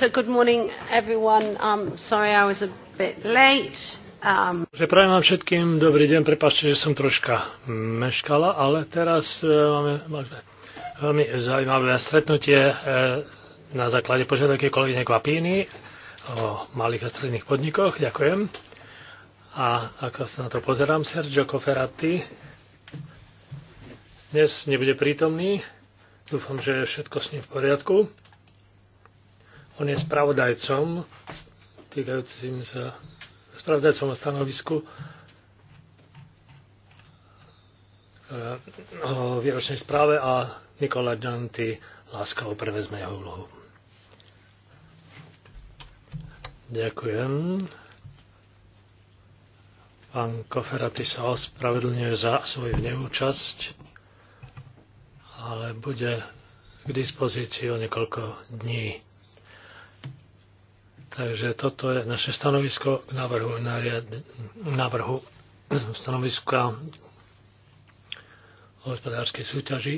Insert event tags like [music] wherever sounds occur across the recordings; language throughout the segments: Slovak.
good morning everyone. Um, sorry I was a bit late. Um, prajem vám všetkým dobrý deň. Prepačte, že som troška meškala, ale teraz e, máme, veľmi zaujímavé stretnutie e, na základe požiadavky kolegyne Kvapíny o malých a stredných podnikoch. Ďakujem. A ako sa na to pozerám, Sergio Koferati dnes nebude prítomný. Dúfam, že je všetko s ním v poriadku. On je spravodajcom, týkajúcim sa spravodajcom o stanovisku eh, o výročnej správe a Nikola Danti láskavo prevezme jeho úlohu. Ďakujem. Pán Koferaty sa ospravedlňuje za svoju neúčasť, ale bude k dispozícii o niekoľko dní. Takže toto je naše stanovisko k návrhu, nariad, návrhu [clears throat] stanoviska o hospodárskej súťaži,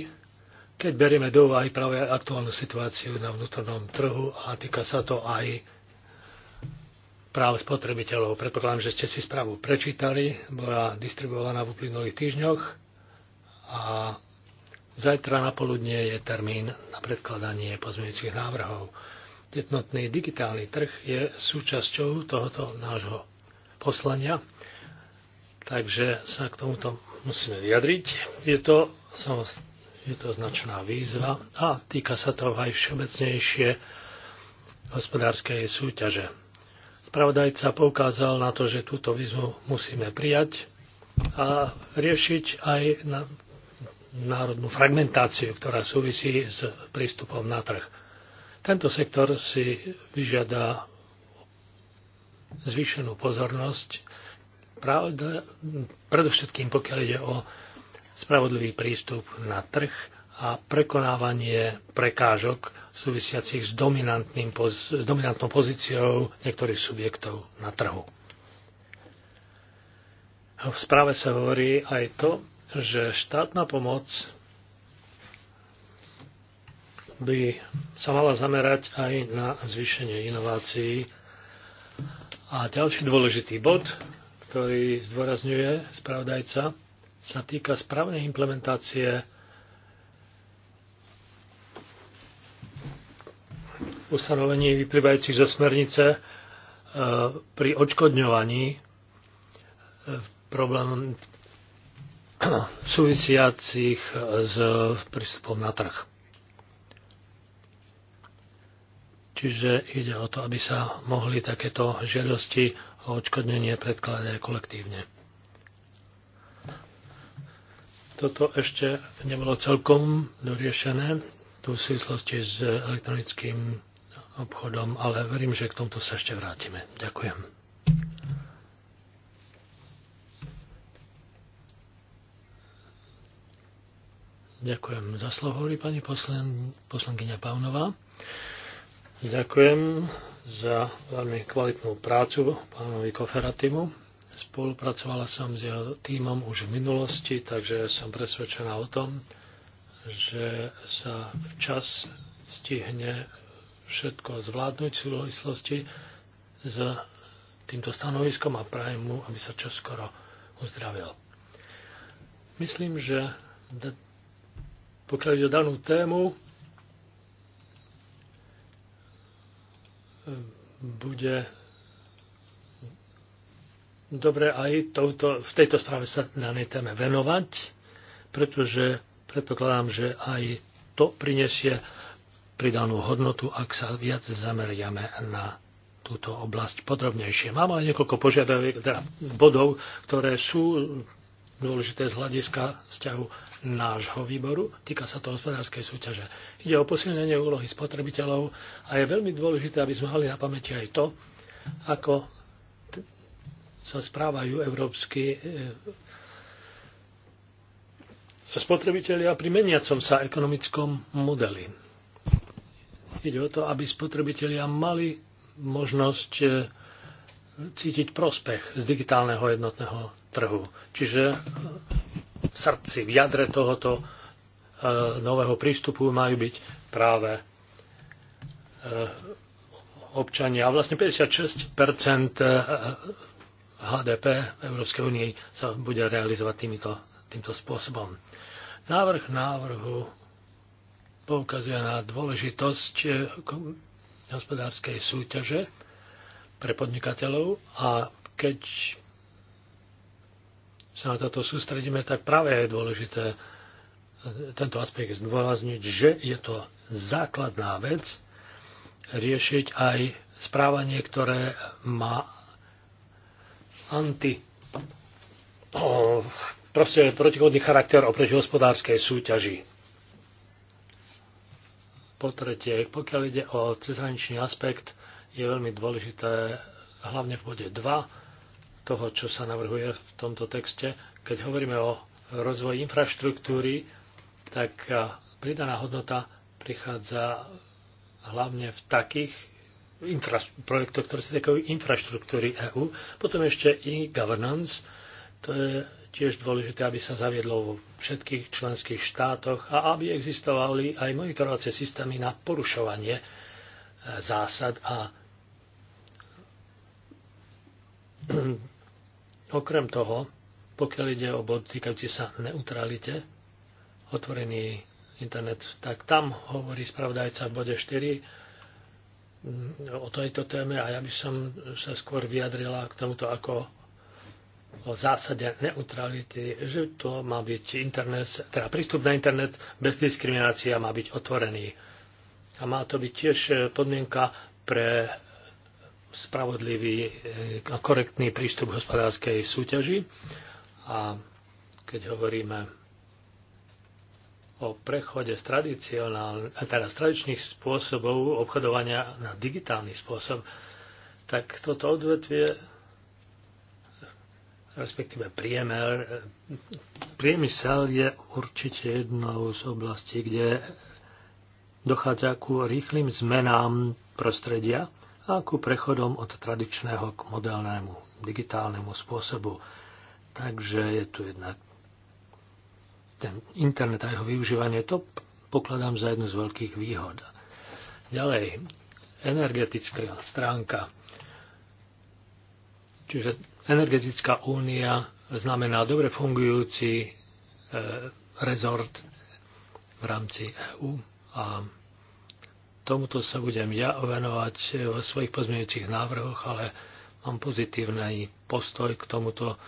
keď berieme do úvahy práve aktuálnu situáciu na vnútornom trhu a týka sa to aj práv spotrebiteľov. Predpokladám, že ste si správu prečítali, bola distribuovaná v uplynulých týždňoch a zajtra na poludne je termín na predkladanie pozmeňujúcich návrhov jednotný digitálny trh je súčasťou tohoto nášho poslania, takže sa k tomuto musíme vyjadriť. Je to, je to značná výzva a týka sa to aj všeobecnejšie hospodárskej súťaže. Spravodajca poukázal na to, že túto výzvu musíme prijať a riešiť aj na národnú fragmentáciu, ktorá súvisí s prístupom na trh. Tento sektor si vyžiada zvýšenú pozornosť, pravda, predovšetkým pokiaľ ide o spravodlivý prístup na trh a prekonávanie prekážok súvisiacich s, s dominantnou pozíciou niektorých subjektov na trhu. V správe sa hovorí aj to, že štátna pomoc by sa mala zamerať aj na zvýšenie inovácií. A ďalší dôležitý bod, ktorý zdôrazňuje spravodajca, sa týka správnej implementácie ustanovení vyplývajúcich zo smernice e, pri odškodňovaní e, problém [clears throat] súvisiacich s prístupom na trh. Čiže ide o to, aby sa mohli takéto žiadosti o odškodnenie predkladať kolektívne. Toto ešte nebolo celkom doriešené tu v súvislosti s elektronickým obchodom, ale verím, že k tomto sa ešte vrátime. Ďakujem. Ďakujem za slovo, hovorí pani poslankyňa Pavnová. Ďakujem za veľmi kvalitnú prácu pánovi Koferatimu. Spolupracovala som s jeho týmom už v minulosti, takže som presvedčená o tom, že sa včas stihne všetko zvládnuť v súvislosti s týmto stanoviskom a prajem mu, aby sa čoskoro uzdravil. Myslím, že pokiaľ ide o danú tému, bude dobre aj touto, v tejto strave sa nej téme venovať, pretože predpokladám, že aj to prinesie pridanú hodnotu, ak sa viac zameriame na túto oblasť podrobnejšie. Mám aj niekoľko požiadaviek, teda bodov, ktoré sú dôležité z hľadiska vzťahu nášho výboru. Týka sa to hospodárskej súťaže. Ide o posilnenie úlohy spotrebiteľov a je veľmi dôležité, aby sme mali na pamäti aj to, ako sa správajú európsky e, spotrebitelia pri meniacom sa ekonomickom modeli. Ide o to, aby spotrebitelia mali možnosť e, cítiť prospech z digitálneho jednotného trhu. Čiže v e, srdci, v jadre tohoto e, nového prístupu majú byť práve e, občania. A vlastne 56 HDP v Európskej únie sa bude realizovať týmito, týmto spôsobom. Návrh návrhu poukazuje na dôležitosť hospodárskej súťaže pre podnikateľov a keď sa na toto sústredíme, tak práve je dôležité tento aspekt zdôrazniť, že je to základná vec riešiť aj správanie, ktoré má anti proste protichodný charakter oproti hospodárskej súťaži. Po tretie, pokiaľ ide o cezhraničný aspekt, je veľmi dôležité, hlavne v bode 2 toho, čo sa navrhuje v tomto texte. Keď hovoríme o rozvoji infraštruktúry, tak pridaná hodnota prichádza hlavne v takých infra- projektoch, ktoré sa týkajú infraštruktúry EÚ. Potom ešte i governance. To je tiež dôležité, aby sa zaviedlo vo všetkých členských štátoch a aby existovali aj monitorovacie systémy na porušovanie e, zásad a [clears throat] Okrem toho, pokiaľ ide o bod týkajúci sa neutralite, otvorený internet, tak tam hovorí spravodajca v bode 4 mm, o tejto téme a ja by som sa skôr vyjadrila k tomuto ako o zásade neutrality, že to má byť internet, teda prístup na internet bez diskriminácia má byť otvorený. A má to byť tiež podmienka pre spravodlivý e, a korektný prístup k hospodárskej súťaži. A keď hovoríme o prechode z teda z tradičných spôsobov obchodovania na digitálny spôsob, tak toto odvetvie, respektíve priemer, priemysel je určite jednou z oblastí, kde dochádza ku rýchlým zmenám prostredia a ku prechodom od tradičného k modelnému digitálnemu spôsobu. Takže je tu jednak ten internet a jeho využívanie, to pokladám za jednu z veľkých výhod. Ďalej, energetická stránka. Čiže energetická únia znamená dobre fungujúci e, rezort v rámci EÚ a tomuto sa budem ja venovať eh, vo svojich pozmeňujúcich návrhoch, ale mám pozitívny postoj k tomuto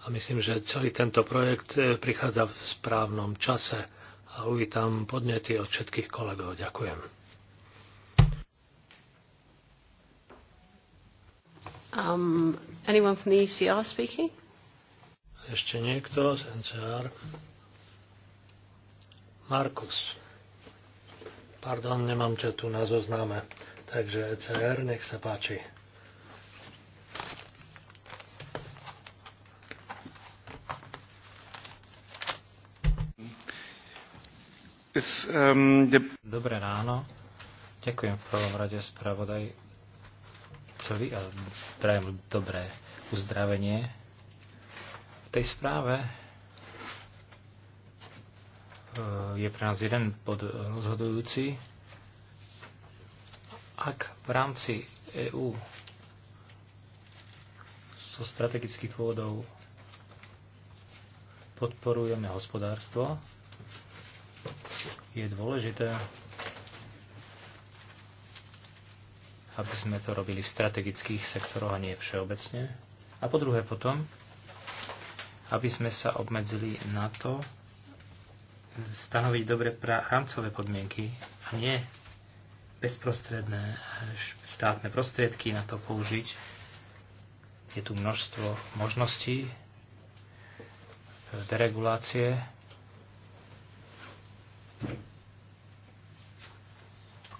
a myslím, že celý tento projekt eh, prichádza v správnom čase a uvítam podnety od všetkých kolegov. Ďakujem. Um, anyone from the ECR speaking? Ešte niekto z NCR? Markus. Pardon, nemám ťa tu na zozname. Takže ECR, nech sa páči. Um, dobré ráno. Ďakujem v prvom rade spravodajcovi a prajem dobré uzdravenie. V tej správe je pre nás jeden bod e, rozhodujúci. Ak v rámci EÚ zo so strategických dôvodov podporujeme hospodárstvo, je dôležité, aby sme to robili v strategických sektoroch a nie všeobecne. A po druhé potom, aby sme sa obmedzili na to, stanoviť dobre rámcové podmienky a nie bezprostredné štátne prostriedky na to použiť. Je tu množstvo možností e, deregulácie.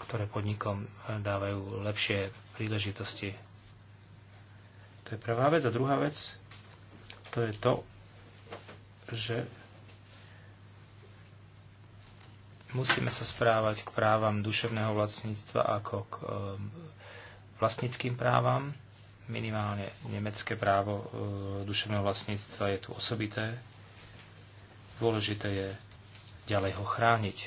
ktoré podnikom e, dávajú lepšie príležitosti. To je prvá vec. A druhá vec, to je to, že Musíme sa správať k právam duševného vlastníctva ako k ehm, vlastníckým právam. Minimálne nemecké právo ehm, duševného vlastníctva je tu osobité. Dôležité je ďalej ho chrániť.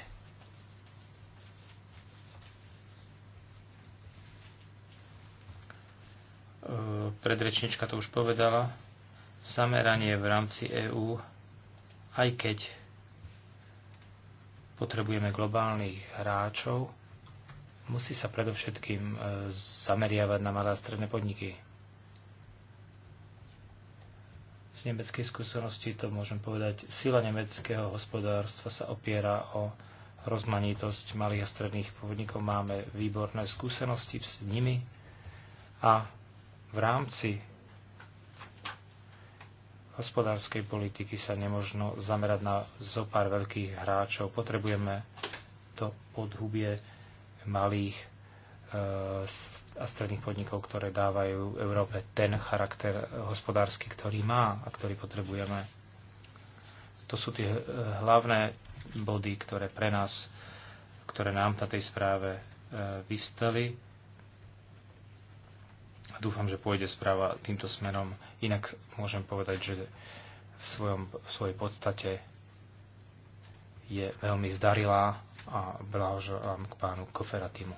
Ehm, predrečnička to už povedala. Zameranie v rámci EÚ, aj keď Potrebujeme globálnych hráčov. Musí sa predovšetkým e, zameriavať na malé a stredné podniky. Z nemeckej skúsenosti to môžem povedať, sila nemeckého hospodárstva sa opiera o rozmanitosť malých a stredných podnikov. Máme výborné skúsenosti s nimi a v rámci hospodárskej politiky sa nemožno zamerať na zo pár veľkých hráčov. Potrebujeme to podhubie malých e, a stredných podnikov, ktoré dávajú Európe ten charakter hospodársky, ktorý má a ktorý potrebujeme. To sú tie e, hlavné body, ktoré pre nás, ktoré nám na tej správe e, vyvstali. A dúfam, že pôjde správa týmto smerom Inak môžem povedať, že v, svojom, v svojej podstate je veľmi zdarilá a blahoželám k pánu Koferatimu.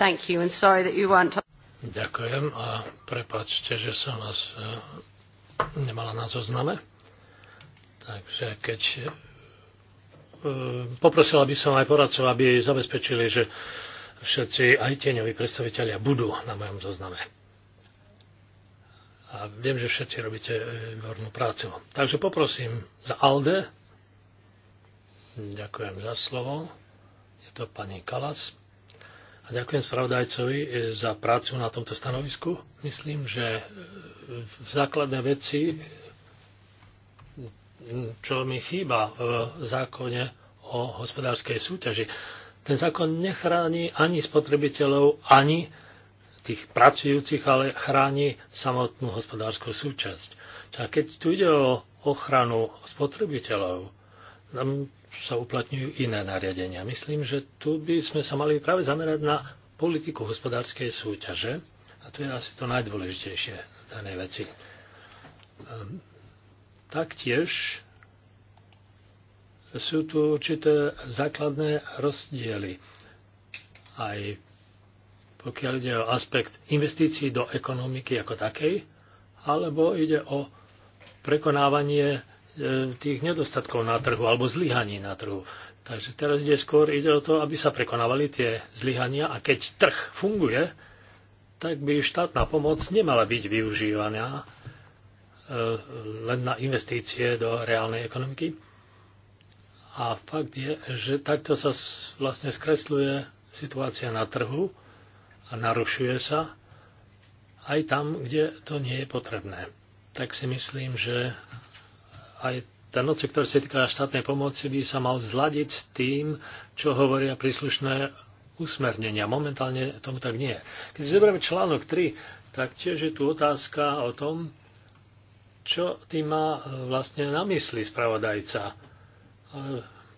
Thank you and sorry that you weren't... Ďakujem a prepačte, že som vás e, nemala na zozname. Takže keď e, poprosila by som aj poradcov, aby zabezpečili, že všetci aj tieňoví predstaviteľia budú na mojom zozname. A viem, že všetci robíte e, výbornú prácu. Takže poprosím za Alde. Ďakujem za slovo. Je to pani Kalas. A ďakujem spravodajcovi e, za prácu na tomto stanovisku. Myslím, že e, v základné veci, čo mi chýba v zákone o hospodárskej súťaži, ten zákon nechráni ani spotrebiteľov, ani tých pracujúcich, ale chráni samotnú hospodárskú súčasť. A keď tu ide o ochranu spotrebiteľov, tam sa uplatňujú iné nariadenia. Myslím, že tu by sme sa mali práve zamerať na politiku hospodárskej súťaže a to je asi to najdôležitejšie v danej veci. Ehm, taktiež sú tu určité základné rozdiely. Aj pokiaľ ide o aspekt investícií do ekonomiky ako takej, alebo ide o prekonávanie e, tých nedostatkov na trhu alebo zlyhaní na trhu. Takže teraz ide skôr ide o to, aby sa prekonávali tie zlyhania a keď trh funguje, tak by štátna pomoc nemala byť využívaná e, len na investície do reálnej ekonomiky, a fakt je, že takto sa vlastne skresluje situácia na trhu a narušuje sa aj tam, kde to nie je potrebné. Tak si myslím, že aj ten odsek, ktorý sa týka štátnej pomoci, by sa mal zladiť s tým, čo hovoria príslušné usmernenia. Momentálne tomu tak nie je. Keď si zoberieme článok 3, tak tiež je tu otázka o tom, čo tým má vlastne na mysli spravodajca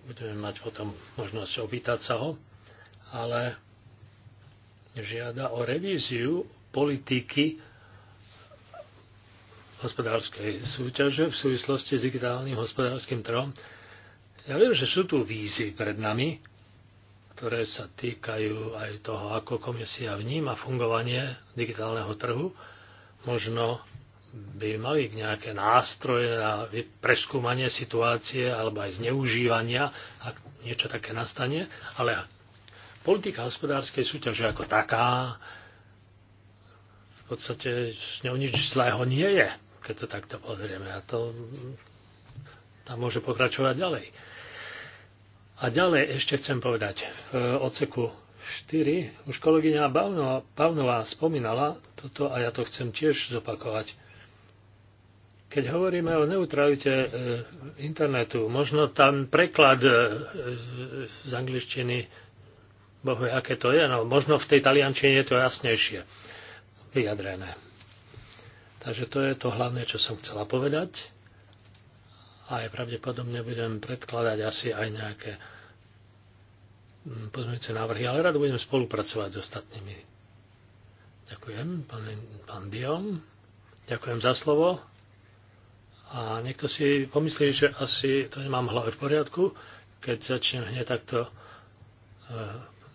budeme mať potom možnosť opýtať sa ho, ale žiada o revíziu politiky hospodárskej súťaže v súvislosti s digitálnym hospodárskym trhom. Ja viem, že sú tu vízy pred nami, ktoré sa týkajú aj toho, ako komisia vníma fungovanie digitálneho trhu. Možno by mali nejaké nástroje na preskúmanie situácie alebo aj zneužívania, ak niečo také nastane, ale politika hospodárskej súťaže ako taká v podstate s ňou nič zlého nie je, keď to takto pozrieme. A to tam môže pokračovať ďalej. A ďalej ešte chcem povedať v odseku 4. Už kolegyňa Pavnová spomínala toto a ja to chcem tiež zopakovať. Keď hovoríme o neutralite e, internetu, možno tam preklad e, z angličtiny, bohu, aké to je, no možno v tej taliančine je to jasnejšie vyjadrené. Takže to je to hlavné, čo som chcela povedať. A aj pravdepodobne budem predkladať asi aj nejaké mm, pozmeňujúce návrhy, ale rád budem spolupracovať s ostatnými. Ďakujem, pán, pán Dion. Ďakujem za slovo. A niekto si pomyslí, že asi to nemám hlavne v poriadku, keď začnem hneď takto e,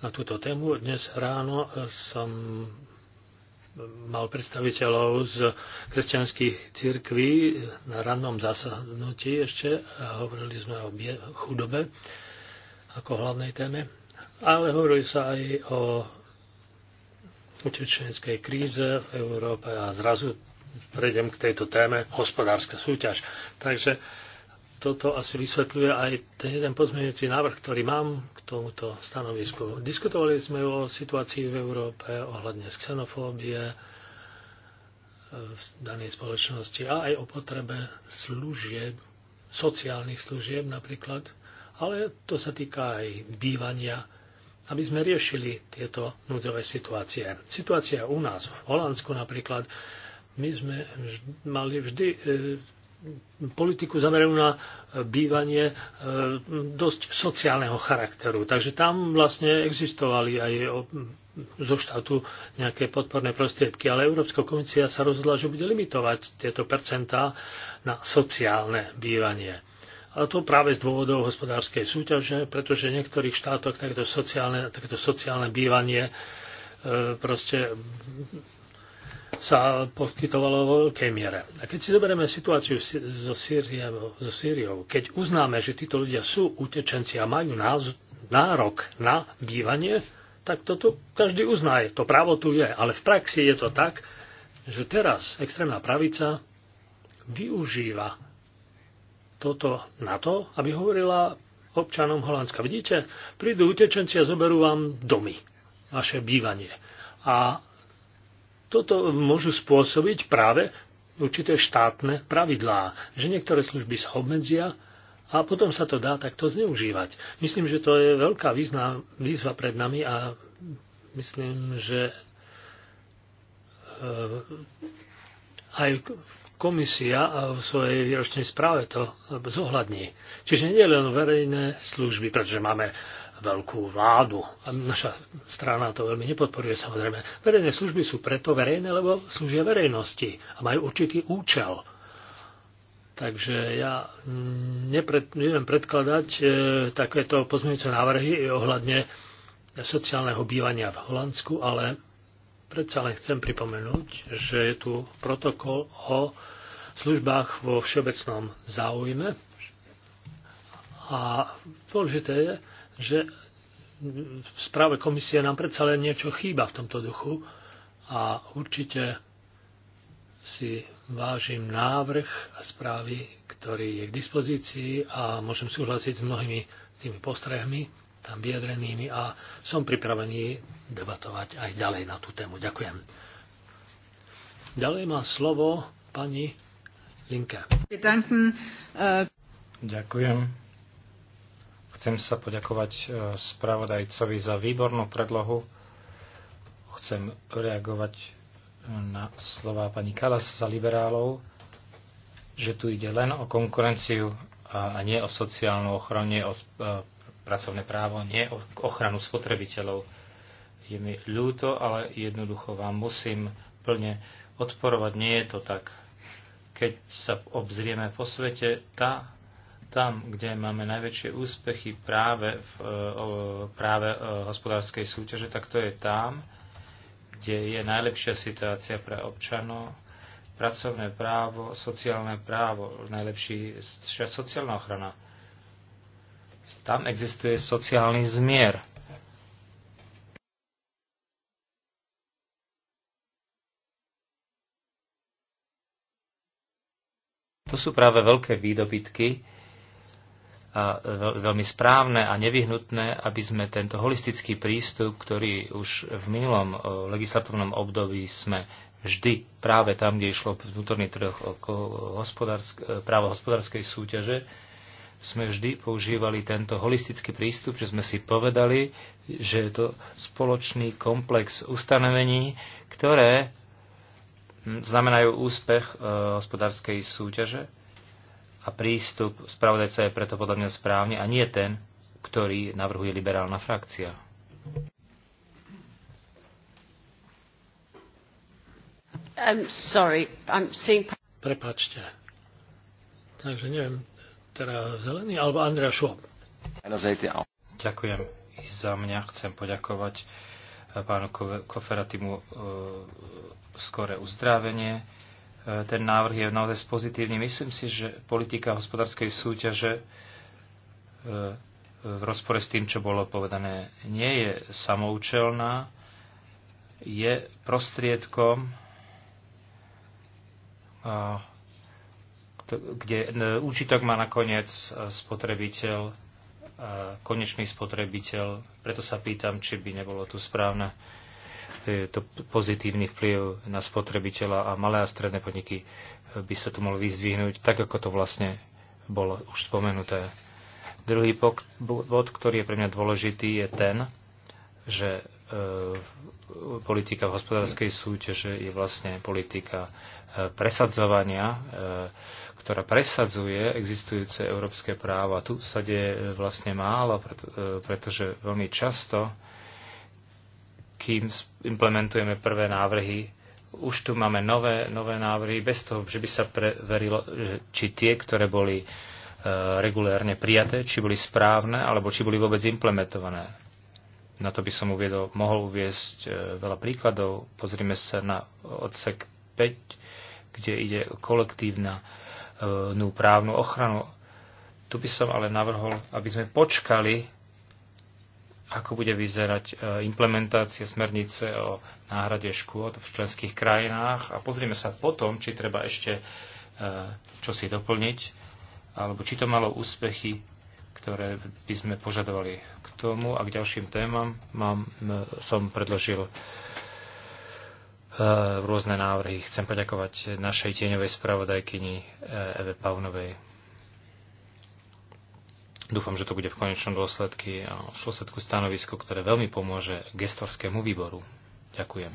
na túto tému. Dnes ráno som mal predstaviteľov z kresťanských církví na rannom zasadnutí ešte a hovorili sme o chudobe ako hlavnej téme, ale hovorili sa aj o utečeneckej kríze v Európe a zrazu prejdem k tejto téme, hospodárska súťaž. Takže toto asi vysvetľuje aj ten jeden pozmeňujúci návrh, ktorý mám k tomuto stanovisku. Diskutovali sme o situácii v Európe ohľadne xenofóbie v e, danej spoločnosti a aj o potrebe služieb, sociálnych služieb napríklad, ale to sa týka aj bývania, aby sme riešili tieto núdzové situácie. Situácia u nás v Holandsku napríklad my sme mali vždy e, politiku zameranú na bývanie e, dosť sociálneho charakteru. Takže tam vlastne existovali aj e, zo štátu nejaké podporné prostriedky, ale Európska komisia sa rozhodla, že bude limitovať tieto percentá na sociálne bývanie. A to práve z dôvodov hospodárskej súťaže, pretože v niektorých štátoch takéto sociálne, takéto sociálne bývanie proste sa poskytovalo vo veľkej miere. A keď si zoberieme situáciu so, Sýriou, so Sýriou, keď uznáme, že títo ľudia sú utečenci a majú nárok na bývanie, tak toto každý uzná, to právo tu je. Ale v praxi je to tak, že teraz extrémna pravica využíva toto na to, aby hovorila občanom Holandska. Vidíte, prídu utečenci a zoberú vám domy, vaše bývanie. A toto môžu spôsobiť práve určité štátne pravidlá, že niektoré služby sa obmedzia a potom sa to dá takto zneužívať. Myslím, že to je veľká význa, výzva pred nami a myslím, že e, aj komisia v svojej výročnej správe to zohľadní. Čiže nie len verejné služby, pretože máme veľkú vládu. A naša strana to veľmi nepodporuje samozrejme. Verejné služby sú preto verejné, lebo slúžia verejnosti a majú určitý účel. Takže ja nepred, neviem predkladať e, takéto pozmeňujúce návrhy ohľadne sociálneho bývania v Holandsku, ale predsa len chcem pripomenúť, že je tu protokol o službách vo všeobecnom záujme. A dôležité je, že v správe komisie nám predsa len niečo chýba v tomto duchu a určite si vážim návrh a správy, ktorý je k dispozícii a môžem súhlasiť s mnohými tými postrehmi tam vyjadrenými a som pripravený debatovať aj ďalej na tú tému. Ďakujem. Ďalej má slovo pani Linke. Ďakujem. Chcem sa poďakovať e, spravodajcovi za výbornú predlohu. Chcem reagovať na slova pani Kalas za liberálov, že tu ide len o konkurenciu a nie o sociálnu ochranu, nie o e, pracovné právo, nie o ochranu spotrebiteľov. Je mi ľúto, ale jednoducho vám musím plne odporovať. Nie je to tak. Keď sa obzrieme po svete, tá tam, kde máme najväčšie úspechy práve v e, práve e, hospodárskej súťaže, tak to je tam, kde je najlepšia situácia pre občanov, pracovné právo, sociálne právo, najlepší sociálna ochrana. Tam existuje sociálny zmier. To sú práve veľké výdobytky, a veľmi správne a nevyhnutné, aby sme tento holistický prístup, ktorý už v minulom legislatívnom období sme vždy práve tam, kde išlo vnútorný trh o hospodársk- e, právo hospodárskej súťaže, sme vždy používali tento holistický prístup, že sme si povedali, že je to spoločný komplex ustanovení, ktoré hm, znamenajú úspech e, hospodárskej súťaže a prístup spravodajca je preto podľa mňa správny a nie ten, ktorý navrhuje liberálna frakcia. I'm um, sorry, I'm seeing... Prepačte. Takže neviem, teda Zelený alebo Andrea Schwab. Ďakujem. I za mňa chcem poďakovať eh, pánu Koferatimu e, eh, skoré uzdravenie ten návrh je naozaj pozitívny. Myslím si, že politika hospodárskej súťaže e, v rozpore s tým, čo bolo povedané, nie je samoučelná, je prostriedkom, e, kde e, účitok má nakoniec spotrebiteľ, konečný spotrebiteľ. Preto sa pýtam, či by nebolo tu správne E, to pozitívny vplyv na spotrebiteľa a malé a stredné podniky e, by sa tu mohli vyzdvihnúť, tak ako to vlastne bolo už spomenuté. Druhý bod, ktorý je pre mňa dôležitý, je ten, že e, politika v hospodárskej súťaže je vlastne politika presadzovania, ktorá presadzuje existujúce európske práva. Tu sa deje vlastne málo, pretože veľmi často kým implementujeme prvé návrhy. Už tu máme nové, nové návrhy, bez toho, že by sa preverilo, či tie, ktoré boli e, regulérne prijaté, či boli správne, alebo či boli vôbec implementované. Na to by som uviedol, mohol uviesť e, veľa príkladov. Pozrime sa na odsek 5, kde ide kolektívna e, právnu ochranu. Tu by som ale navrhol, aby sme počkali ako bude vyzerať e, implementácia smernice o náhrade škôd v členských krajinách a pozrieme sa potom, či treba ešte e, čo si doplniť, alebo či to malo úspechy, ktoré by sme požadovali k tomu a k ďalším témam mám, e, som predložil rôzne návrhy. Chcem poďakovať našej tieňovej spravodajkyni Eve Paunovej. Dúfam, že to bude v konečnom dôsledku, eh, v dôsledku stanovisko, ktoré veľmi pomôže gestorskému výboru. Ďakujem.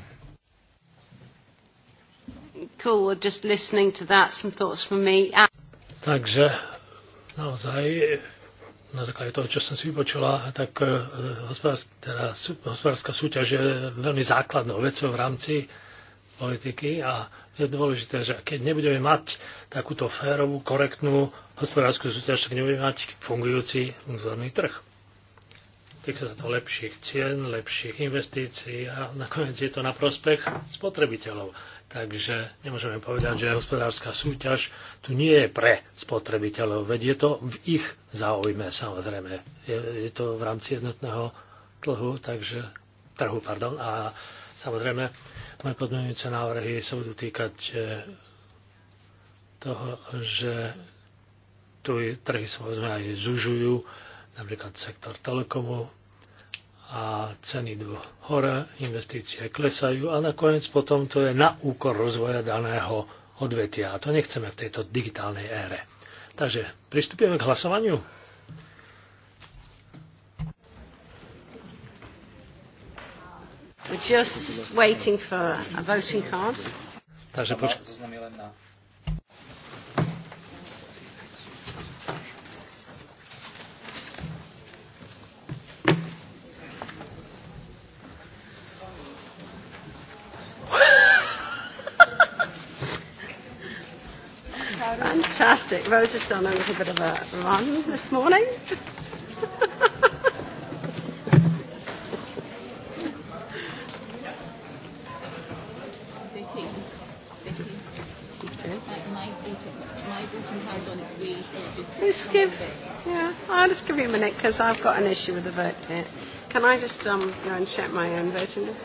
Cool, just listening to that, some thoughts from me. Ah. Takže naozaj na základe toho, čo som si vypočula, tak eh, hospodárska, teda, hospodárska súťaž je veľmi základnou vecou v rámci politiky a je dôležité, že keď nebudeme mať takúto férovú, korektnú hospodárskú súťaž, tak nebudeme mať fungujúci vzorný trh. Týka sa to lepších cien, lepších investícií a nakoniec je to na prospech spotrebiteľov. Takže nemôžeme povedať, že hospodárska súťaž tu nie je pre spotrebiteľov, veď je to v ich záujme samozrejme. Je, je to v rámci jednotného trhu, takže trhu, pardon, a samozrejme moje podmienujúce návrhy sa budú týkať e, toho, že tu trhy sa aj zužujú, napríklad sektor telekomu a ceny idú hore, investície klesajú a nakoniec potom to je na úkor rozvoja daného odvetia. A to nechceme v tejto digitálnej ére. Takže pristupujeme k hlasovaniu. We're just waiting for a voting card. Takže poč- Fantastic. has done a little bit of a run this morning. just give me a minute because I've got an issue with the vote here. Can I just um, go and check my own virginity?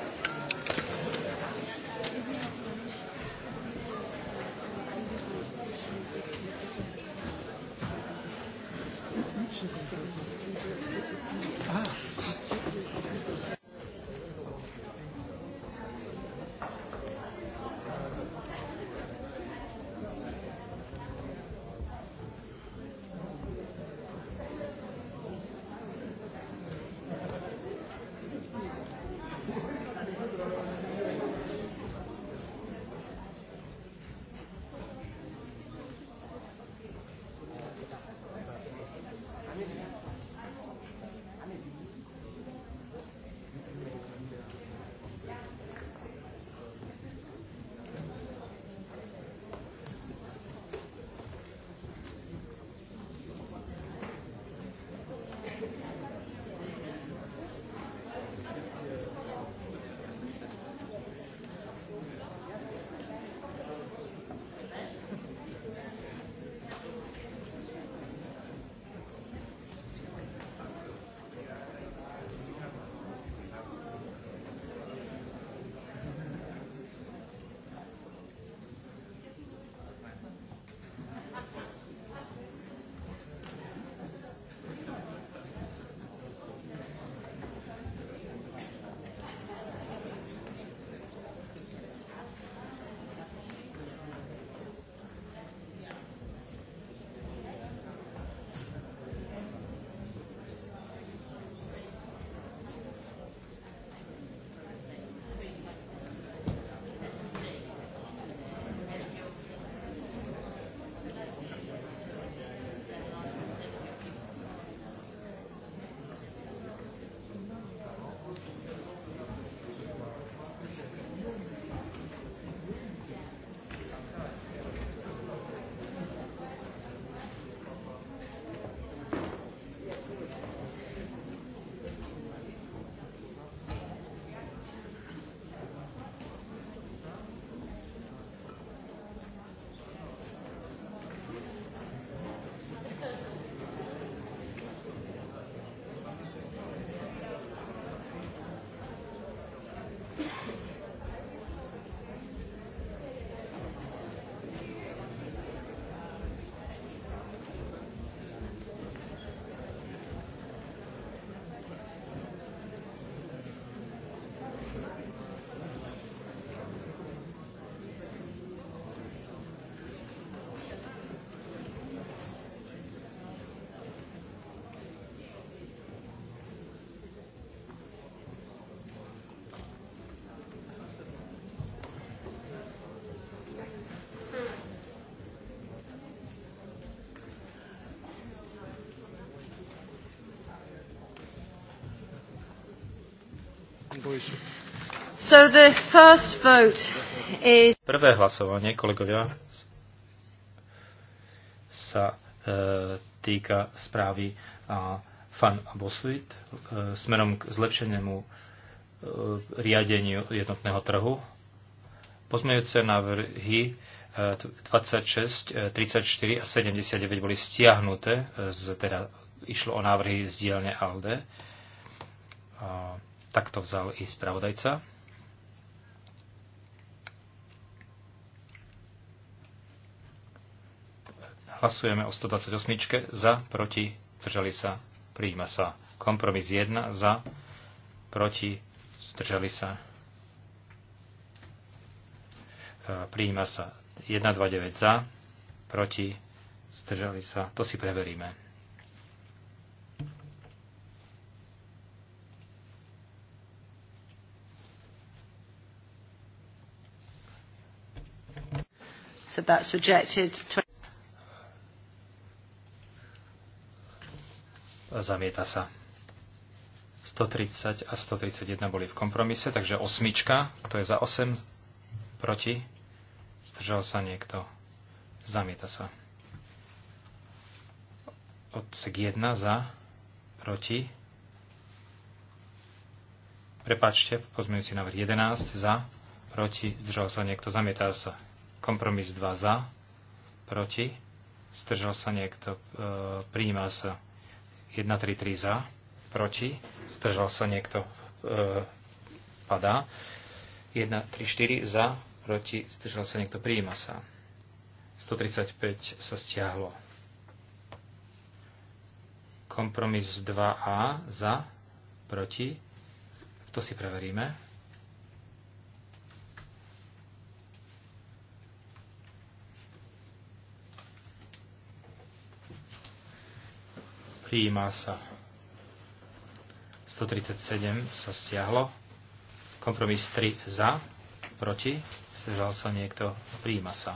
So the first vote is... Prvé hlasovanie, kolegovia, sa e, týka správy a fan a e, smerom k zlepšenému e, riadeniu jednotného trhu. Pozmejúce návrhy 26, e, 34 e, a 79 boli stiahnuté, e, z, teda išlo o návrhy z dielne ALDE to vzal i spravodajca. Hlasujeme o 128. Za, proti, zdržali sa, príjma sa. Kompromis 1. Za, proti, zdržali sa, e, príjma sa. 129 za, proti, zdržali sa. To si preveríme. So that's rejected. Zamieta sa. 130 a 131 boli v kompromise, takže osmička, kto je za 8, proti, zdržal sa niekto, zamieta sa. Odsek 1 za, proti, prepáčte, pozmeňujúci návrh 11 za, proti, zdržal sa niekto, zamietá sa. Kompromis 2 za, proti, zdržal sa niekto, e, prijíma sa 1, 3, 3 za, proti, zdržal sa niekto, e, padá. 1, 3, 4 za, proti, zdržal sa niekto, prijíma sa. 135 sa stiahlo. Kompromis 2a za, proti, to si preveríme. Prijíma sa. 137 sa stiahlo. Kompromis 3 za, proti. Zdržal sa niekto. Prijíma sa.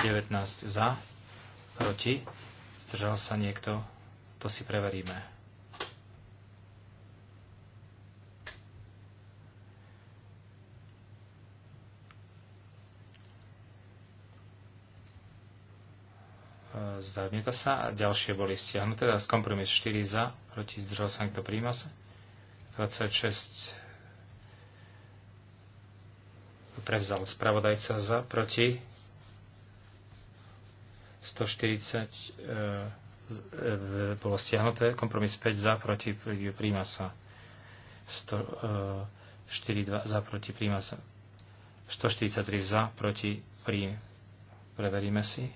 19 za, proti. Zdržal sa niekto. To si preveríme. zamieta sa a ďalšie boli stiahnuté. Teda kompromis 4 za, proti zdržal sa niekto, príjma sa. 26 prevzal spravodajca za, proti 140 e, e, bolo stiahnuté, kompromis 5 za, proti príjma sa 100, e, 4, 2, za, proti príjma sa 143 za, proti príjma. Preveríme si.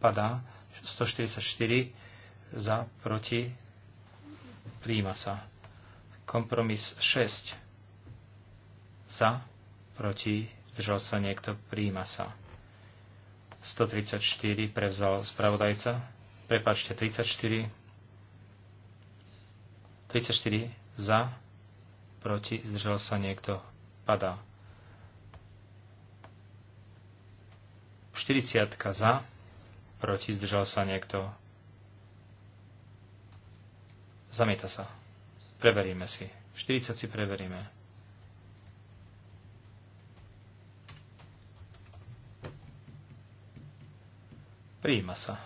padá. 144 za, proti, príjima sa. Kompromis 6 za, proti, zdržal sa niekto, príjima sa. 134 prevzal spravodajca, prepačte, 34, 34 za, proti, zdržal sa niekto, padá. 40 za, proti, zdržal sa niekto. Zamieta sa. Preveríme si. 40 si preveríme. Prijíma sa.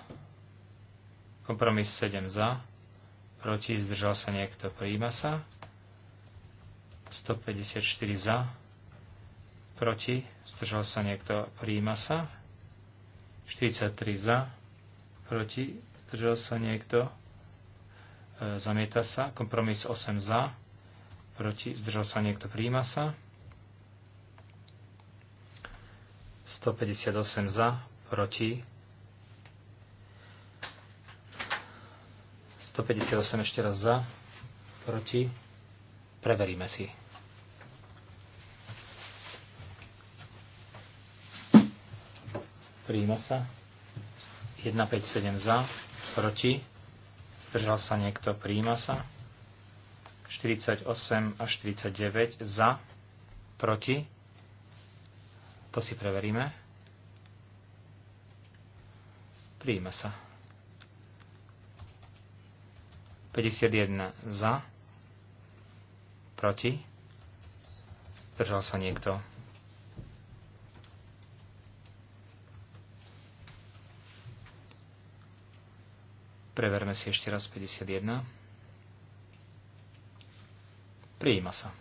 Kompromis 7 za, proti, zdržal sa niekto, prijíma sa. 154 za, proti, zdržal sa niekto, prijíma sa. 43 za, proti, držal sa niekto, e, zamieta sa, kompromis 8 za, proti, zdržal sa niekto, príjma sa, 158 za, proti, 158 ešte raz za, proti, preveríme si. Príjma sa. 157 za, proti, zdržal sa niekto, príjma sa. 48 a 49 za, proti, to si preveríme. Príjma sa. 51 za, proti, zdržal sa niekto, Preverme si ešte raz 51. Prijíma sa.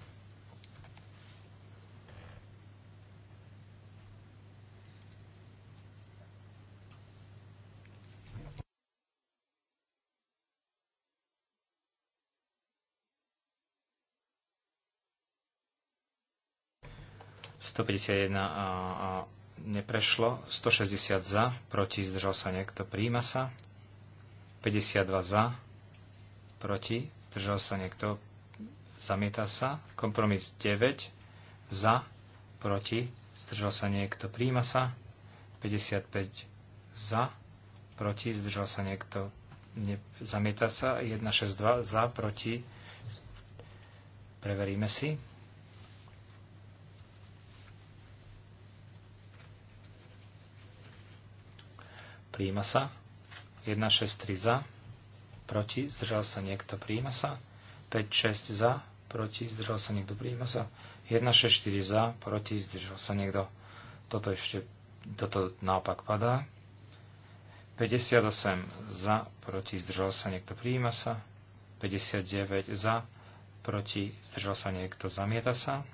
a neprešlo, 160 za, proti zdržal sa niekto, príjma sa. 52 za, proti, držal sa niekto, zamieta sa. Kompromis 9 za, proti, zdržal sa niekto, príjma sa. 55 za, proti, zdržal sa niekto, ne, zamieta sa. 162 za, proti, preveríme si. Príjima sa. 1 3 za, proti, zdržal sa niekto, príjma sa. 5-6 za, proti, zdržal sa niekto, príjma sa. 1-6-4 za, proti, zdržal sa niekto. Toto ešte, toto naopak padá. 58 za, proti, zdržal sa niekto, príjma sa. 59 za, proti, zdržal sa niekto, zamieta sa.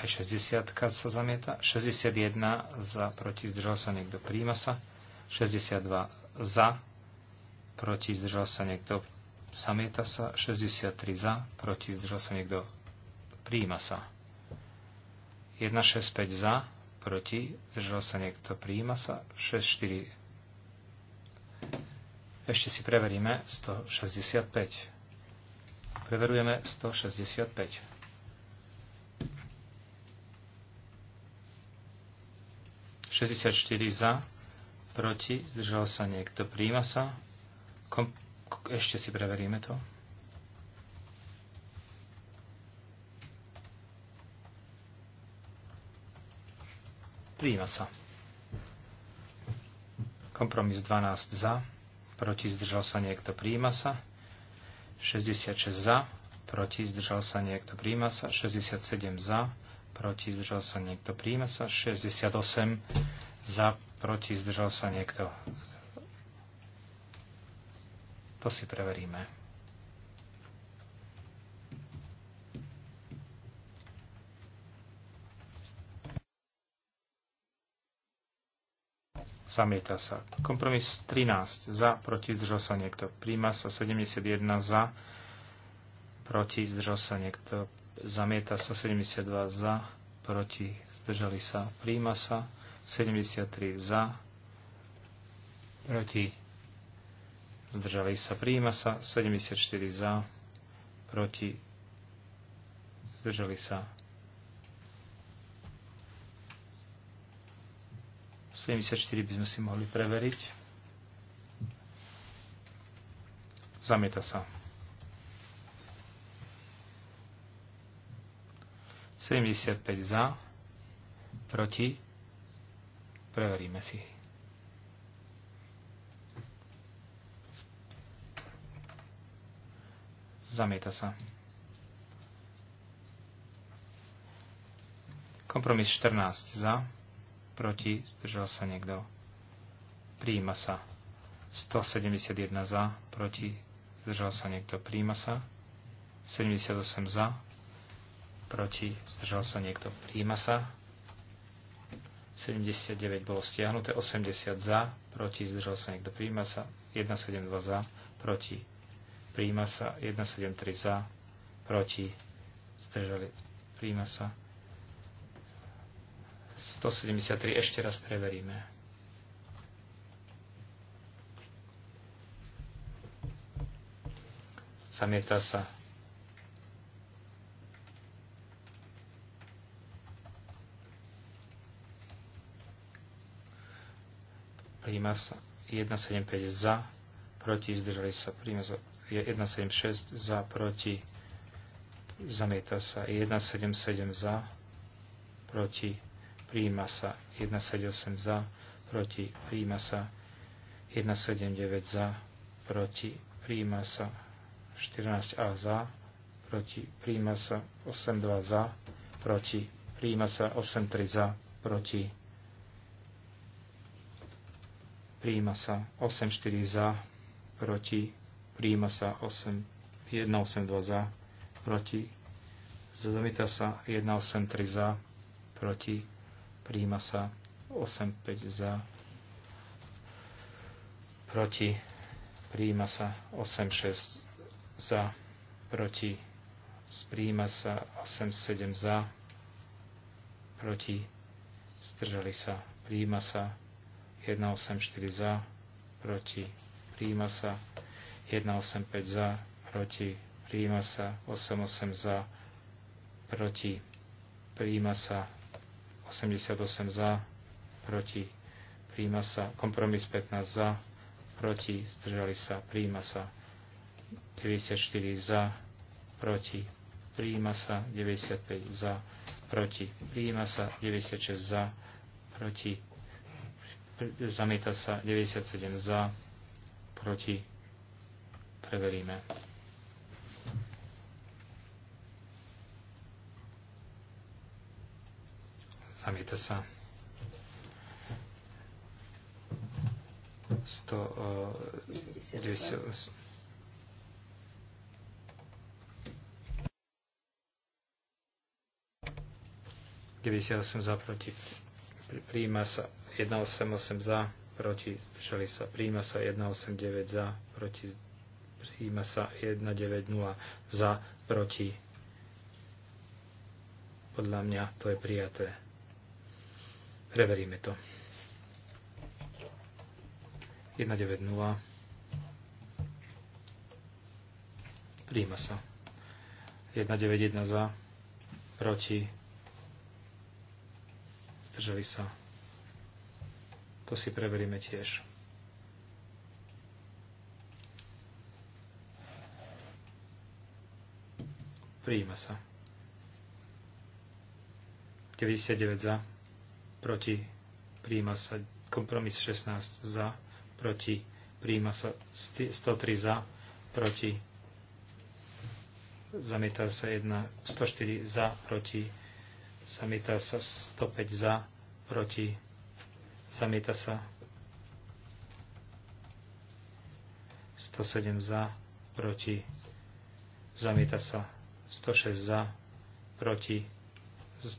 Aj 60 sa zamieta. 61 za, proti, zdržal sa niekto, príjma sa. 62 za, proti, zdržal sa niekto, zamieta sa. 63 za, proti, zdržal sa niekto, príjma sa. 165 za, proti, zdržal sa niekto, príjma sa. 64 ešte si preveríme 165. Preverujeme 165. 64 za, proti, zdržal sa niekto, príjma sa. Kom, ešte si preveríme to. Príjma sa. Kompromis 12 za, proti zdržal sa niekto, príjma sa. 66 za, proti zdržal sa niekto, príjma sa. 67 za, proti zdržal sa niekto. Príjme sa 68 za, proti zdržal sa niekto. To si preveríme. Zamieta sa. Kompromis 13 za, proti zdržal sa niekto. Príjma sa 71 za, proti zdržal sa niekto zamieta sa 72 za, proti, zdržali sa, príjma sa 73 za, proti, zdržali sa, príjma sa 74 za, proti, zdržali sa. 74 by sme si mohli preveriť. Zamieta sa. 75 za, proti, preveríme si. Zamieta sa. Kompromis 14 za, proti, zdržal sa niekto. Príjima sa. 171 za, proti, zdržal sa niekto. Príjima sa. 78 za, proti, zdržal sa niekto, príjima sa. 79 bolo stiahnuté, 80 za, proti, zdržal sa niekto, príjima sa. 172 za, proti, príjima sa. 173 za, proti, zdržali, príjima sa. 173 ešte raz preveríme. Zamieta sa Príjma sa 175 za, proti, zdržali sa. Príjma sa 176 za, proti, zamieta sa 177 za, proti, príjma sa 178 za, proti, príjma sa 179 za, proti, príjma sa 14a za, proti, príjma sa 82 za, proti, príjma sa 83 za, proti, Príjima sa 8-4 za, proti. Príjima sa 1-8-2 za, proti. Zamieta sa 1-8-3 za, proti. Príjima sa 8-5 za, proti. Príjima sa 8-6 za, proti. Príjima sa 8-7 za, proti. Zdržali sa. Príjima sa 8-7 184 za, proti, príjima sa, 185 za, proti, príjima sa, 88 za, proti, príjima sa, 88 za, proti, príjima sa, kompromis 15 za, proti, zdržali sa, príjima sa, 94 za, proti, príjima sa, 95 za, proti, príjima sa, 96 za, proti, zamieta sa 97 za, proti, preveríme. Zamieta sa 198. E, Deväťdesiat osem za proti. Prijíma sa 188 za, proti, zdržali sa, príjma sa 189 za, proti, príjma sa 190 za, proti. Podľa mňa to je prijaté. Preveríme to. 190. Príjma sa. 191 za, proti, zdržali sa to si preveríme tiež. Prijíma sa. 99 za, proti, prijíma sa. Kompromis 16 za, proti, prijíma sa. 103 za, proti, zamieta sa 1, 104 za, proti, zamietá sa 105 za, proti, Zamieta sa. 107 za, proti. Zamieta sa. 106 za, proti.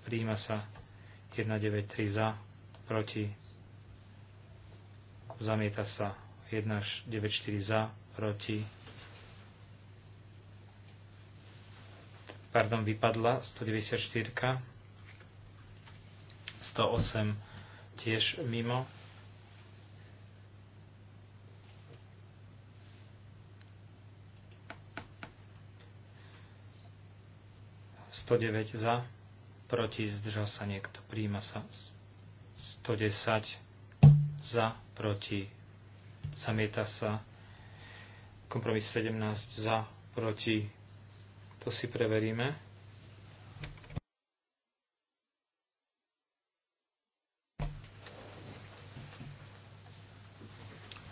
Príjima sa. 193 za, proti. Zamieta sa. 194 za, proti. Pardon, vypadla 194. 108 tiež mimo. za, proti zdržal sa niekto, príjma sa. 110 za, proti, zamieta sa. Kompromis 17 za, proti, to si preveríme.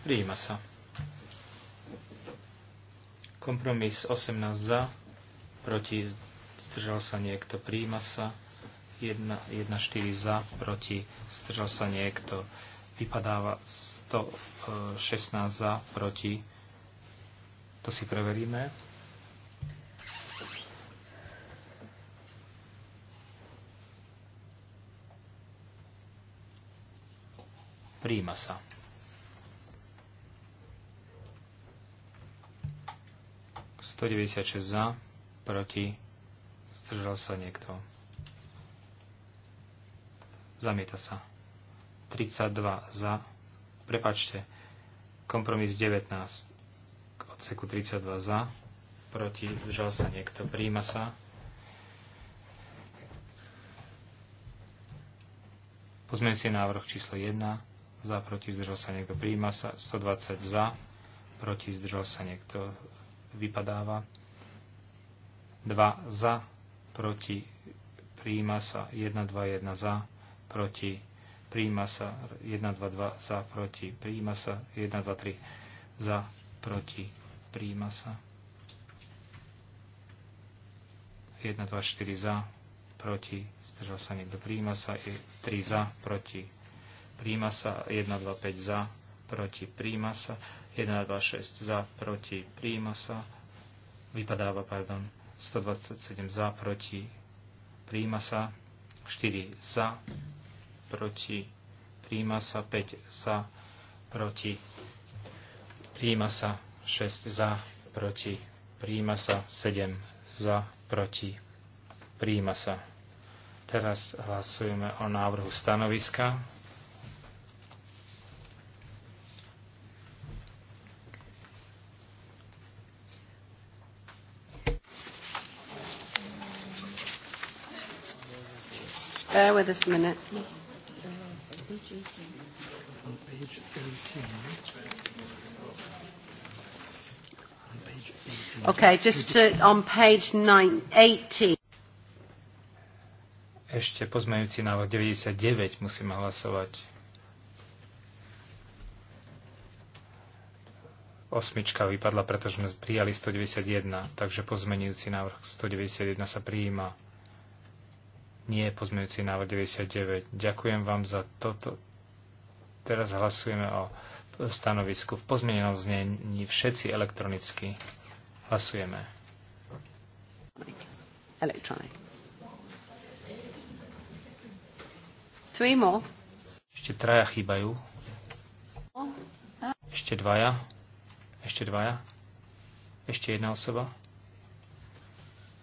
Prijíma sa. Kompromis 18 za, proti zdržal sa niekto, prijíma sa. 1-4 za, proti zdržal sa niekto, vypadáva 116 e, za, proti. To si preveríme. Prijíma sa. 196 za, proti, zdržal sa niekto. Zamieta sa. 32 za, prepačte, kompromis 19 k odseku 32 za, proti, zdržal sa niekto, príjma sa. Pozmeň si návrh číslo 1, za, proti, zdržal sa niekto, príjma sa, 120 za, proti, zdržal sa niekto, vypadáva. 2 za, proti, príjima sa 1, 2, 1 za, proti, príjima sa 1, 2, 2 za, proti, príjima sa 1, 2, 3 za, proti, príjima sa 1, 2, 4 za, proti, zdržal sa niekto, príjima sa 3 za, proti, príjima sa 1, 2, 5 za, proti, príjma sa. 126 za, proti, príjma sa. Vypadáva, pardon. 127 za, proti, príjma sa. 4 za, proti, príjma sa. 5 za, proti, príjma sa. 6 za, proti, príjma sa. 7 za, proti, príjma sa. Teraz hlasujeme o návrhu stanoviska. this minute. Okay, just to, on page 9, Ešte pozmeňujúci návrh 99 musíme hlasovať. Osmička vypadla, pretože sme prijali 191, takže pozmeňujúci návrh 191 sa prijíma nie pozmeňujúci návrh 99. Ďakujem vám za toto. Teraz hlasujeme o stanovisku v pozmenenom znení všetci elektronicky. Hlasujeme. Electronic. Three more. Ešte traja chýbajú. Ešte dvaja. Ešte dvaja. Ešte jedna osoba.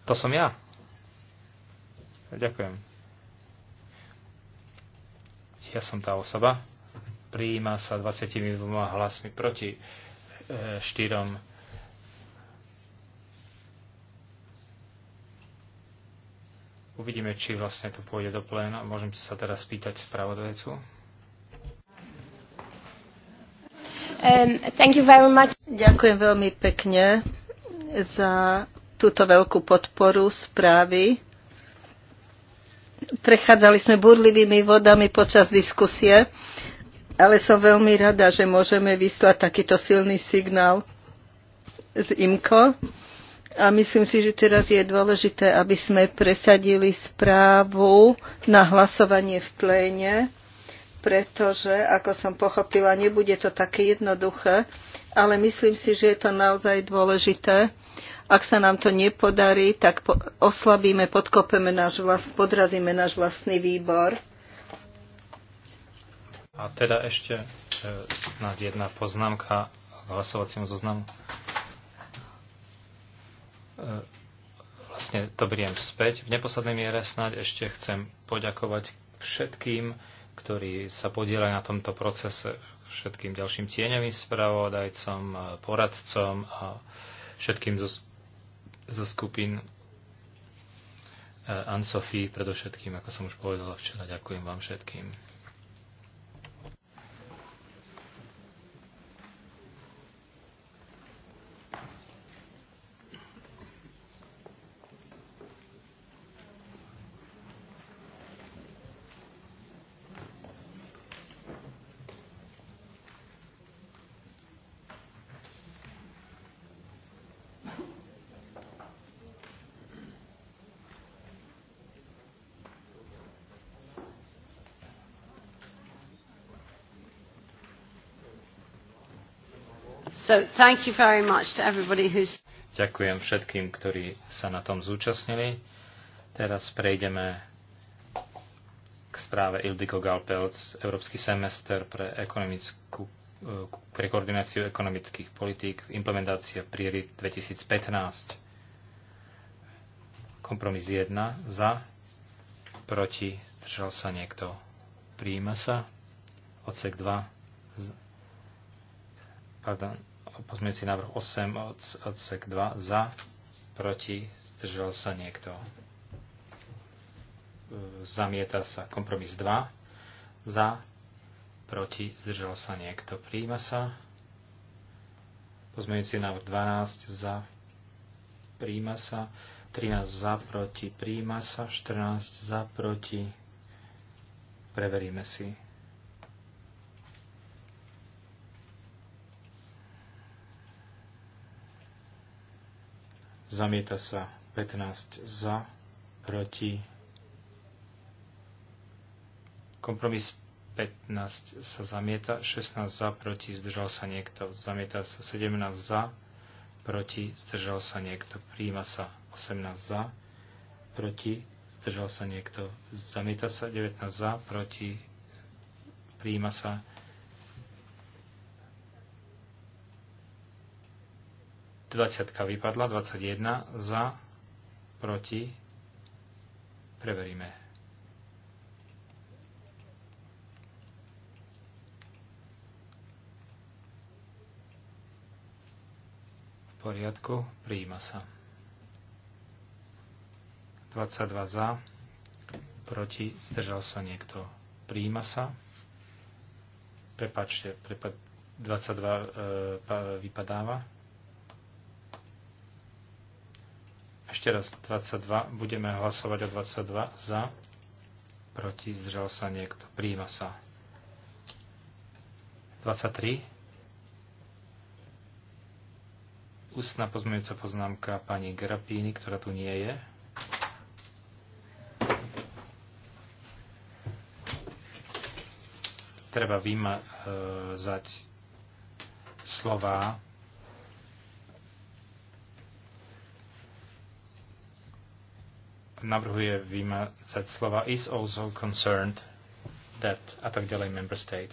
To som ja. Ďakujem. Ja som tá osoba. Prijíma sa 22 hlasmi proti e, štyrom. Uvidíme, či vlastne to pôjde do pléna. Môžem sa teraz spýtať spravodajcu. Um, thank you very much. Ďakujem veľmi pekne za túto veľkú podporu správy Prechádzali sme burlivými vodami počas diskusie, ale som veľmi rada, že môžeme vyslať takýto silný signál z IMCO. A myslím si, že teraz je dôležité, aby sme presadili správu na hlasovanie v pléne, pretože, ako som pochopila, nebude to také jednoduché, ale myslím si, že je to naozaj dôležité ak sa nám to nepodarí, tak oslabíme, podkopeme náš vlast, podrazíme náš vlastný výbor. A teda ešte e, snad jedna poznámka k hlasovaciemu zoznamu. E, vlastne to beriem späť. V neposlednej miere snáď ešte chcem poďakovať všetkým, ktorí sa podielajú na tomto procese, všetkým ďalším tieňovým spravodajcom, poradcom a všetkým zo zo skupín e, Sophie, predovšetkým, ako som už povedala včera, ďakujem vám všetkým. So thank you very much to everybody who's... Ďakujem všetkým, ktorí sa na tom zúčastnili. Teraz prejdeme k správe Ildiko Galpelc, Európsky semester pre, ekonomickú, eh, pre koordináciu ekonomických politík, implementácia priorit 2015. Kompromis 1 za, proti, zdržal sa niekto, príjima sa. Odsek 2, pardon, Pozmeňujúci návrh 8 odsek 2 za, proti, zdržal sa niekto. E, zamieta sa kompromis 2 za, proti, zdržal sa niekto. Príjima sa. Pozmeňujúci návrh 12 za, príjima sa. 13 za, proti, príjima sa. 14 za, proti. Preveríme si. Zamieta sa 15 za, proti. Kompromis 15 sa zamieta, 16 za, proti, zdržal sa niekto. Zamieta sa 17 za, proti, zdržal sa niekto. Príjima sa 18 za, proti, zdržal sa niekto. Zamieta sa 19 za, proti, príjima sa 20 vypadla, 21 za, proti. Preveríme. V poriadku, prijíma sa. 22 za, proti, zdržal sa niekto. Prijíma sa. Prepačte, prepa- 22 e, pa, vypadáva. Ešte raz 22. Budeme hlasovať o 22 za. Proti zdržal sa niekto. Príjima sa. 23. Ústna pozmeňujúca poznámka pani Grapíny, ktorá tu nie je. Treba vymazať e, slova navrhuje vymazať slova is also concerned that a tak ďalej member state.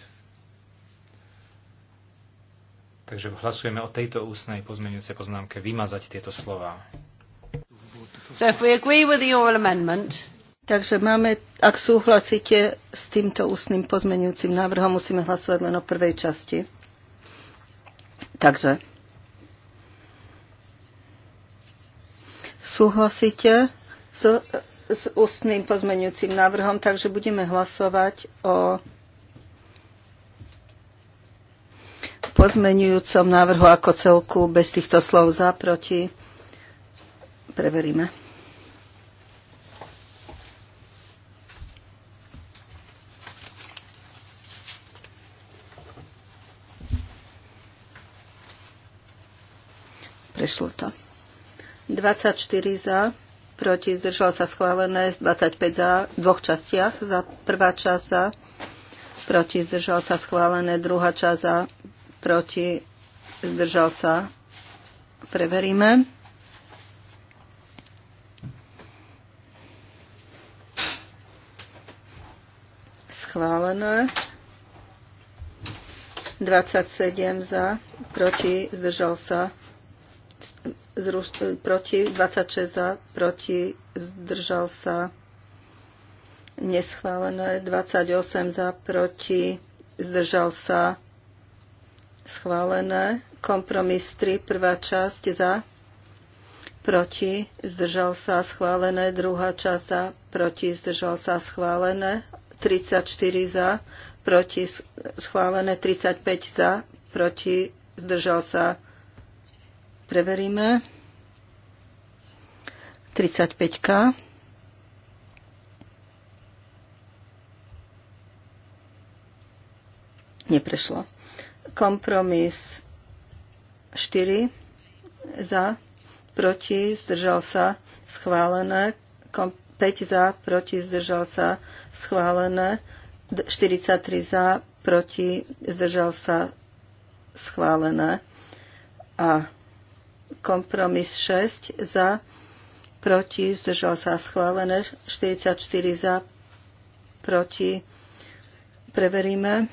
Takže hlasujeme o tejto ústnej pozmeňujúcej poznámke vymazať tieto slova. So if we agree with the oral amendment, Takže máme, ak súhlasíte s týmto ústnym pozmeňujúcim návrhom, musíme hlasovať len o prvej časti. Takže súhlasíte? s, s ústnym pozmeňujúcim návrhom, takže budeme hlasovať o pozmeňujúcom návrhu ako celku bez týchto slov za, proti. Preveríme. Prešlo to. 24 za, proti, zdržal sa schválené, 25 za, v dvoch častiach, za prvá časť za, proti, zdržal sa schválené, druhá časť za, proti, zdržal sa, preveríme. Schválené. 27 za, proti, zdržal sa, zrúst, proti, 26 za, proti, zdržal sa neschválené, 28 za, proti, zdržal sa schválené, kompromis 3, prvá časť za, proti, zdržal sa schválené, druhá časť za, proti, zdržal sa schválené, 34 za, proti, schválené, 35 za, proti, zdržal sa Preveríme. 35K. Neprešlo. Kompromis 4 za, proti, zdržal sa, schválené. 5 za, proti, zdržal sa, schválené. 43 za, proti, zdržal sa, schválené. A kompromis 6 za, proti, zdržal sa schválené, 44 za, proti, preveríme.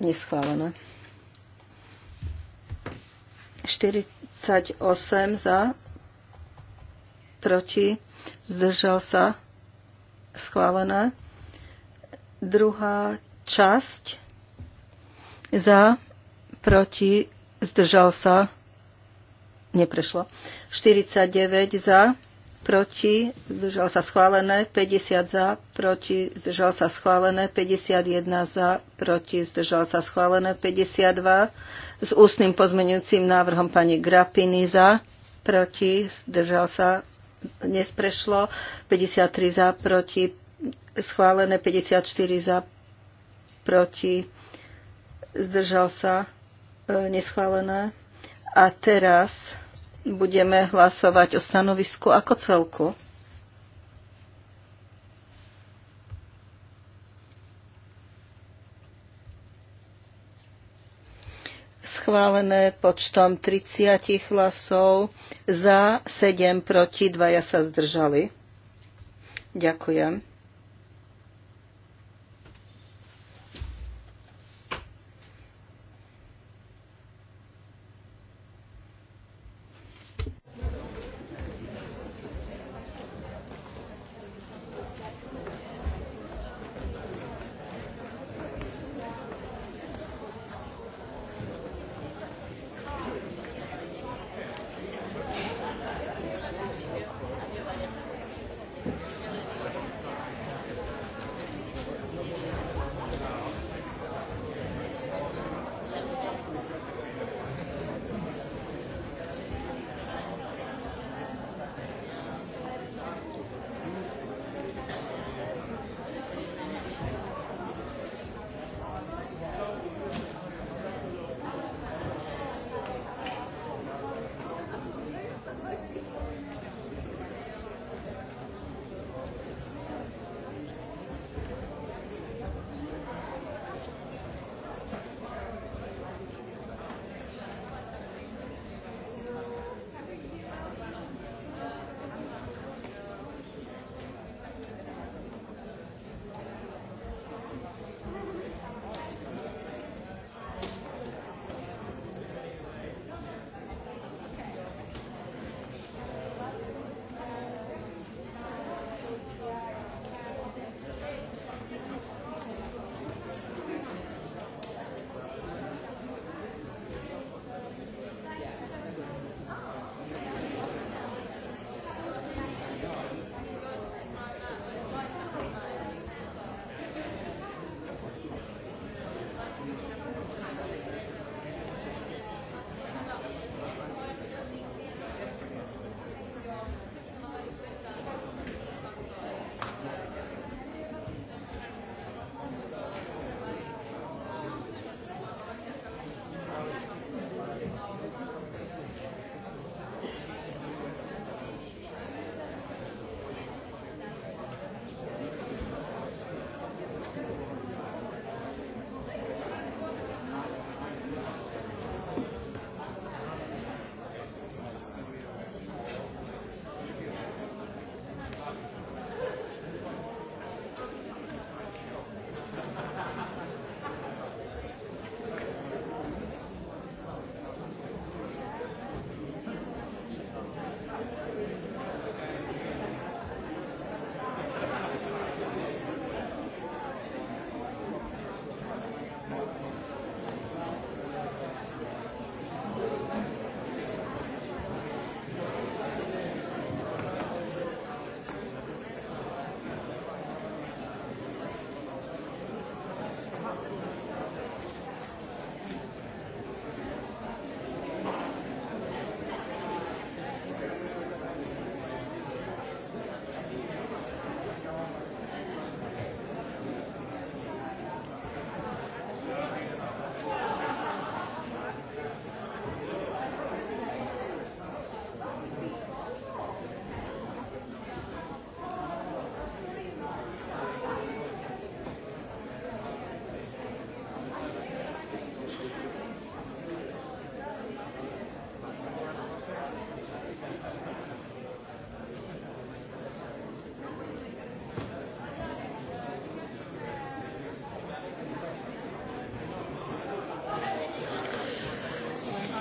Neschválené. 48 za, proti, zdržal sa schválené. Druhá časť za, proti, zdržal sa, neprešlo. 49 za, proti, zdržal sa schválené, 50 za, proti, zdržal sa schválené, 51 za, proti, zdržal sa schválené, 52 s ústnym pozmeňujúcim návrhom pani Grapiny za, proti, zdržal sa dnes prešlo 53 za proti, schválené 54 za proti, zdržal sa e, neschválené. A teraz budeme hlasovať o stanovisku ako celku. schválené počtom 30 hlasov za, 7 proti, 2 sa zdržali. Ďakujem.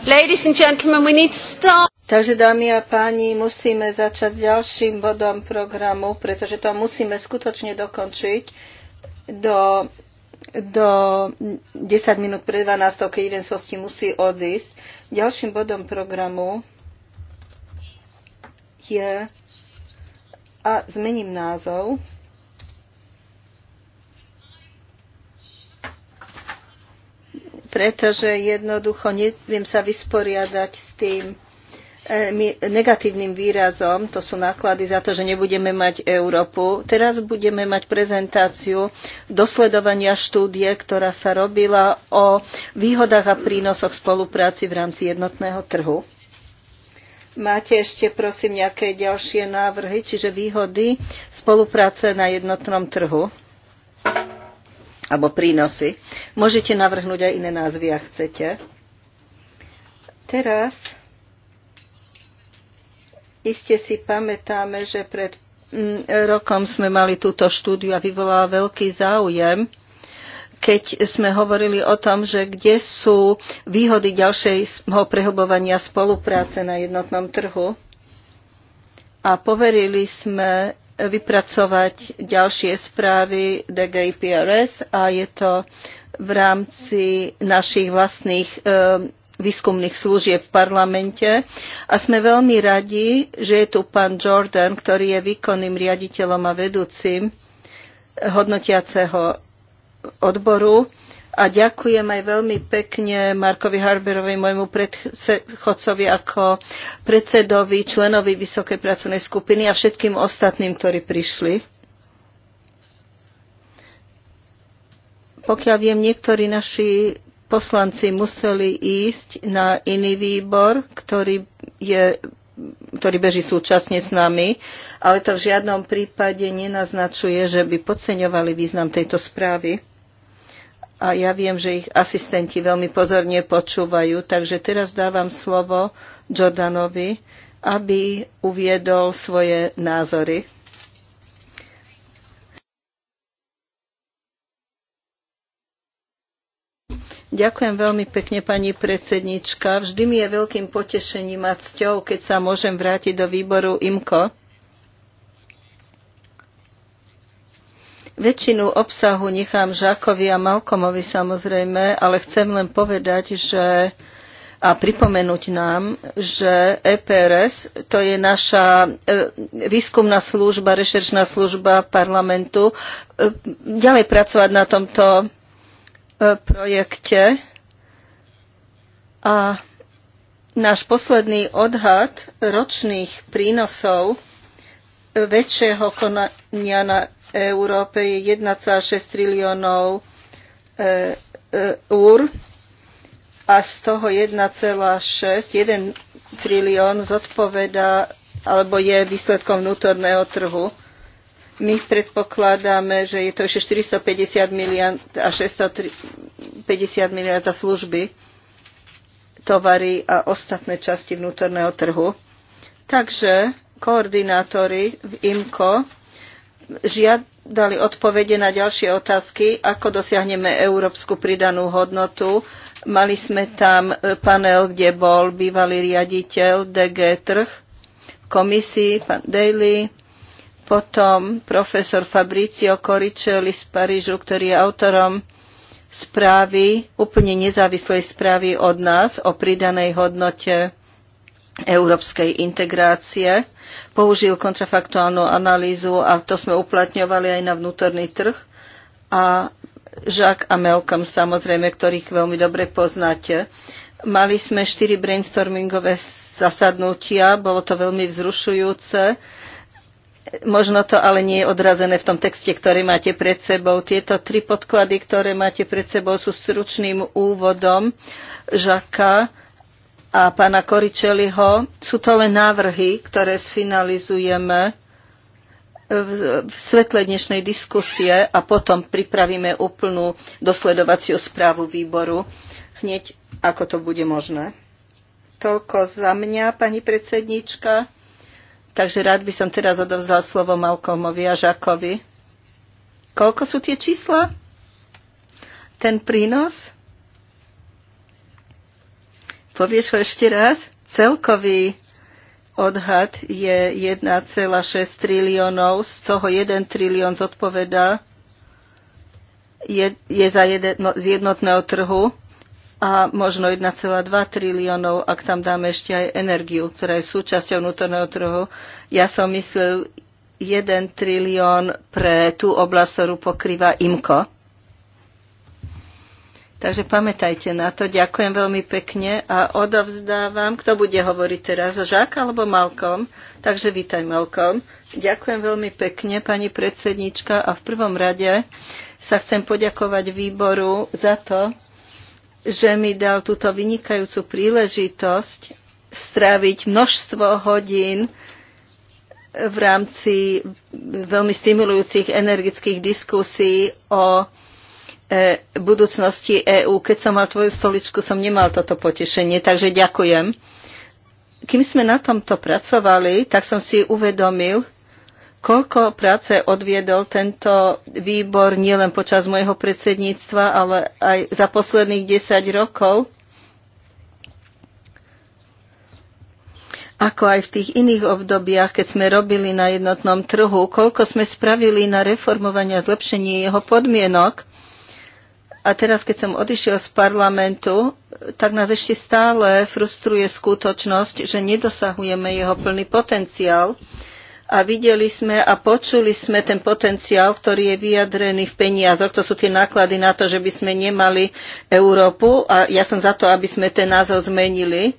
Ladies and gentlemen, we need to start. Takže dámy a páni, musíme začať s ďalším bodom programu, pretože to musíme skutočne dokončiť do, do 10 minút pred 12, keď jeden z hostí musí odísť. Ďalším bodom programu je a zmením názov. pretože jednoducho neviem sa vysporiadať s tým e, negatívnym výrazom, to sú náklady za to, že nebudeme mať Európu. Teraz budeme mať prezentáciu dosledovania štúdie, ktorá sa robila o výhodách a prínosoch spolupráci v rámci jednotného trhu. Máte ešte, prosím, nejaké ďalšie návrhy, čiže výhody spolupráce na jednotnom trhu? alebo prínosy. Môžete navrhnúť aj iné názvy, ak chcete. Teraz iste si pamätáme, že pred mm, rokom sme mali túto štúdiu a vyvolala veľký záujem, keď sme hovorili o tom, že kde sú výhody ďalšieho prehobovania spolupráce na jednotnom trhu. A poverili sme vypracovať ďalšie správy PRS a je to v rámci našich vlastných e, výskumných služieb v parlamente a sme veľmi radi, že je tu pán Jordan, ktorý je výkonným riaditeľom a vedúcim hodnotiaceho odboru a ďakujem aj veľmi pekne Markovi Harberovi, môjmu predchodcovi ako predsedovi, členovi Vysokej pracovnej skupiny a všetkým ostatným, ktorí prišli. Pokiaľ viem, niektorí naši poslanci museli ísť na iný výbor, ktorý je ktorý beží súčasne s nami, ale to v žiadnom prípade nenaznačuje, že by podceňovali význam tejto správy a ja viem, že ich asistenti veľmi pozorne počúvajú, takže teraz dávam slovo Jordanovi, aby uviedol svoje názory. Ďakujem veľmi pekne, pani predsednička. Vždy mi je veľkým potešením a cťou, keď sa môžem vrátiť do výboru IMKO. Väčšinu obsahu nechám Žákovi a Malkomovi samozrejme, ale chcem len povedať, že a pripomenúť nám, že EPRS to je naša e, výskumná služba, rešeršná služba parlamentu, e, ďalej pracovať na tomto e, projekte. A náš posledný odhad ročných prínosov väčšieho konania na Európe je 1,6 triliónov úr e, e, a z toho 1,6, 1 trilión zodpoveda alebo je výsledkom vnútorného trhu. My predpokladáme, že je to ešte 450 miliard a 650 miliard za služby, tovary a ostatné časti vnútorného trhu. Takže koordinátori v IMCO žiadali odpovede na ďalšie otázky, ako dosiahneme európsku pridanú hodnotu. Mali sme tam e, panel, kde bol bývalý riaditeľ DG Trh, komisii, pán Daly, potom profesor Fabricio Coricelli z Parížu, ktorý je autorom správy, úplne nezávislej správy od nás o pridanej hodnote európskej integrácie použil kontrafaktuálnu analýzu a to sme uplatňovali aj na vnútorný trh. A Jacques a Malcolm samozrejme, ktorých veľmi dobre poznáte. Mali sme štyri brainstormingové zasadnutia, bolo to veľmi vzrušujúce. Možno to ale nie je odrazené v tom texte, ktorý máte pred sebou. Tieto tri podklady, ktoré máte pred sebou, sú stručným úvodom Žaka a pána Koričeliho. Sú to len návrhy, ktoré sfinalizujeme v svetle dnešnej diskusie a potom pripravíme úplnú dosledovaciu správu výboru hneď, ako to bude možné. Toľko za mňa, pani predsednička. Takže rád by som teraz odovzdal slovo Malkomovi a Žakovi. Koľko sú tie čísla? Ten prínos? Povieš ho ešte raz? Celkový odhad je 1,6 triliónov, z toho 1 trilión zodpoveda je, je za jedno, z jednotného trhu a možno 1,2 triliónov, ak tam dáme ešte aj energiu, ktorá je súčasťou vnútorného trhu. Ja som myslel 1 trilión pre tú oblasť, ktorú pokrýva IMCO. Takže pamätajte na to. Ďakujem veľmi pekne a odovzdávam, kto bude hovoriť teraz, o Žák alebo Malkom. Takže vítaj Malkom. Ďakujem veľmi pekne, pani predsednička, a v prvom rade sa chcem poďakovať výboru za to, že mi dal túto vynikajúcu príležitosť stráviť množstvo hodín v rámci veľmi stimulujúcich energických diskusí o e, budúcnosti EÚ. Keď som mal tvoju stoličku, som nemal toto potešenie, takže ďakujem. Kým sme na tomto pracovali, tak som si uvedomil, koľko práce odviedol tento výbor nielen počas môjho predsedníctva, ale aj za posledných 10 rokov, ako aj v tých iných obdobiach, keď sme robili na jednotnom trhu, koľko sme spravili na reformovanie a zlepšenie jeho podmienok. A teraz, keď som odišiel z parlamentu, tak nás ešte stále frustruje skutočnosť, že nedosahujeme jeho plný potenciál. A videli sme a počuli sme ten potenciál, ktorý je vyjadrený v peniazoch. To sú tie náklady na to, že by sme nemali Európu. A ja som za to, aby sme ten názov zmenili.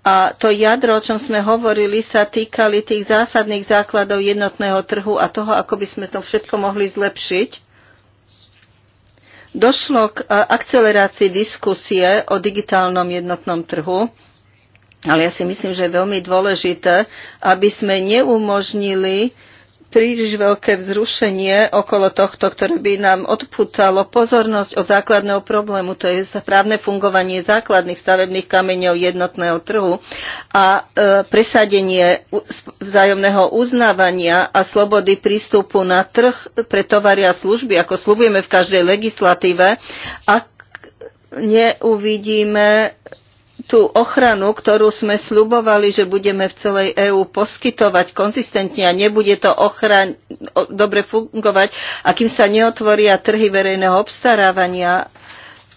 A to jadro, o čom sme hovorili, sa týkali tých zásadných základov jednotného trhu a toho, ako by sme to všetko mohli zlepšiť. Došlo k e, akcelerácii diskusie o digitálnom jednotnom trhu, ale ja si myslím, že je veľmi dôležité, aby sme neumožnili príliš veľké vzrušenie okolo tohto, ktoré by nám odputalo pozornosť od základného problému, to je správne fungovanie základných stavebných kameňov jednotného trhu a e, presadenie vzájomného uznávania a slobody prístupu na trh pre tovary a služby, ako slúbujeme v každej legislatíve, ak neuvidíme tú ochranu, ktorú sme slubovali, že budeme v celej EÚ poskytovať konzistentne a nebude to ochran- dobre fungovať, a kým sa neotvoria trhy verejného obstarávania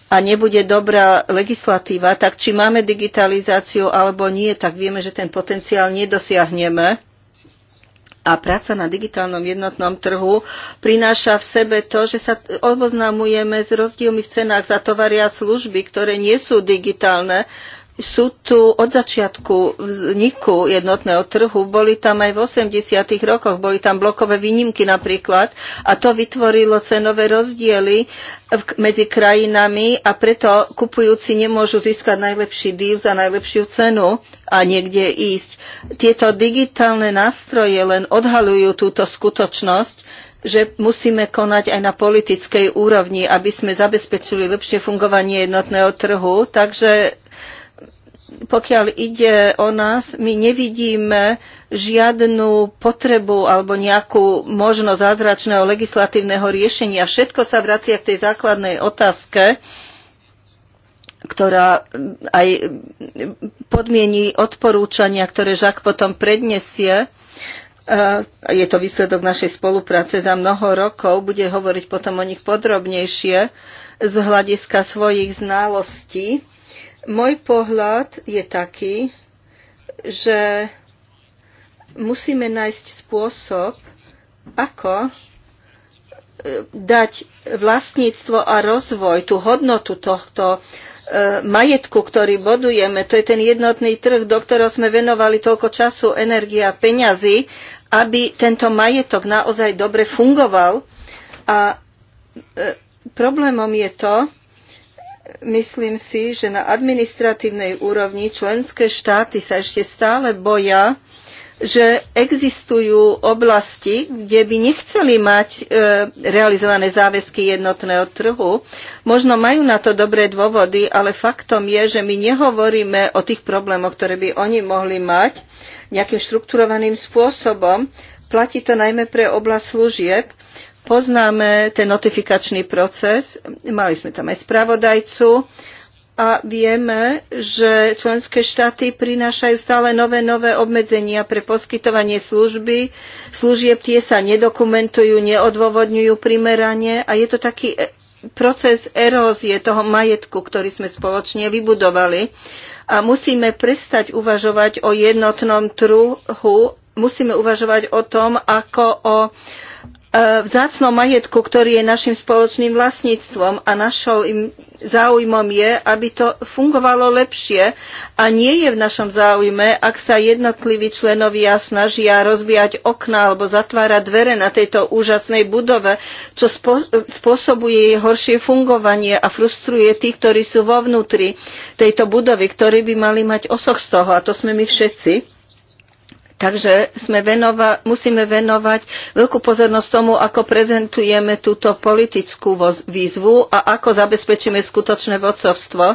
a nebude dobrá legislatíva, tak či máme digitalizáciu alebo nie, tak vieme, že ten potenciál nedosiahneme. A práca na digitálnom jednotnom trhu prináša v sebe to, že sa oboznámujeme s rozdielmi v cenách za tovaria a služby, ktoré nie sú digitálne, sú tu od začiatku vzniku jednotného trhu, boli tam aj v 80. rokoch, boli tam blokové výnimky napríklad a to vytvorilo cenové rozdiely medzi krajinami a preto kupujúci nemôžu získať najlepší deal za najlepšiu cenu a niekde ísť. Tieto digitálne nástroje len odhalujú túto skutočnosť, že musíme konať aj na politickej úrovni, aby sme zabezpečili lepšie fungovanie jednotného trhu. Takže pokiaľ ide o nás, my nevidíme žiadnu potrebu alebo nejakú možnosť zázračného legislatívneho riešenia. Všetko sa vracia k tej základnej otázke, ktorá aj podmiení odporúčania, ktoré Žak potom predniesie. Je to výsledok našej spolupráce za mnoho rokov, bude hovoriť potom o nich podrobnejšie z hľadiska svojich znalostí môj pohľad je taký, že musíme nájsť spôsob, ako e, dať vlastníctvo a rozvoj, tú hodnotu tohto e, majetku, ktorý bodujeme, to je ten jednotný trh, do ktorého sme venovali toľko času, energie a peňazí, aby tento majetok naozaj dobre fungoval. A e, problémom je to, myslím si, že na administratívnej úrovni členské štáty sa ešte stále boja, že existujú oblasti, kde by nechceli mať e, realizované záväzky jednotného trhu. Možno majú na to dobré dôvody, ale faktom je, že my nehovoríme o tých problémoch, ktoré by oni mohli mať nejakým štrukturovaným spôsobom. Platí to najmä pre oblasť služieb, Poznáme ten notifikačný proces, mali sme tam aj spravodajcu a vieme, že členské štáty prinášajú stále nové, nové obmedzenia pre poskytovanie služby. Služieb tie sa nedokumentujú, neodôvodňujú primerane a je to taký e, proces erózie toho majetku, ktorý sme spoločne vybudovali. A musíme prestať uvažovať o jednotnom trhu, musíme uvažovať o tom, ako o E, vzácnom majetku, ktorý je našim spoločným vlastníctvom a našou záujmom je, aby to fungovalo lepšie a nie je v našom záujme, ak sa jednotliví členovia snažia rozbíjať okna alebo zatvárať dvere na tejto úžasnej budove, čo spôsobuje jej horšie fungovanie a frustruje tých, ktorí sú vo vnútri tejto budovy, ktorí by mali mať osoch z toho a to sme my všetci. Takže sme venova- musíme venovať veľkú pozornosť tomu, ako prezentujeme túto politickú výzvu a ako zabezpečíme skutočné vodcovstvo.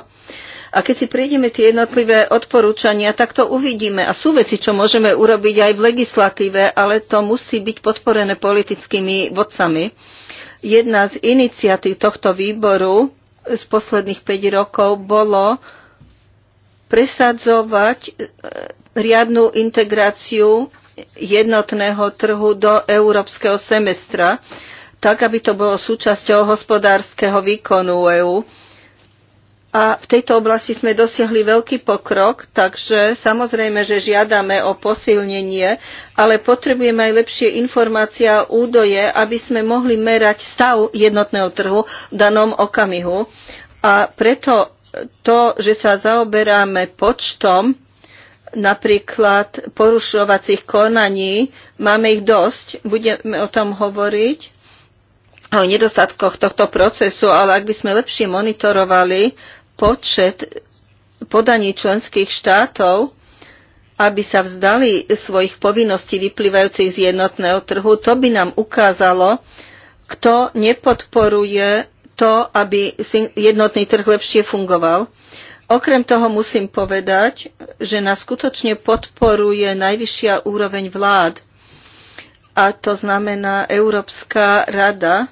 A keď si prídeme tie jednotlivé odporúčania, tak to uvidíme. A sú veci, čo môžeme urobiť aj v legislatíve, ale to musí byť podporené politickými vodcami. Jedna z iniciatív tohto výboru z posledných 5 rokov bolo presadzovať riadnu integráciu jednotného trhu do európskeho semestra, tak aby to bolo súčasťou hospodárskeho výkonu EÚ. A v tejto oblasti sme dosiahli veľký pokrok, takže samozrejme, že žiadame o posilnenie, ale potrebujeme aj lepšie informácie a údoje, aby sme mohli merať stav jednotného trhu v danom okamihu. A preto to, že sa zaoberáme počtom napríklad porušovacích konaní. Máme ich dosť, budeme o tom hovoriť o nedostatkoch tohto procesu, ale ak by sme lepšie monitorovali počet podaní členských štátov, aby sa vzdali svojich povinností vyplývajúcich z jednotného trhu, to by nám ukázalo, kto nepodporuje to, aby jednotný trh lepšie fungoval. Okrem toho musím povedať, že nás skutočne podporuje najvyššia úroveň vlád, a to znamená Európska rada,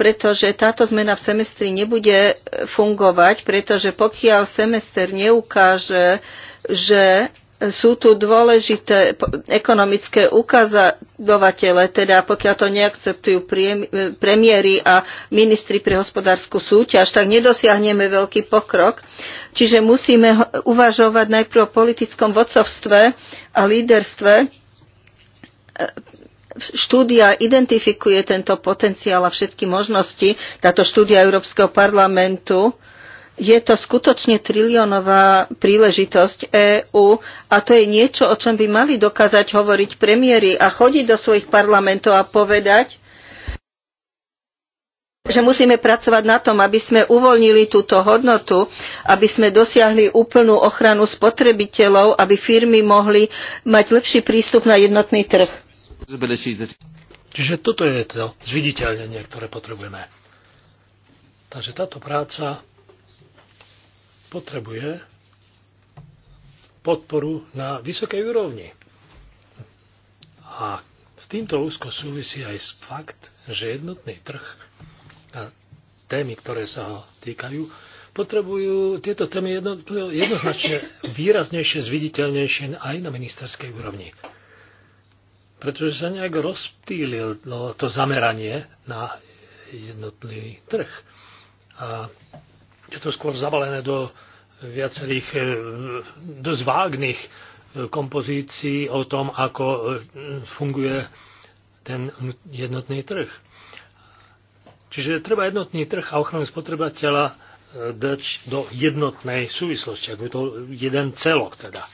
pretože táto zmena v semestri nebude fungovať, pretože pokiaľ semester neukáže, že sú tu dôležité ekonomické ukazovatele, teda pokiaľ to neakceptujú premiéry a ministri pre hospodárskú súťaž, tak nedosiahneme veľký pokrok. Čiže musíme uvažovať najprv o politickom vodcovstve a líderstve. E, štúdia identifikuje tento potenciál a všetky možnosti, táto štúdia Európskeho parlamentu je to skutočne triliónová príležitosť EÚ a to je niečo, o čom by mali dokázať hovoriť premiéry a chodiť do svojich parlamentov a povedať, že musíme pracovať na tom, aby sme uvoľnili túto hodnotu, aby sme dosiahli úplnú ochranu spotrebiteľov, aby firmy mohli mať lepší prístup na jednotný trh. Čiže toto je to zviditeľnenie, ktoré potrebujeme. Takže táto práca potrebuje podporu na vysokej úrovni. A s týmto úzko súvisí aj fakt, že jednotný trh a témy, ktoré sa ho týkajú, potrebujú tieto témy jedno, jednoznačne výraznejšie, zviditeľnejšie aj na ministerskej úrovni. Pretože sa nejak rozptýlilo to zameranie na jednotný trh. A je to skôr zabalené do viacerých e, dosť vágnych e, kompozícií o tom, ako e, funguje ten jednotný trh. Čiže treba jednotný trh a ochranu spotrebateľa dať do jednotnej súvislosti, ako je to jeden celok teda.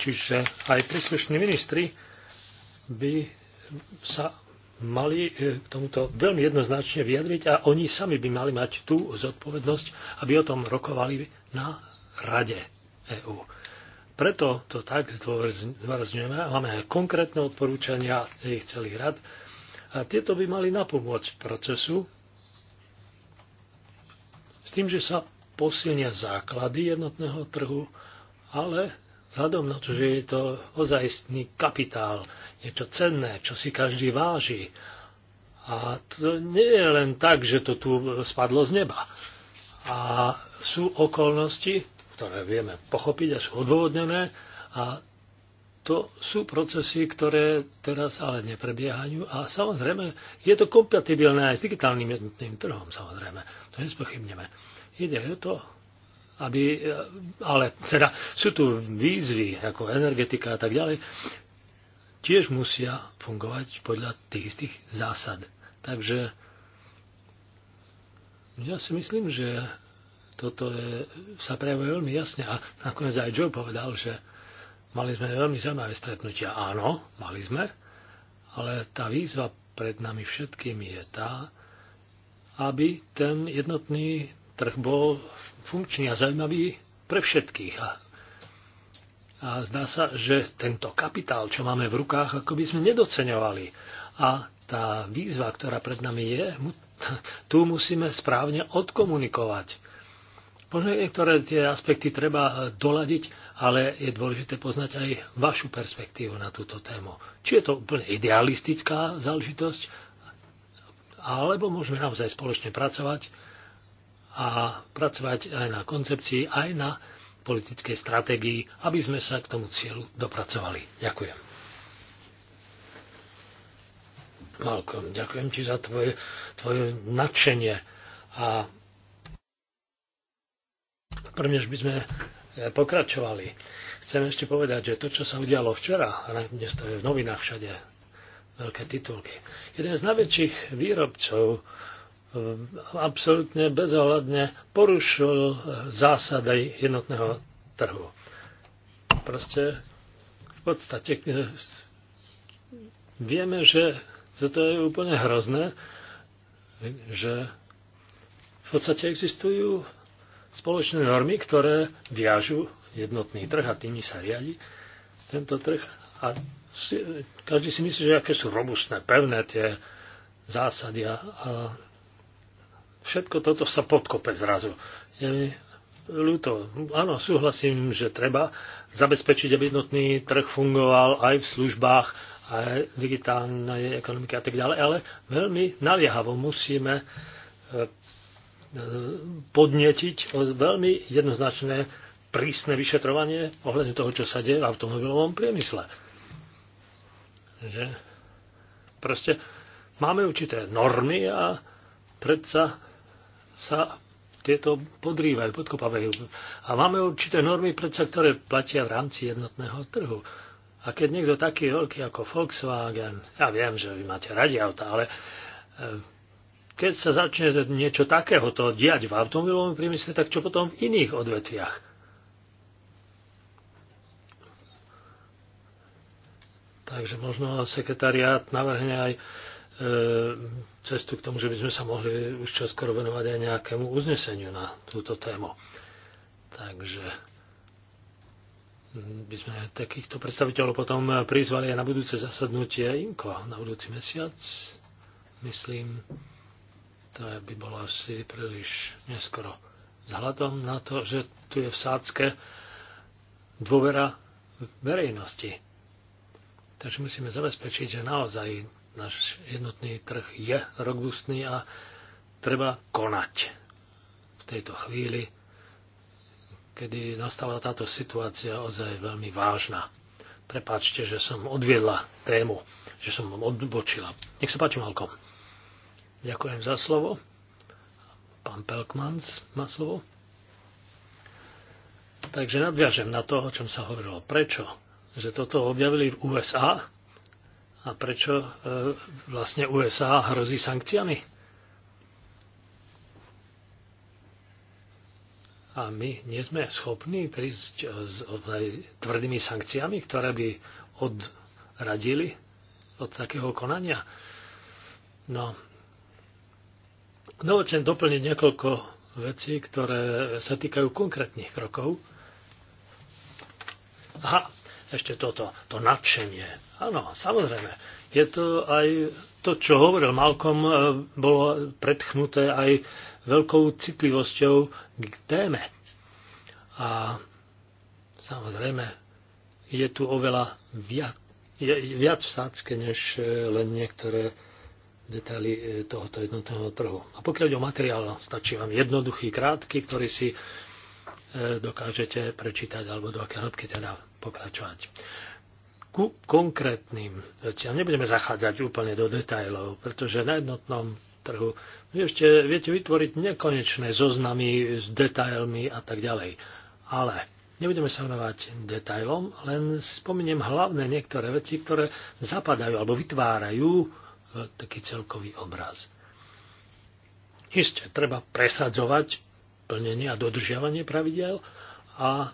Čiže aj príslušní ministri by sa mali k e, tomuto veľmi jednoznačne vyjadriť a oni sami by mali mať tú zodpovednosť, aby o tom rokovali na Rade EÚ. Preto to tak zdôrazňujeme, máme konkrétne odporúčania ich celý rad a tieto by mali napomôcť procesu s tým, že sa posilnia základy jednotného trhu, ale Vzhľadom na to, že je to ozajstný kapitál, niečo cenné, čo si každý váži. A to nie je len tak, že to tu spadlo z neba. A sú okolnosti, ktoré vieme pochopiť a sú odôvodnené a to sú procesy, ktoré teraz ale neprebiehajú a samozrejme je to kompatibilné aj s digitálnym jednotným trhom, samozrejme. To nespochybneme. Ide o to, aby, ale teda sú tu výzvy ako energetika a tak ďalej, tiež musia fungovať podľa tých istých zásad. Takže ja si myslím, že toto je, sa prejavuje veľmi jasne a nakoniec aj Joe povedal, že mali sme veľmi zaujímavé stretnutia. Áno, mali sme, ale tá výzva pred nami všetkými je tá, aby ten jednotný trh bol funkčný a zaujímavý pre všetkých. A, a zdá sa, že tento kapitál, čo máme v rukách, ako by sme nedoceňovali. A tá výzva, ktorá pred nami je, [laughs] tu musíme správne odkomunikovať. Možno niektoré tie aspekty treba doladiť, ale je dôležité poznať aj vašu perspektívu na túto tému. Či je to úplne idealistická záležitosť, alebo môžeme naozaj spoločne pracovať a pracovať aj na koncepcii, aj na politickej stratégii, aby sme sa k tomu cieľu dopracovali. Ďakujem. Malcolm, ďakujem ti za tvoje, tvoje nadšenie a prvnež by sme e, pokračovali. Chcem ešte povedať, že to, čo sa udialo včera, a dnes to je v novinách všade, veľké titulky. Jeden z najväčších výrobcov Eh, absolútne bezohľadne porušil eh, zásady jednotného trhu. Proste v podstate eh, vieme, že to je úplne hrozné, že v podstate existujú spoločné normy, ktoré viažu jednotný trh a tými sa riadi tento trh a každý si myslí, že aké sú robustné, pevné tie zásady a Všetko toto sa podkope zrazu. Je ľúto. Áno, súhlasím, že treba zabezpečiť, aby jednotný trh fungoval aj v službách, aj digitálnej ekonomike a tak ďalej, ale veľmi naliehavo musíme e, podnetiť veľmi jednoznačné prísne vyšetrovanie ohľadne toho, čo sa deje v automobilovom priemysle. Že proste máme určité normy a predsa sa tieto podrývajú, podkopávajú. A máme určité normy, predsa, ktoré platia v rámci jednotného trhu. A keď niekto taký veľký ako Volkswagen, ja viem, že vy máte radi auta, ale eh, keď sa začne niečo takéhoto diať v automobilovom priemysle, tak čo potom v iných odvetviach? Takže možno sekretariát navrhne aj E, cestu k tomu, že by sme sa mohli už čoskoro venovať aj nejakému uzneseniu na túto tému. Takže by sme takýchto predstaviteľov potom prizvali aj na budúce zasadnutie INKO na budúci mesiac. Myslím, to by bolo asi príliš neskoro. Vzhľadom na to, že tu je v sádzke dôvera verejnosti. Takže musíme zabezpečiť, že naozaj náš jednotný trh je robustný a treba konať v tejto chvíli, kedy nastala táto situácia ozaj veľmi vážna. Prepáčte, že som odviedla tému, že som odbočila. Nech sa páči, Malko. Ďakujem za slovo. Pán Pelkmans má slovo. Takže nadviažem na to, o čom sa hovorilo. Prečo? Že toto objavili v USA a prečo e, vlastne USA hrozí sankciami? A my nie sme schopní prísť e, s tvrdými sankciami, ktoré by odradili od takého konania. No, dovolte doplniť niekoľko vecí, ktoré sa týkajú konkrétnych krokov. Aha, ešte toto, to nadšenie. Áno, samozrejme. Je to aj to, čo hovoril Malcolm, e, bolo predchnuté aj veľkou citlivosťou k téme. A samozrejme, je tu oveľa viac, je viac v sádzke, než e, len niektoré detaily e, tohoto jednotného trhu. A pokiaľ ide o materiál, no, stačí vám jednoduchý, krátky, ktorý si dokážete prečítať, alebo do aké hĺbky teda pokračovať. Ku konkrétnym veciam nebudeme zachádzať úplne do detajlov, pretože na jednotnom trhu ešte viete vytvoriť nekonečné zoznamy s detailmi a tak ďalej. Ale Nebudeme sa venovať detailom, len spomeniem hlavné niektoré veci, ktoré zapadajú alebo vytvárajú e, taký celkový obraz. Isté, treba presadzovať plnenie a dodržiavanie pravidel a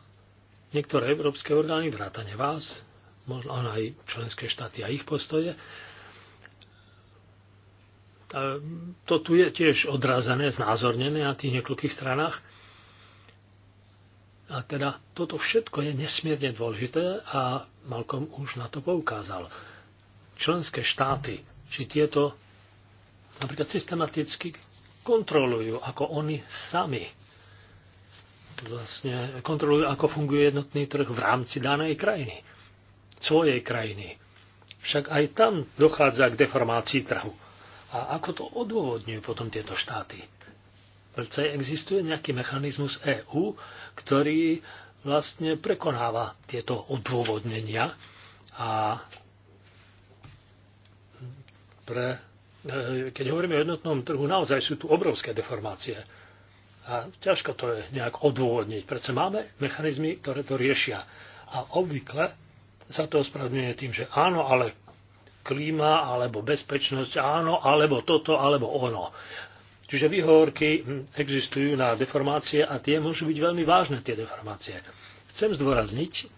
niektoré európske orgány, vrátane vás, možno aj členské štáty a ich postoje, to tu je tiež odrazené, znázornené na tých niekoľkých stranách. A teda toto všetko je nesmierne dôležité a Malcolm už na to poukázal. Členské štáty, či tieto napríklad systematicky kontrolujú, ako oni sami vlastne kontrolujú, ako funguje jednotný trh v rámci danej krajiny, svojej krajiny. Však aj tam dochádza k deformácii trhu. A ako to odôvodňujú potom tieto štáty? Prečo existuje nejaký mechanizmus EÚ, ktorý vlastne prekonáva tieto odôvodnenia a pre, e, keď hovoríme o jednotnom trhu, naozaj sú tu obrovské deformácie. A ťažko to je nejak odôvodniť. Prečo máme mechanizmy, ktoré to riešia. A obvykle sa to ospravedlňuje tým, že áno, ale klíma, alebo bezpečnosť, áno, alebo toto, alebo ono. Čiže výhovorky existujú na deformácie a tie môžu byť veľmi vážne, tie deformácie. Chcem zdôrazniť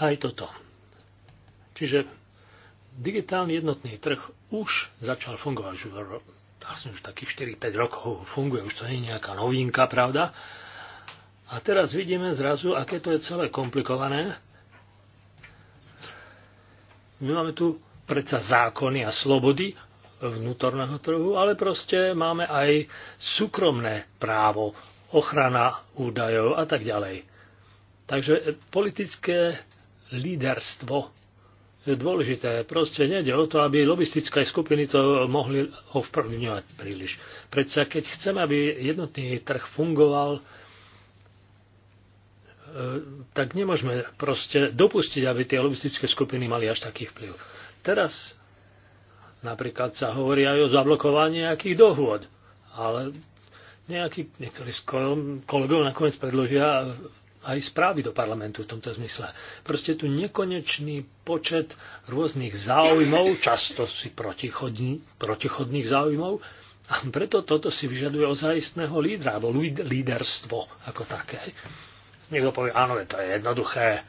aj toto. Čiže digitálny jednotný trh už začal fungovať vlastne už takých 4-5 rokov funguje, už to nie je nejaká novinka, pravda? A teraz vidíme zrazu, aké to je celé komplikované. My máme tu predsa zákony a slobody vnútorného trhu, ale proste máme aj súkromné právo, ochrana údajov a tak ďalej. Takže politické líderstvo dôležité. Proste nejde o to, aby lobistické skupiny to mohli ovplyvňovať príliš. Predsa keď chceme, aby jednotný trh fungoval, e, tak nemôžeme proste dopustiť, aby tie lobistické skupiny mali až taký vplyv. Teraz napríklad sa hovorí aj o zablokovaní nejakých dohôd, ale nejaký, niektorí z kolegov nakoniec predložia aj správy do parlamentu v tomto zmysle. Proste tu nekonečný počet rôznych záujmov, často si protichodných záujmov, a preto toto si vyžaduje ozajstného lídra, alebo líderstvo ako také. Niekto povie, áno, je to je jednoduché,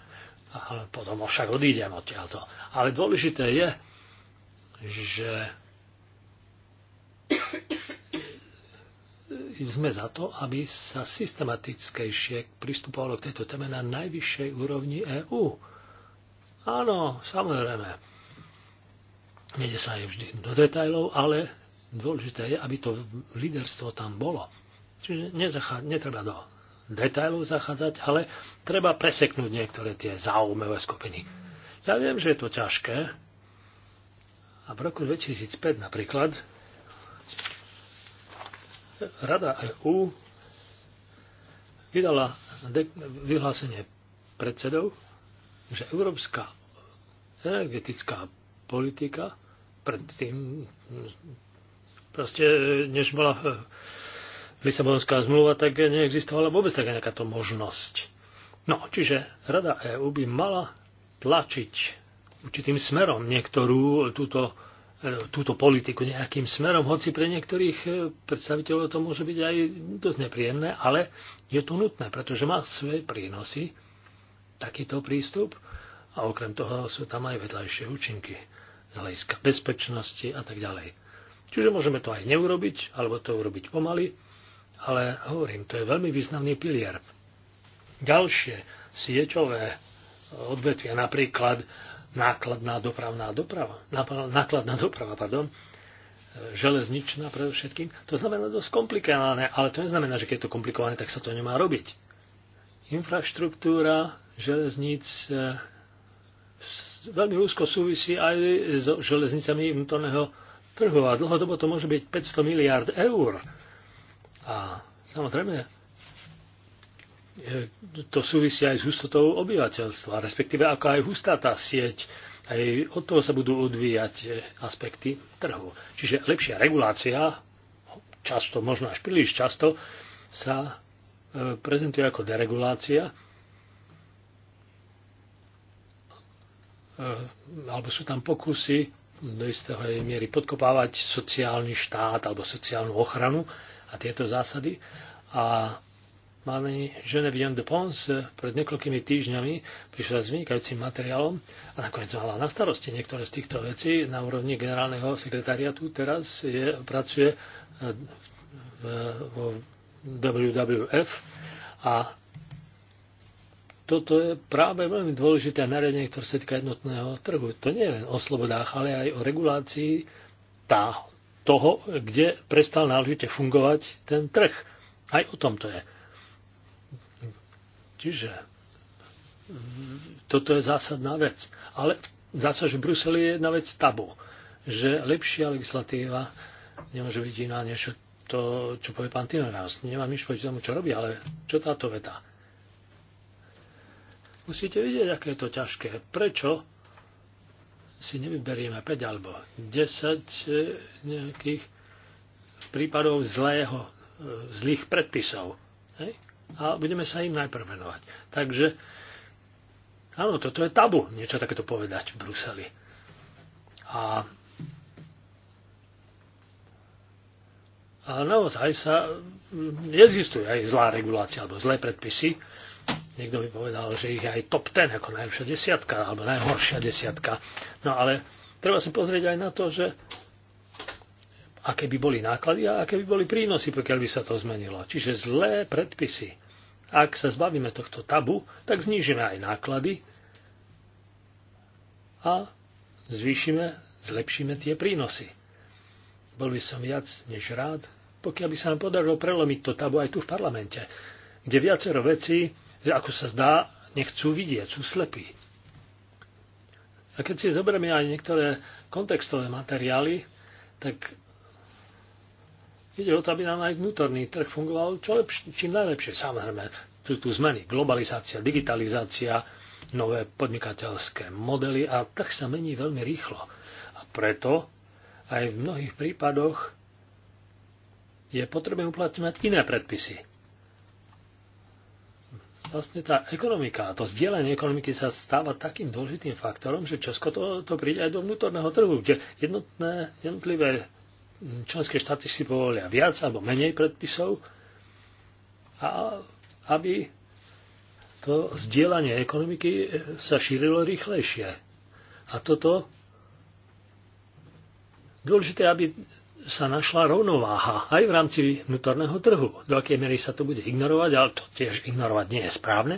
ale potom však odídem odtiaľto. Ale dôležité je, že sme za to, aby sa systematickejšie pristupovalo k tejto téme na najvyššej úrovni EÚ. Áno, samozrejme. Nede sa aj vždy do detajlov, ale dôležité je, aby to líderstvo tam bolo. Čiže nezachá... netreba do detajlov zachádzať, ale treba preseknúť niektoré tie zaujímavé skupiny. Ja viem, že je to ťažké. A v roku 2005 napríklad Rada EU vydala vyhlásenie predsedov, že európska energetická politika predtým, proste než bola eh, Lisabonská zmluva, tak neexistovala vôbec taká nejakáto možnosť. No, čiže Rada EU by mala tlačiť určitým smerom niektorú túto E, túto politiku nejakým smerom, hoci pre niektorých e, predstaviteľov to môže byť aj dosť nepríjemné, ale je to nutné, pretože má svoje prínosy takýto prístup a okrem toho sú tam aj vedľajšie účinky z hľadiska bezpečnosti a tak ďalej. Čiže môžeme to aj neurobiť, alebo to urobiť pomaly, ale hovorím, to je veľmi významný pilier. Ďalšie sieťové odvetvia, napríklad nákladná dopravná doprava, nákladná doprava, pardon, e, železničná predovšetkým. To znamená dosť komplikované, ale to neznamená, že keď je to komplikované, tak sa to nemá robiť. Infraštruktúra železníc e, veľmi úzko súvisí aj s železnicami vnútorného trhu a dlhodobo to môže byť 500 miliard eur. A samozrejme, E, to súvisí aj s hustotou obyvateľstva, respektíve ako aj hustá tá sieť, aj od toho sa budú odvíjať e, aspekty trhu. Čiže lepšia regulácia, často, možno až príliš často, sa e, prezentuje ako deregulácia, alebo sú tam pokusy do istého miery podkopávať sociálny štát alebo sociálnu ochranu a tieto zásady. A Mami Genevieve de Pons pred niekoľkými týždňami prišla s vynikajúcim materiálom a nakoniec mala na starosti niektoré z týchto vecí. Na úrovni generálneho sekretariatu teraz je, pracuje e, e, vo WWF a toto je práve veľmi dôležité nariadenie, ktoré sa týka jednotného trhu. To nie je len o slobodách, ale aj o regulácii tá, toho, kde prestal náležite fungovať ten trh. Aj o tom to je. Čiže toto je zásadná vec. Ale zase, že v Bruseli je jedna vec tabu. Že lepšia legislatíva nemôže byť iná, než to, čo povie pán Timmermans. Nemám nič proti tomu, čo robí, ale čo táto veta? Musíte vidieť, aké je to ťažké. Prečo si nevyberieme 5 alebo 10 e, nejakých prípadov zlého, e, zlých predpisov? Hej? a budeme sa im najprv venovať. Takže áno, toto je tabu, niečo takéto povedať v Bruseli. A, a naozaj sa existuje aj zlá regulácia alebo zlé predpisy. Niekto by povedal, že ich je aj top ten ako najlepšia desiatka alebo najhoršia desiatka. No ale treba si pozrieť aj na to, že aké by boli náklady a aké by boli prínosy, pokiaľ by sa to zmenilo. Čiže zlé predpisy. Ak sa zbavíme tohto tabu, tak znížime aj náklady a zvýšime, zlepšíme tie prínosy. Bol by som viac než rád, pokiaľ by sa nám podarilo prelomiť to tabu aj tu v parlamente, kde viacero vecí, ako sa zdá, nechcú vidieť, sú slepí. A keď si zoberieme aj niektoré kontextové materiály, tak Ide o to, aby nám aj vnútorný trh fungoval čo lepš- čím najlepšie. Samozrejme, sú tu zmeny, globalizácia, digitalizácia, nové podnikateľské modely a trh sa mení veľmi rýchlo. A preto aj v mnohých prípadoch je potrebné uplatňovať iné predpisy. Vlastne tá ekonomika, to zdieľanie ekonomiky sa stáva takým dôležitým faktorom, že Česko to, to príde aj do vnútorného trhu, kde jednotné, jednotlivé členské štáty si povolia viac alebo menej predpisov a aby to zdieľanie ekonomiky e, sa šírilo rýchlejšie. A toto dôležité, aby sa našla rovnováha aj v rámci vnútorného trhu. Do akej miery sa to bude ignorovať, ale to tiež ignorovať nie je správne,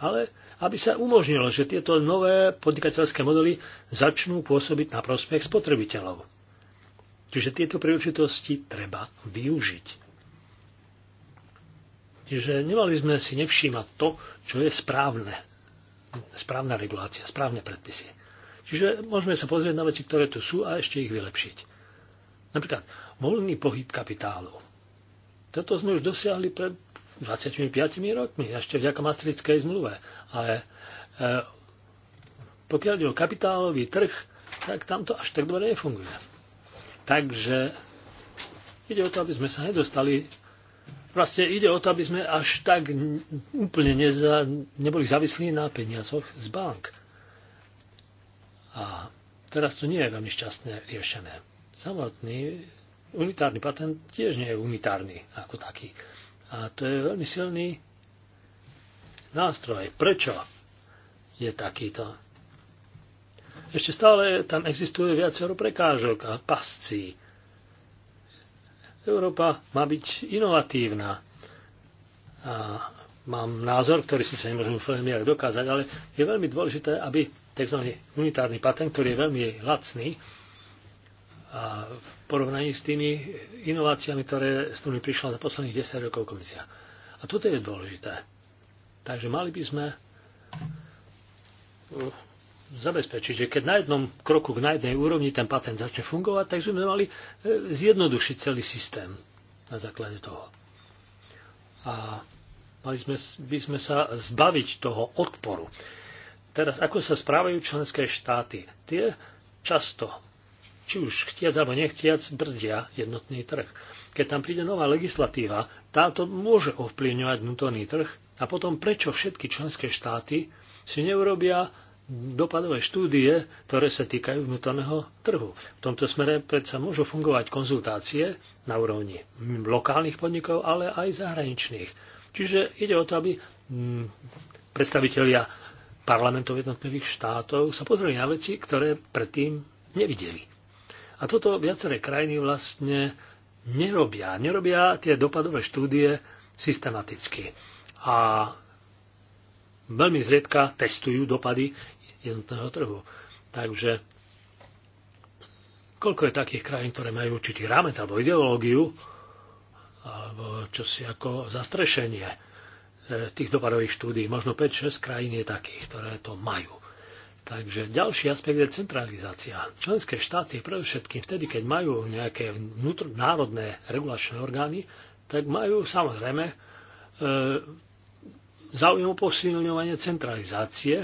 ale aby sa umožnilo, že tieto nové podnikateľské modely začnú pôsobiť na prospech spotrebiteľov. Čiže tieto príležitosti treba využiť. Čiže nemali sme si nevšímať to, čo je správne. Správna regulácia, správne predpisy. Čiže môžeme sa pozrieť na veci, ktoré tu sú a ešte ich vylepšiť. Napríklad voľný pohyb kapitálu. Toto sme už dosiahli pred 25 rokmi, ešte vďaka Maastrichtskej zmluve. Ale e, pokiaľ je o kapitálový trh, tak tam to až tak dobre nefunguje. Takže ide o to, aby sme sa nedostali Vlastne ide o to, aby sme až tak úplne neza, neboli závislí na peniazoch z bank. A teraz to nie je veľmi šťastne riešené. Samotný unitárny patent tiež nie je unitárny ako taký. A to je veľmi silný nástroj. Prečo je takýto? ešte stále tam existuje viacero prekážok a pascí. Európa má byť inovatívna. A mám názor, ktorý si sa nemôžem úplne nejak dokázať, ale je veľmi dôležité, aby tzv. unitárny patent, ktorý je veľmi lacný, a v porovnaní s tými inováciami, ktoré s tými prišla za posledných 10 rokov komisia. A toto je dôležité. Takže mali by sme zabezpečiť, že keď na jednom kroku, na jednej úrovni ten patent začne fungovať, takže sme mali e, zjednodušiť celý systém na základe toho. A mali sme, by sme sa zbaviť toho odporu. Teraz, ako sa správajú členské štáty? Tie často, či už chtiac alebo nechtiac, brzdia jednotný trh. Keď tam príde nová legislatíva, táto môže ovplyvňovať vnútorný trh a potom prečo všetky členské štáty si neurobia dopadové štúdie, ktoré sa týkajú vnútorného trhu. V tomto smere predsa môžu fungovať konzultácie na úrovni lokálnych podnikov, ale aj zahraničných. Čiže ide o to, aby mm, predstavitelia parlamentov jednotlivých štátov sa pozreli na veci, ktoré predtým nevideli. A toto viaceré krajiny vlastne nerobia. Nerobia tie dopadové štúdie systematicky. A veľmi zriedka testujú dopady jednotného trhu. Takže koľko je takých krajín, ktoré majú určitý rámec alebo ideológiu, alebo čo si ako zastrešenie e, tých dopadových štúdí. Možno 5-6 krajín je takých, ktoré to majú. Takže ďalší aspekt je centralizácia. Členské štáty, predovšetkým vtedy, keď majú nejaké vnútr- národné regulačné orgány, tak majú samozrejme e, záujem o posilňovanie centralizácie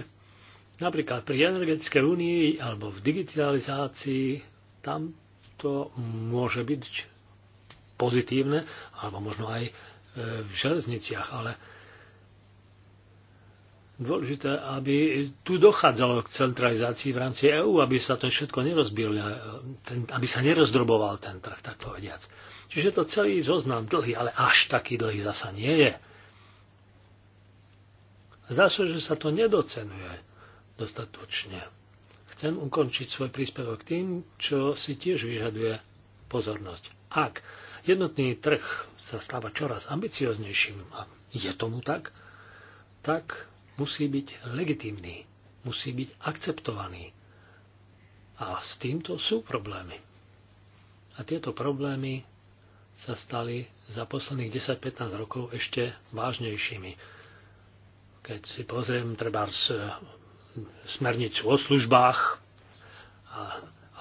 Napríklad pri energetickej únii alebo v digitalizácii tam to môže byť pozitívne, alebo možno aj e, v železniciach, ale dôležité, aby tu dochádzalo k centralizácii v rámci EÚ, aby sa to všetko nerozbil, e, aby sa nerozdroboval ten trh, tak povediac. Čiže to celý zoznam dlhý, ale až taký dlhý zasa nie je. Zdá sa, že sa to nedocenuje dostatočne. Chcem ukončiť svoj príspevok tým, čo si tiež vyžaduje pozornosť. Ak jednotný trh sa stáva čoraz ambicioznejším, a je tomu tak, tak musí byť legitimný, musí byť akceptovaný. A s týmto sú problémy. A tieto problémy sa stali za posledných 10-15 rokov ešte vážnejšími. Keď si pozriem treba smernicu o službách,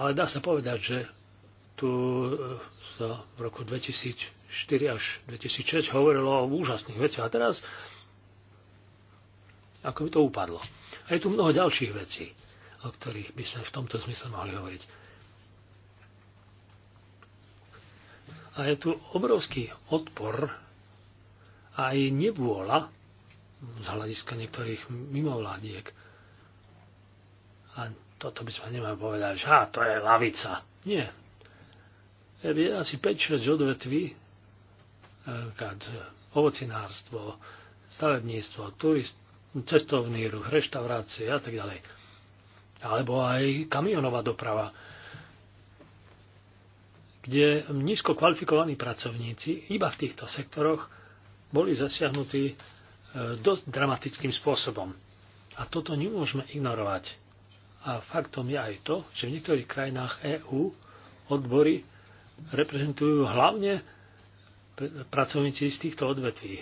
ale dá sa povedať, že tu e, sa v roku 2004 až 2006 hovorilo o úžasných veciach a teraz ako by to upadlo. A je tu mnoho ďalších vecí, o ktorých by sme v tomto zmysle mohli hovoriť. A je tu obrovský odpor aj nevôľa z hľadiska niektorých mimovládiek a toto by sme nemali povedať, že á, to je lavica. Nie. Je asi 5-6 odvetví, e, ovocinárstvo, stavebníctvo, turist, cestovný ruch, reštaurácie a tak ďalej. Alebo aj kamionová doprava, kde nízko kvalifikovaní pracovníci iba v týchto sektoroch boli zasiahnutí e, dosť dramatickým spôsobom. A toto nemôžeme ignorovať. A faktom je aj to, že v niektorých krajinách EÚ odbory reprezentujú hlavne pracovníci z týchto odvetví.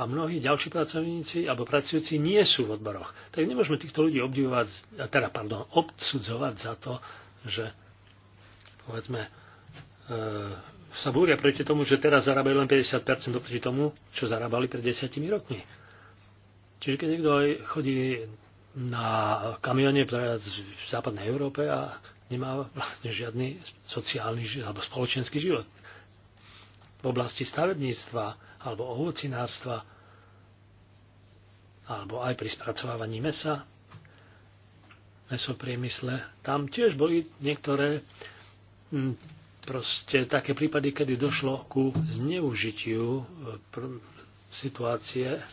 A mnohí ďalší pracovníci alebo pracujúci nie sú v odboroch. Tak nemôžeme týchto ľudí obdivovať, teda, pardon, obsudzovať za to, že povedzme, e sa búria proti tomu, že teraz zarábajú len 50% oproti tomu, čo zarábali pred desiatimi rokmi. Čiže keď niekto aj chodí na kamione v západnej Európe a nemá vlastne žiadny sociálny alebo spoločenský život. V oblasti stavebníctva alebo ovocinárstva alebo aj pri spracovávaní mesa, mesopriemysle, tam tiež boli niektoré hm, proste také prípady, kedy došlo ku zneužitiu eh, situácie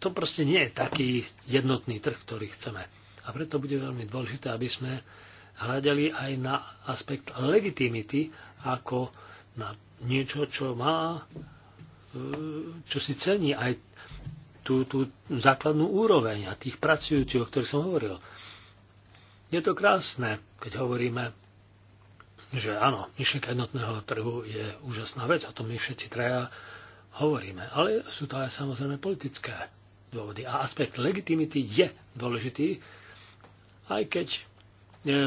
to proste nie je taký jednotný trh, ktorý chceme. A preto bude veľmi dôležité, aby sme hľadali aj na aspekt legitimity ako na niečo, čo má, e, čo si cení aj tú, tú základnú úroveň a tých pracujúcich, o ktorých som hovoril. Je to krásne, keď hovoríme, že áno, myšlienka jednotného trhu je úžasná vec, o tom my všetci traja hovoríme. Ale sú to aj samozrejme politické dôvody. A aspekt legitimity je dôležitý, aj keď e,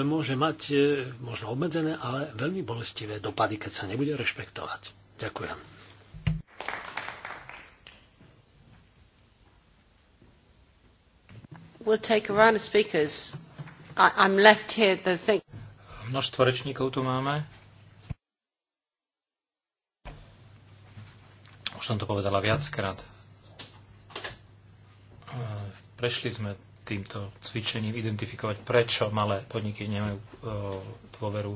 môže mať e, možno obmedzené, ale veľmi bolestivé dopady, keď sa nebude rešpektovať. Ďakujem. We'll take a round of speakers. I, I'm left here the thing. Množstvo rečníkov tu máme. Už som to povedala viackrát. Prešli sme týmto cvičením identifikovať, prečo malé podniky nemajú e, dôveru.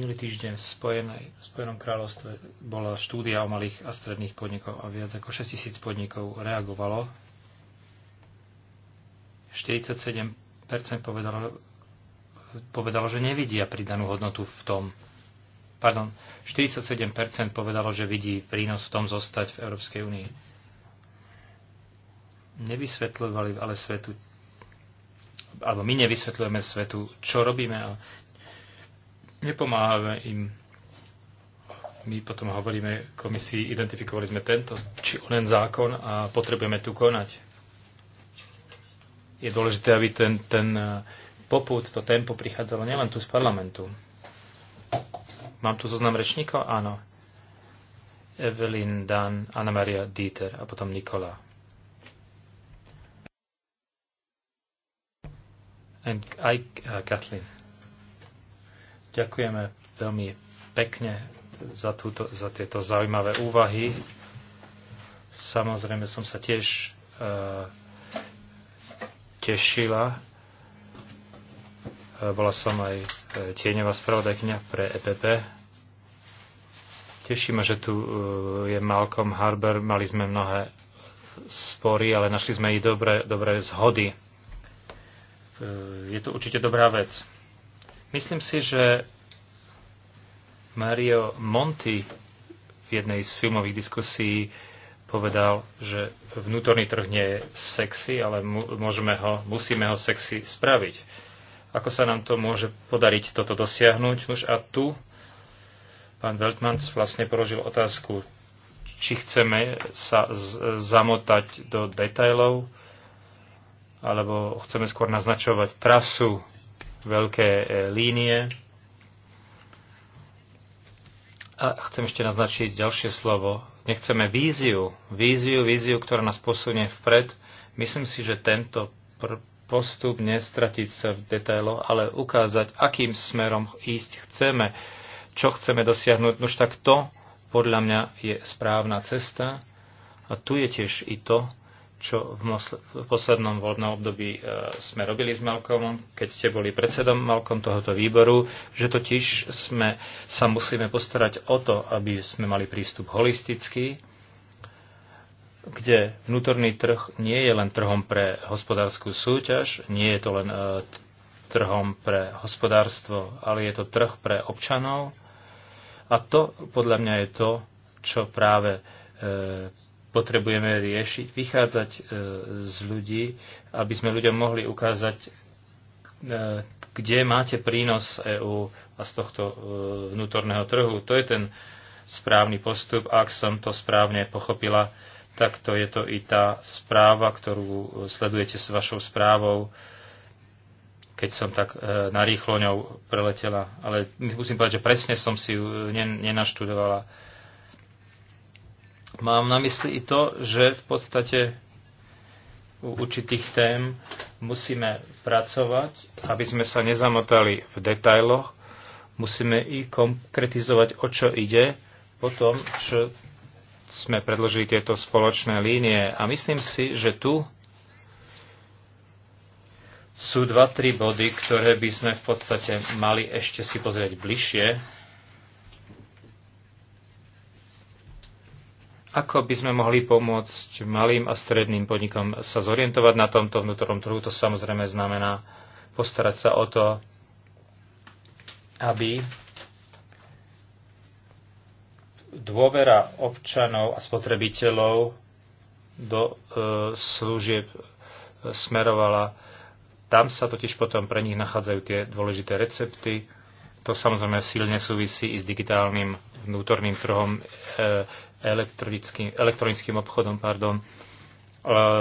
Minulý týždeň v, Spojenej, v Spojenom kráľovstve bola štúdia o malých a stredných podnikov a viac ako 6000 podnikov reagovalo. 47% povedalo, povedalo, že nevidia pridanú hodnotu v tom. Pardon, 47% povedalo, že vidí prínos v tom zostať v Európskej únii nevysvetľovali ale svetu, alebo my nevysvetľujeme svetu, čo robíme a nepomáhame im. My potom hovoríme komisii, identifikovali sme tento či onen zákon a potrebujeme tu konať. Je dôležité, aby ten, ten eh, poput, to tempo prichádzalo nielen tu z parlamentu. Mám tu zoznam rečníkov? Áno. Evelyn Dan, Anna Maria Dieter a potom Nikola. And I, uh, Kathleen. Ďakujeme veľmi pekne za, túto, za tieto zaujímavé úvahy. Samozrejme som sa tiež uh, tešila. Uh, bola som aj uh, tieňová spravodajkňa pre EPP. Teší ma, že tu uh, je Malcolm Harbour. Mali sme mnohé spory, ale našli sme i dobré, dobré zhody Eh, je to určite dobrá vec. Myslím si, že Mario Monti v jednej z filmových diskusí povedal, že vnútorný trh nie je sexy, ale môžeme ho, musíme ho sexy spraviť. Ako sa nám to môže podariť toto dosiahnuť? Už a tu pán Weltmans vlastne položil otázku, či chceme sa zamotať do detajlov, alebo chceme skôr naznačovať trasu, veľké e, línie. A chcem ešte naznačiť ďalšie slovo. Nechceme víziu, víziu, víziu, ktorá nás posunie vpred. Myslím si, že tento postup nestratiť sa v detailoch, ale ukázať, akým smerom ísť chceme, čo chceme dosiahnuť. Už tak to podľa mňa je správna cesta. A tu je tiež i to, čo v, v poslednom voľbnom období e, sme robili s Malkom, keď ste boli predsedom malkom tohoto výboru, že totiž sme sa musíme postarať o to, aby sme mali prístup holistický, kde vnútorný trh nie je len trhom pre hospodárskú súťaž, nie je to len e, trhom pre hospodárstvo, ale je to trh pre občanov. A to podľa mňa je to, čo práve e, potrebujeme riešiť, vychádzať e, z ľudí, aby sme ľuďom mohli ukázať, e, kde máte prínos EÚ a z tohto e, vnútorného trhu. To je ten správny postup. Ak som to správne pochopila, tak to je to i tá správa, ktorú sledujete s vašou správou, keď som tak narýchlo ňou preletela. Ale musím povedať, že presne som si ju nenaštudovala Mám na mysli i to, že v podstate u určitých tém musíme pracovať, aby sme sa nezamotali v detailoch, musíme i konkretizovať, o čo ide po tom, čo sme predložili tieto spoločné línie. A myslím si, že tu sú dva, tri body, ktoré by sme v podstate mali ešte si pozrieť bližšie, Ako by sme mohli pomôcť malým a stredným podnikom sa zorientovať na tomto vnútornom trhu? To samozrejme znamená postarať sa o to, aby dôvera občanov a spotrebiteľov do e, služieb e, smerovala. Tam sa totiž potom pre nich nachádzajú tie dôležité recepty, to samozrejme silne súvisí i s digitálnym vnútorným trhom, e, elektronickým, obchodom. Pardon. E,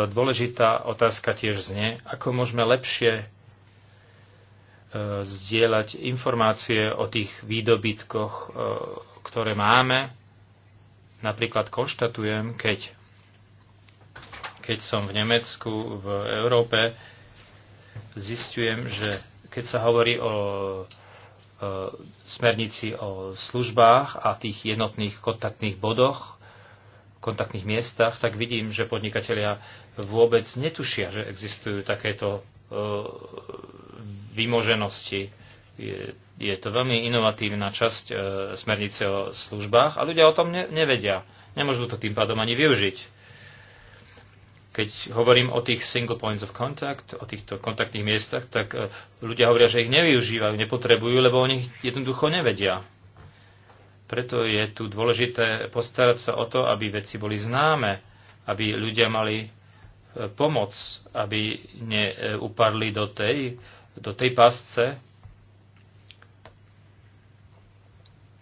dôležitá otázka tiež znie, ako môžeme lepšie e, zdieľať informácie o tých výdobytkoch, ktoré máme. Napríklad konštatujem, keď, keď som v Nemecku, v Európe, zistujem, že keď sa hovorí o E, smernici o službách a tých jednotných kontaktných bodoch, kontaktných miestach, tak vidím, že podnikatelia vôbec netušia, že existujú takéto e, vymoženosti. Je, je to veľmi inovatívna časť e, smernice o službách a ľudia o tom ne, nevedia. Nemôžu to tým pádom ani využiť keď hovorím o tých single points of contact, o týchto kontaktných miestach, tak e, ľudia hovoria, že ich nevyužívajú, nepotrebujú, lebo o nich jednoducho nevedia. Preto je tu dôležité postarať sa o to, aby veci boli známe, aby ľudia mali e, pomoc, aby neupadli do tej, do tej pasce,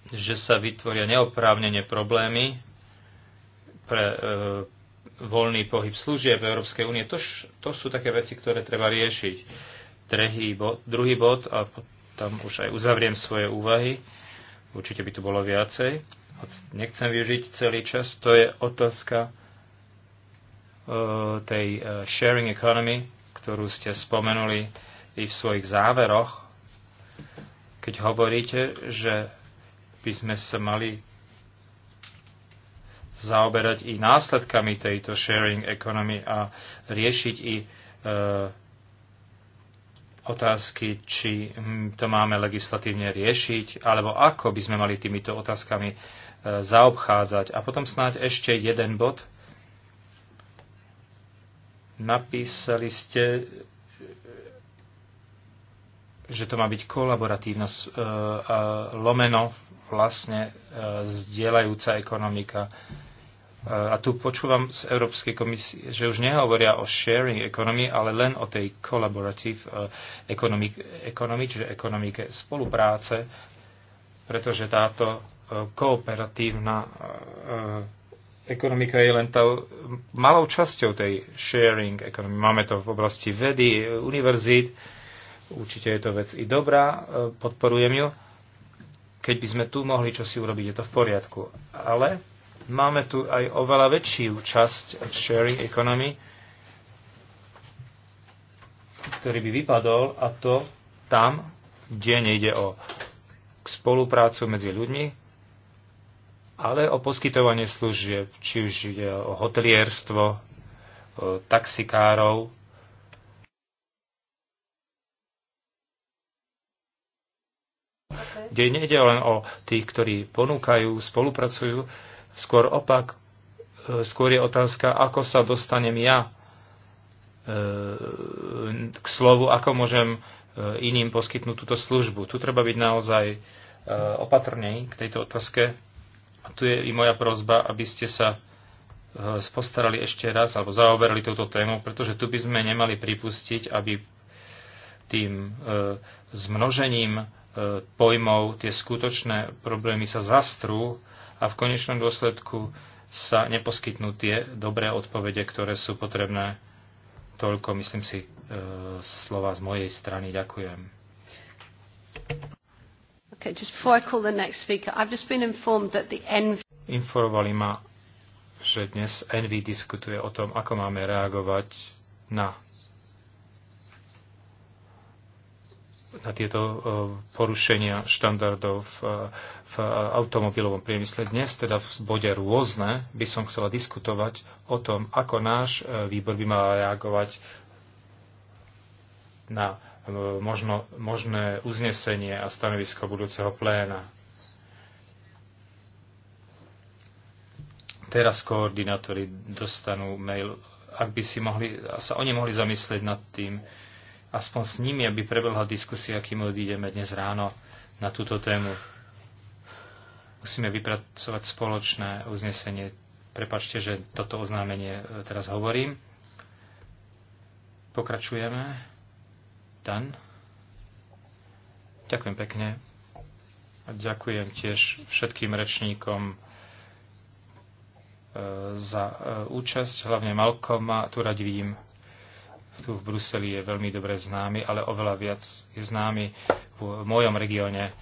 že sa vytvoria neoprávnene problémy pre e, voľný pohyb služieb v Európskej únie. To, to sú také veci, ktoré treba riešiť. Drehý bod, druhý bod, a tam už aj uzavriem svoje úvahy, určite by tu bolo viacej, nechcem využiť celý čas, to je otázka e, tej e, sharing economy, ktorú ste spomenuli i v svojich záveroch, keď hovoríte, že by sme sa mali zaoberať i následkami tejto sharing economy a riešiť i e, otázky, či hm, to máme legislatívne riešiť, alebo ako by sme mali týmito otázkami e, zaobchádzať. A potom snáď ešte jeden bod. Napísali ste, e, že to má byť kolaboratívna e, lomeno vlastne zdieľajúca ekonomika. A tu počúvam z Európskej komisie, že už nehovoria o sharing economy, ale len o tej collaborative eh, economic, economy, čiže ekonomike spolupráce, pretože táto eh, kooperatívna eh, ekonomika je len tou malou časťou tej sharing economy. Máme to v oblasti vedy, univerzít, určite je to vec i dobrá, podporujem ju. Keď by sme tu mohli čosi urobiť, je to v poriadku. Ale Máme tu aj oveľa väčšiu časť sharing economy, ktorý by vypadol a to tam, kde nejde o spoluprácu medzi ľuďmi, ale o poskytovanie služieb, či už ide o hotelierstvo, o taxikárov. Kde nejde len o tých, ktorí ponúkajú, spolupracujú, Skôr opak, e, skôr je otázka, ako sa dostanem ja e, k slovu, ako môžem e, iným poskytnúť túto službu. Tu treba byť naozaj opatrnej k tejto otázke. A tu je i moja prozba, aby ste sa postarali ešte raz alebo zaoberali túto tému, pretože tu by sme nemali pripustiť, aby tým zmnožením pojmov tie skutočné problémy sa zastrú a v konečnom dôsledku sa neposkytnú tie dobré odpovede, ktoré sú potrebné. Toľko, myslím si, e, slova z mojej strany. Ďakujem. Informovali ma, že dnes Envy diskutuje o tom, ako máme reagovať na na tieto e, porušenia štandardov v, v automobilovom priemysle. Dnes teda v bode rôzne by som chcela diskutovať o tom, ako náš e, výbor by mal reagovať na e, možno, možné uznesenie a stanovisko budúceho pléna. Teraz koordinátori dostanú mail, ak by si mohli, sa oni mohli zamyslieť nad tým, aspoň s nimi, aby prebehla diskusia, kým odídeme dnes ráno na túto tému. Musíme vypracovať spoločné uznesenie. Prepačte, že toto oznámenie e, teraz hovorím. Pokračujeme. Dan. Ďakujem pekne. A ďakujem tiež všetkým rečníkom e, za e, účasť, hlavne Malkoma, tu radi vidím tu v Bruseli je veľmi dobre známy, ale oveľa viac je známy v mojom regióne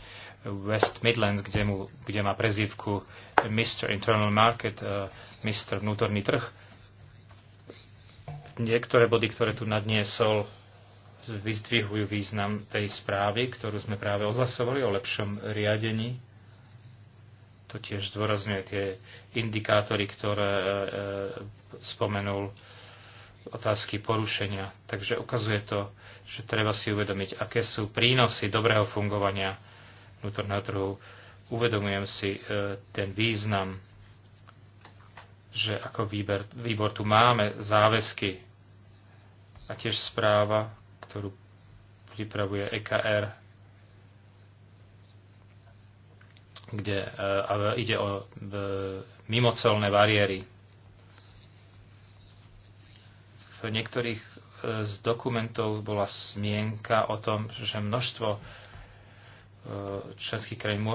West Midlands, kde, mu, kde má prezývku Mr. Internal Market, eh, Mr. Vnútorný trh. Niektoré body, ktoré tu nadniesol, vyzdvihujú význam tej správy, ktorú sme práve odhlasovali o lepšom riadení. To tiež zdôrazňuje tie indikátory, ktoré uh, spomenul uh, otázky porušenia. Takže ukazuje to, že treba si uvedomiť, aké sú prínosy dobrého fungovania vnútorného trhu. Uvedomujem si e, ten význam, že ako výber, výbor tu máme záväzky a tiež správa, ktorú pripravuje EKR, kde e, ide o e, mimocelné bariéry niektorých e, z dokumentov bola zmienka o tom, že množstvo e, členských krajín e,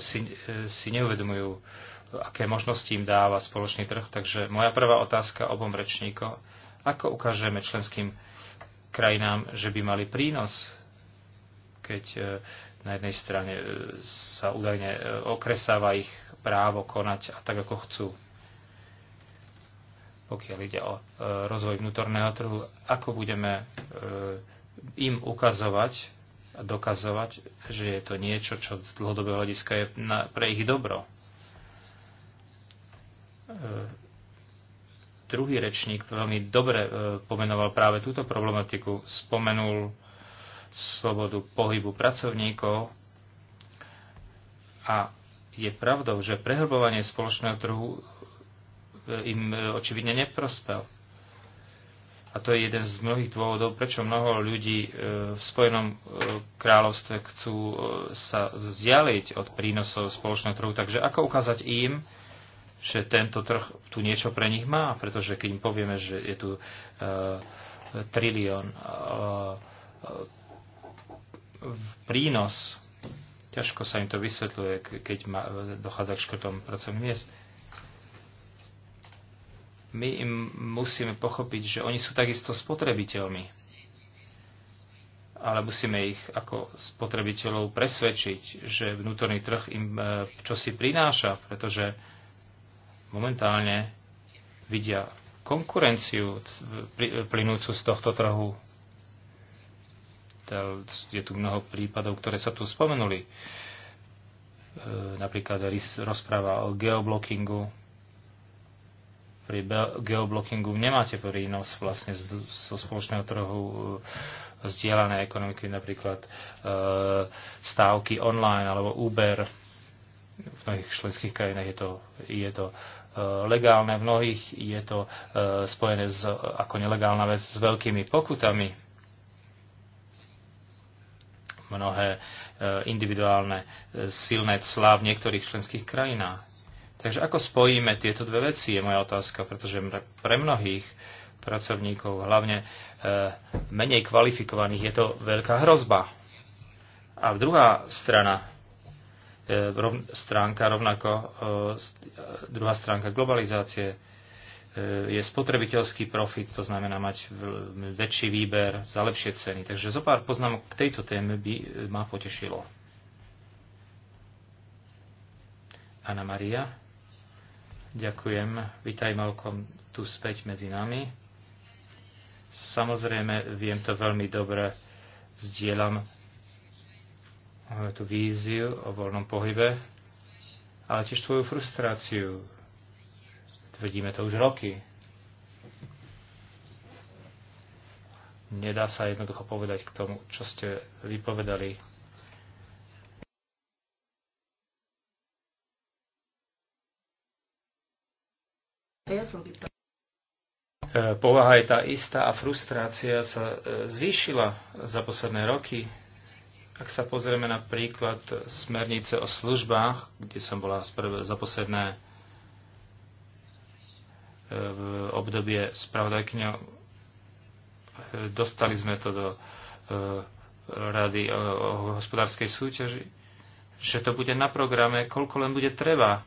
si, si neuvedomujú, aké možnosti im dáva spoločný trh. Takže moja prvá otázka obom rečníkom, ako ukážeme členským krajinám, že by mali prínos, keď na jednej strane sa údajne okresáva ich právo konať a tak, ako chcú pokiaľ ide o e, rozvoj vnútorného trhu, ako budeme e, im ukazovať a dokazovať, že je to niečo, čo z dlhodobého hľadiska je na, pre ich dobro. E, druhý rečník veľmi dobre pomenoval práve túto problematiku. Spomenul slobodu pohybu pracovníkov a je pravdou, že prehlbovanie spoločného trhu im e, očividne neprospel. A to je jeden z mnohých dôvodov, prečo mnoho ľudí e, v Spojenom e, kráľovstve chcú sa vzdialiť od prínosov spoločného trhu. Takže ako ukázať im, že tento trh tu niečo pre nich má, pretože keď im povieme, že je tu uh, trilión uh, uh, prínos, ťažko sa im to vysvetľuje, keď ma, dochádza k škrtom pracovných miest my im musíme pochopiť, že oni sú takisto spotrebiteľmi. Ale musíme ich ako spotrebiteľov presvedčiť, že vnútorný trh im e, čosi prináša, pretože momentálne vidia konkurenciu plynúcu z tohto trhu. Je tu mnoho prípadov, ktoré sa tu spomenuli. E, napríklad rozpráva o geoblockingu, pri geoblockingu nemáte prínos vlastne zo spoločného trhu vzdielané e, ekonomiky, napríklad e, stávky online alebo Uber. V mnohých členských krajinách je to, je to e, legálne, v mnohých je to spojené s, ako nelegálna vec s veľkými pokutami. Mnohé individuálne silné clá v niektorých členských krajinách Takže ako spojíme tieto dve veci, je moja otázka, pretože pre mnohých pracovníkov, hlavne e, menej kvalifikovaných, je to veľká hrozba. A druhá strana, e, rov, stránka rovnako, e, e, druhá stránka globalizácie e, je spotrebiteľský profit, to znamená mať väčší výber za lepšie ceny. Takže zo pár poznámok k tejto téme by e, ma potešilo. Anna Maria. Ďakujem. Vítaj, malkom tu späť medzi nami. Samozrejme, viem to veľmi dobre, zdieľam eh, tú víziu o voľnom pohybe, ale tiež tvoju frustráciu. Tvrdíme to už roky. Nedá sa jednoducho povedať k tomu, čo ste vypovedali E, povaha je tá istá a frustrácia sa e, zvýšila za posledné roky. Ak sa pozrieme na príklad smernice o službách, kde som bola za posledné e, v obdobie spravodajkňa, dostali sme to do rady o hospodárskej súťaži, že to bude na programe, koľko len bude treba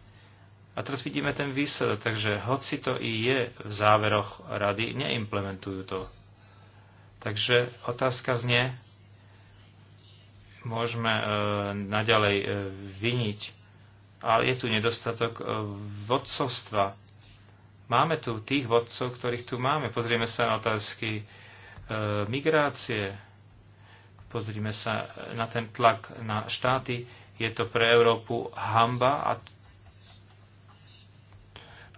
a teraz vidíme ten výsledok, takže hoci to i je v záveroch rady, neimplementujú to. Takže otázka znie, môžeme e, naďalej e, viniť, ale je tu nedostatok e, vodcovstva. Máme tu tých vodcov, ktorých tu máme. Pozrieme sa na otázky e, migrácie, pozrieme sa na ten tlak na štáty. Je to pre Európu hamba a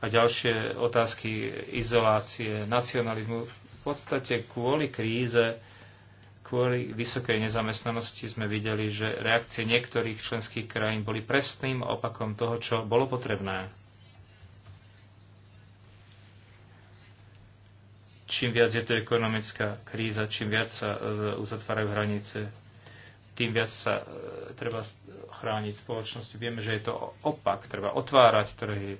a ďalšie otázky izolácie, nacionalizmu. V podstate kvôli kríze, kvôli vysokej nezamestnanosti sme videli, že reakcie niektorých členských krajín boli presným opakom toho, čo bolo potrebné. Čím viac je to ekonomická kríza, čím viac sa e, uzatvárajú hranice, tým viac sa e, treba chrániť spoločnosti. Vieme, že je to opak, treba otvárať trhy,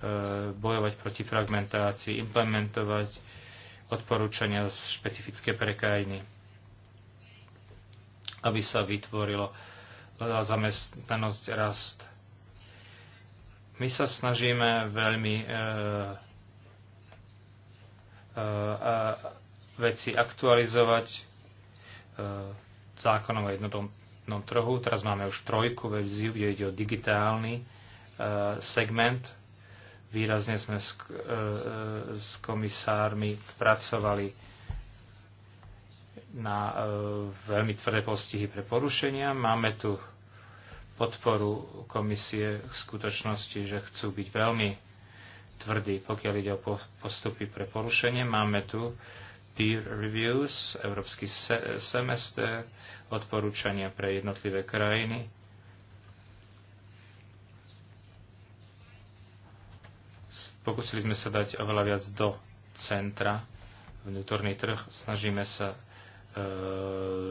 E, bojovať proti fragmentácii, implementovať odporúčania špecifické pre krajiny, aby sa vytvorilo zamestnanosť rast. My sa snažíme veľmi e, e, veci aktualizovať e, zákonom o jednotnom trhu. Teraz máme už trojku, kde ide o digitálny segment Výrazne sme s, e, e, s komisármi pracovali na e, veľmi tvrdé postihy pre porušenia. Máme tu podporu komisie v skutočnosti, že chcú byť veľmi tvrdí, pokiaľ ide o postupy pre porušenie. Máme tu peer reviews, európsky semester, odporúčania pre jednotlivé krajiny Pokúsili sme sa dať oveľa viac do centra, vnútorný trh. Snažíme sa e,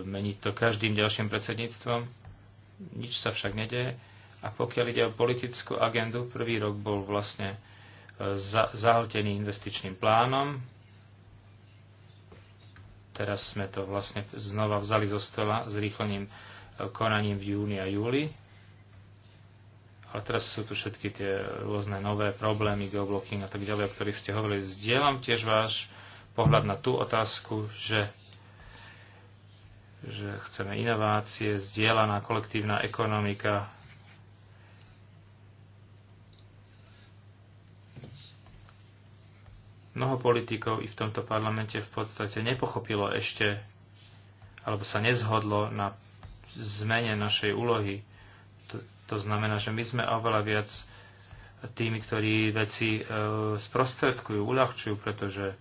meniť to každým ďalším predsedníctvom. Nič sa však nedeje. A pokiaľ ide o politickú agendu, prvý rok bol vlastne e, za, zahltený investičným plánom. Teraz sme to vlastne znova vzali zo stola rýchlením e, konaním v júni a júli ale teraz sú tu všetky tie rôzne nové problémy, geoblocking a tak ďalej, o ktorých ste hovorili. Zdieľam tiež váš pohľad na tú otázku, že, že chceme inovácie, zdieľaná kolektívna ekonomika. Mnoho politikov i v tomto parlamente v podstate nepochopilo ešte alebo sa nezhodlo na zmene našej úlohy to znamená, že my sme oveľa viac tými, ktorí veci e, sprostredkujú, uľahčujú, pretože e,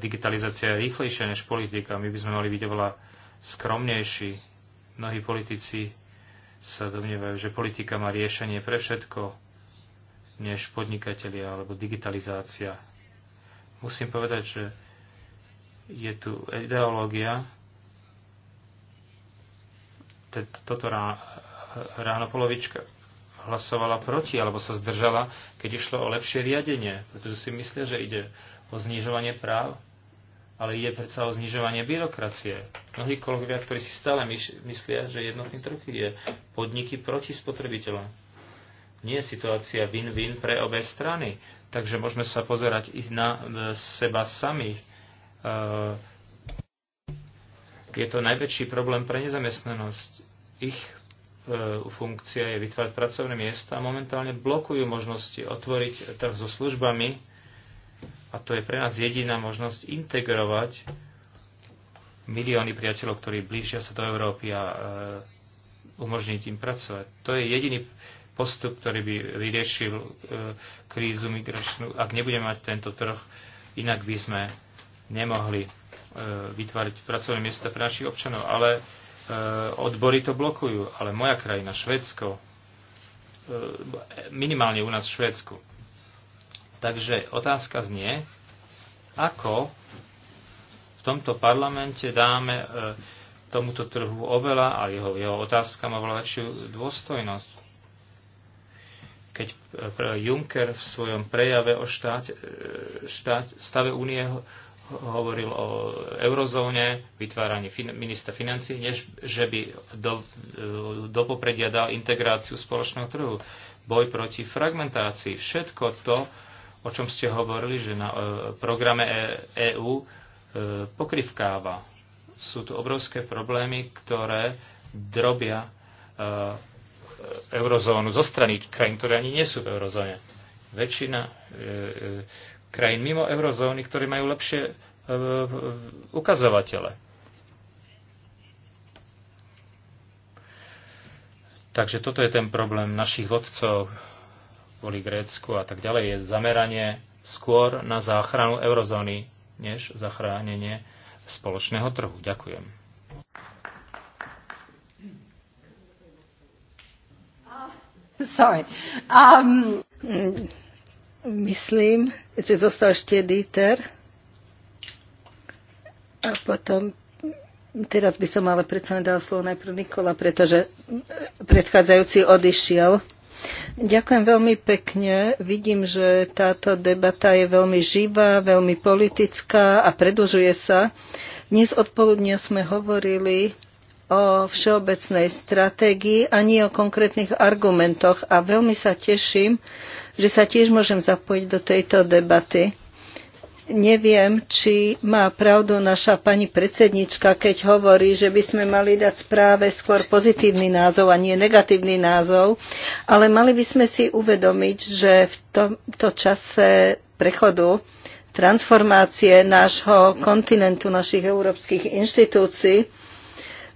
digitalizácia je rýchlejšia než politika. My by sme mali byť oveľa skromnejší. Mnohí politici sa domnievajú, že politika má riešenie pre všetko, než podnikatelia alebo digitalizácia. Musím povedať, že je tu ideológia, toto ráno polovička hlasovala proti alebo sa zdržala, keď išlo o lepšie riadenie, pretože si myslia, že ide o znižovanie práv, ale ide predsa o znižovanie byrokracie. Mnohí kolegovia, ktorí si stále myslia, že jednotný trh je podniky proti spotrebiteľom. Nie je situácia win-win pre obe strany, takže môžeme sa pozerať i na e, seba samých. E, je to najväčší problém pre nezamestnanosť. Ich E, funkcia je vytvárať pracovné miesta a momentálne blokujú možnosti otvoriť trh so službami a to je pre nás jediná možnosť integrovať milióny priateľov, ktorí blížia sa do Európy a e, umožniť im pracovať. To je jediný postup, ktorý by vyriešil e, krízu migračnú. Ak nebudeme mať tento trh, inak by sme nemohli e, vytvárať pracovné miesta pre našich občanov, ale E, odbory to blokujú, ale moja krajina, Švedsko, e, minimálne u nás v Švedsku. Takže otázka znie, ako v tomto parlamente dáme e, tomuto trhu oveľa a jeho, jeho otázka má oveľa väčšiu dôstojnosť. Keď Juncker v svojom prejave o štáte, štát, stave únie hovoril o eurozóne, vytváraní fin- ministra financí, než že by do, do popredia dal integráciu spoločného trhu, boj proti fragmentácii, všetko to, o čom ste hovorili, že na e, programe EÚ e, e, pokrivkáva. Sú tu obrovské problémy, ktoré drobia e, eurozónu zo strany krajín, ktoré ani nie sú v eurozóne. Väčšina e, e, krajín mimo eurozóny, ktorí majú lepšie e, ukazovatele. Takže toto je ten problém našich vodcov kvôli Grécku a tak ďalej. Je zameranie skôr na záchranu eurozóny, než zachránenie spoločného trhu. Ďakujem. Sorry. Um... Myslím, že zostal ešte Dieter. A potom, teraz by som ale predsa dal slovo najprv Nikola, pretože predchádzajúci odišiel. Ďakujem veľmi pekne. Vidím, že táto debata je veľmi živá, veľmi politická a predlžuje sa. Dnes odpoludnia sme hovorili o všeobecnej stratégii a nie o konkrétnych argumentoch a veľmi sa teším, že sa tiež môžem zapojiť do tejto debaty. Neviem, či má pravdu naša pani predsednička, keď hovorí, že by sme mali dať správe skôr pozitívny názov a nie negatívny názov, ale mali by sme si uvedomiť, že v tomto čase prechodu transformácie nášho kontinentu, našich európskych inštitúcií,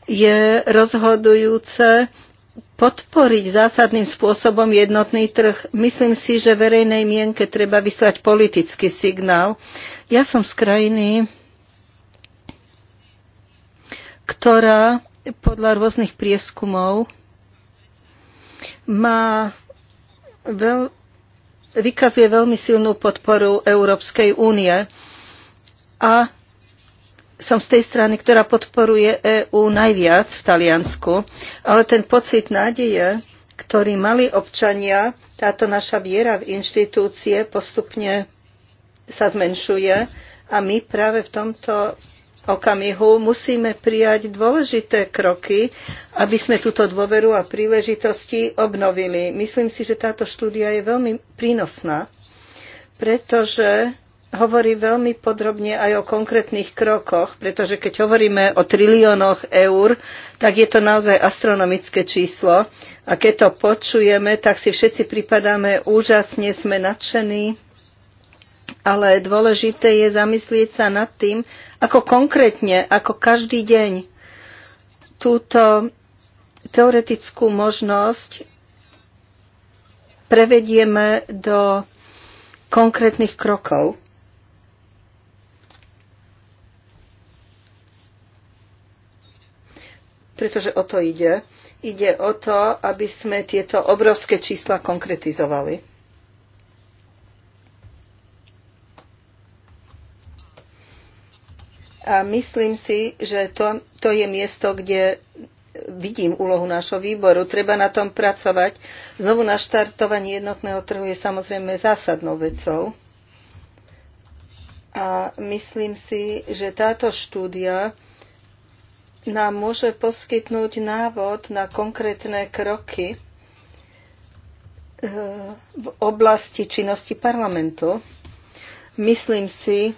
je rozhodujúce, podporiť zásadným spôsobom jednotný trh. Myslím si, že verejnej mienke treba vyslať politický signál. Ja som z krajiny, ktorá podľa rôznych prieskumov má veľ, vykazuje veľmi silnú podporu Európskej únie a som z tej strany, ktorá podporuje EÚ najviac v Taliansku, ale ten pocit nádeje, ktorý mali občania, táto naša viera v inštitúcie postupne sa zmenšuje a my práve v tomto okamihu musíme prijať dôležité kroky, aby sme túto dôveru a príležitosti obnovili. Myslím si, že táto štúdia je veľmi prínosná, pretože hovorí veľmi podrobne aj o konkrétnych krokoch, pretože keď hovoríme o triliónoch eur, tak je to naozaj astronomické číslo. A keď to počujeme, tak si všetci pripadáme úžasne, sme nadšení. Ale dôležité je zamyslieť sa nad tým, ako konkrétne, ako každý deň túto teoretickú možnosť prevedieme do konkrétnych krokov. pretože o to ide. Ide o to, aby sme tieto obrovské čísla konkretizovali. A myslím si, že to, to je miesto, kde vidím úlohu nášho výboru. Treba na tom pracovať. Znovu naštartovanie jednotného trhu je samozrejme zásadnou vecou. A myslím si, že táto štúdia nám môže poskytnúť návod na konkrétne kroky eh, v oblasti činnosti parlamentu. Myslím si,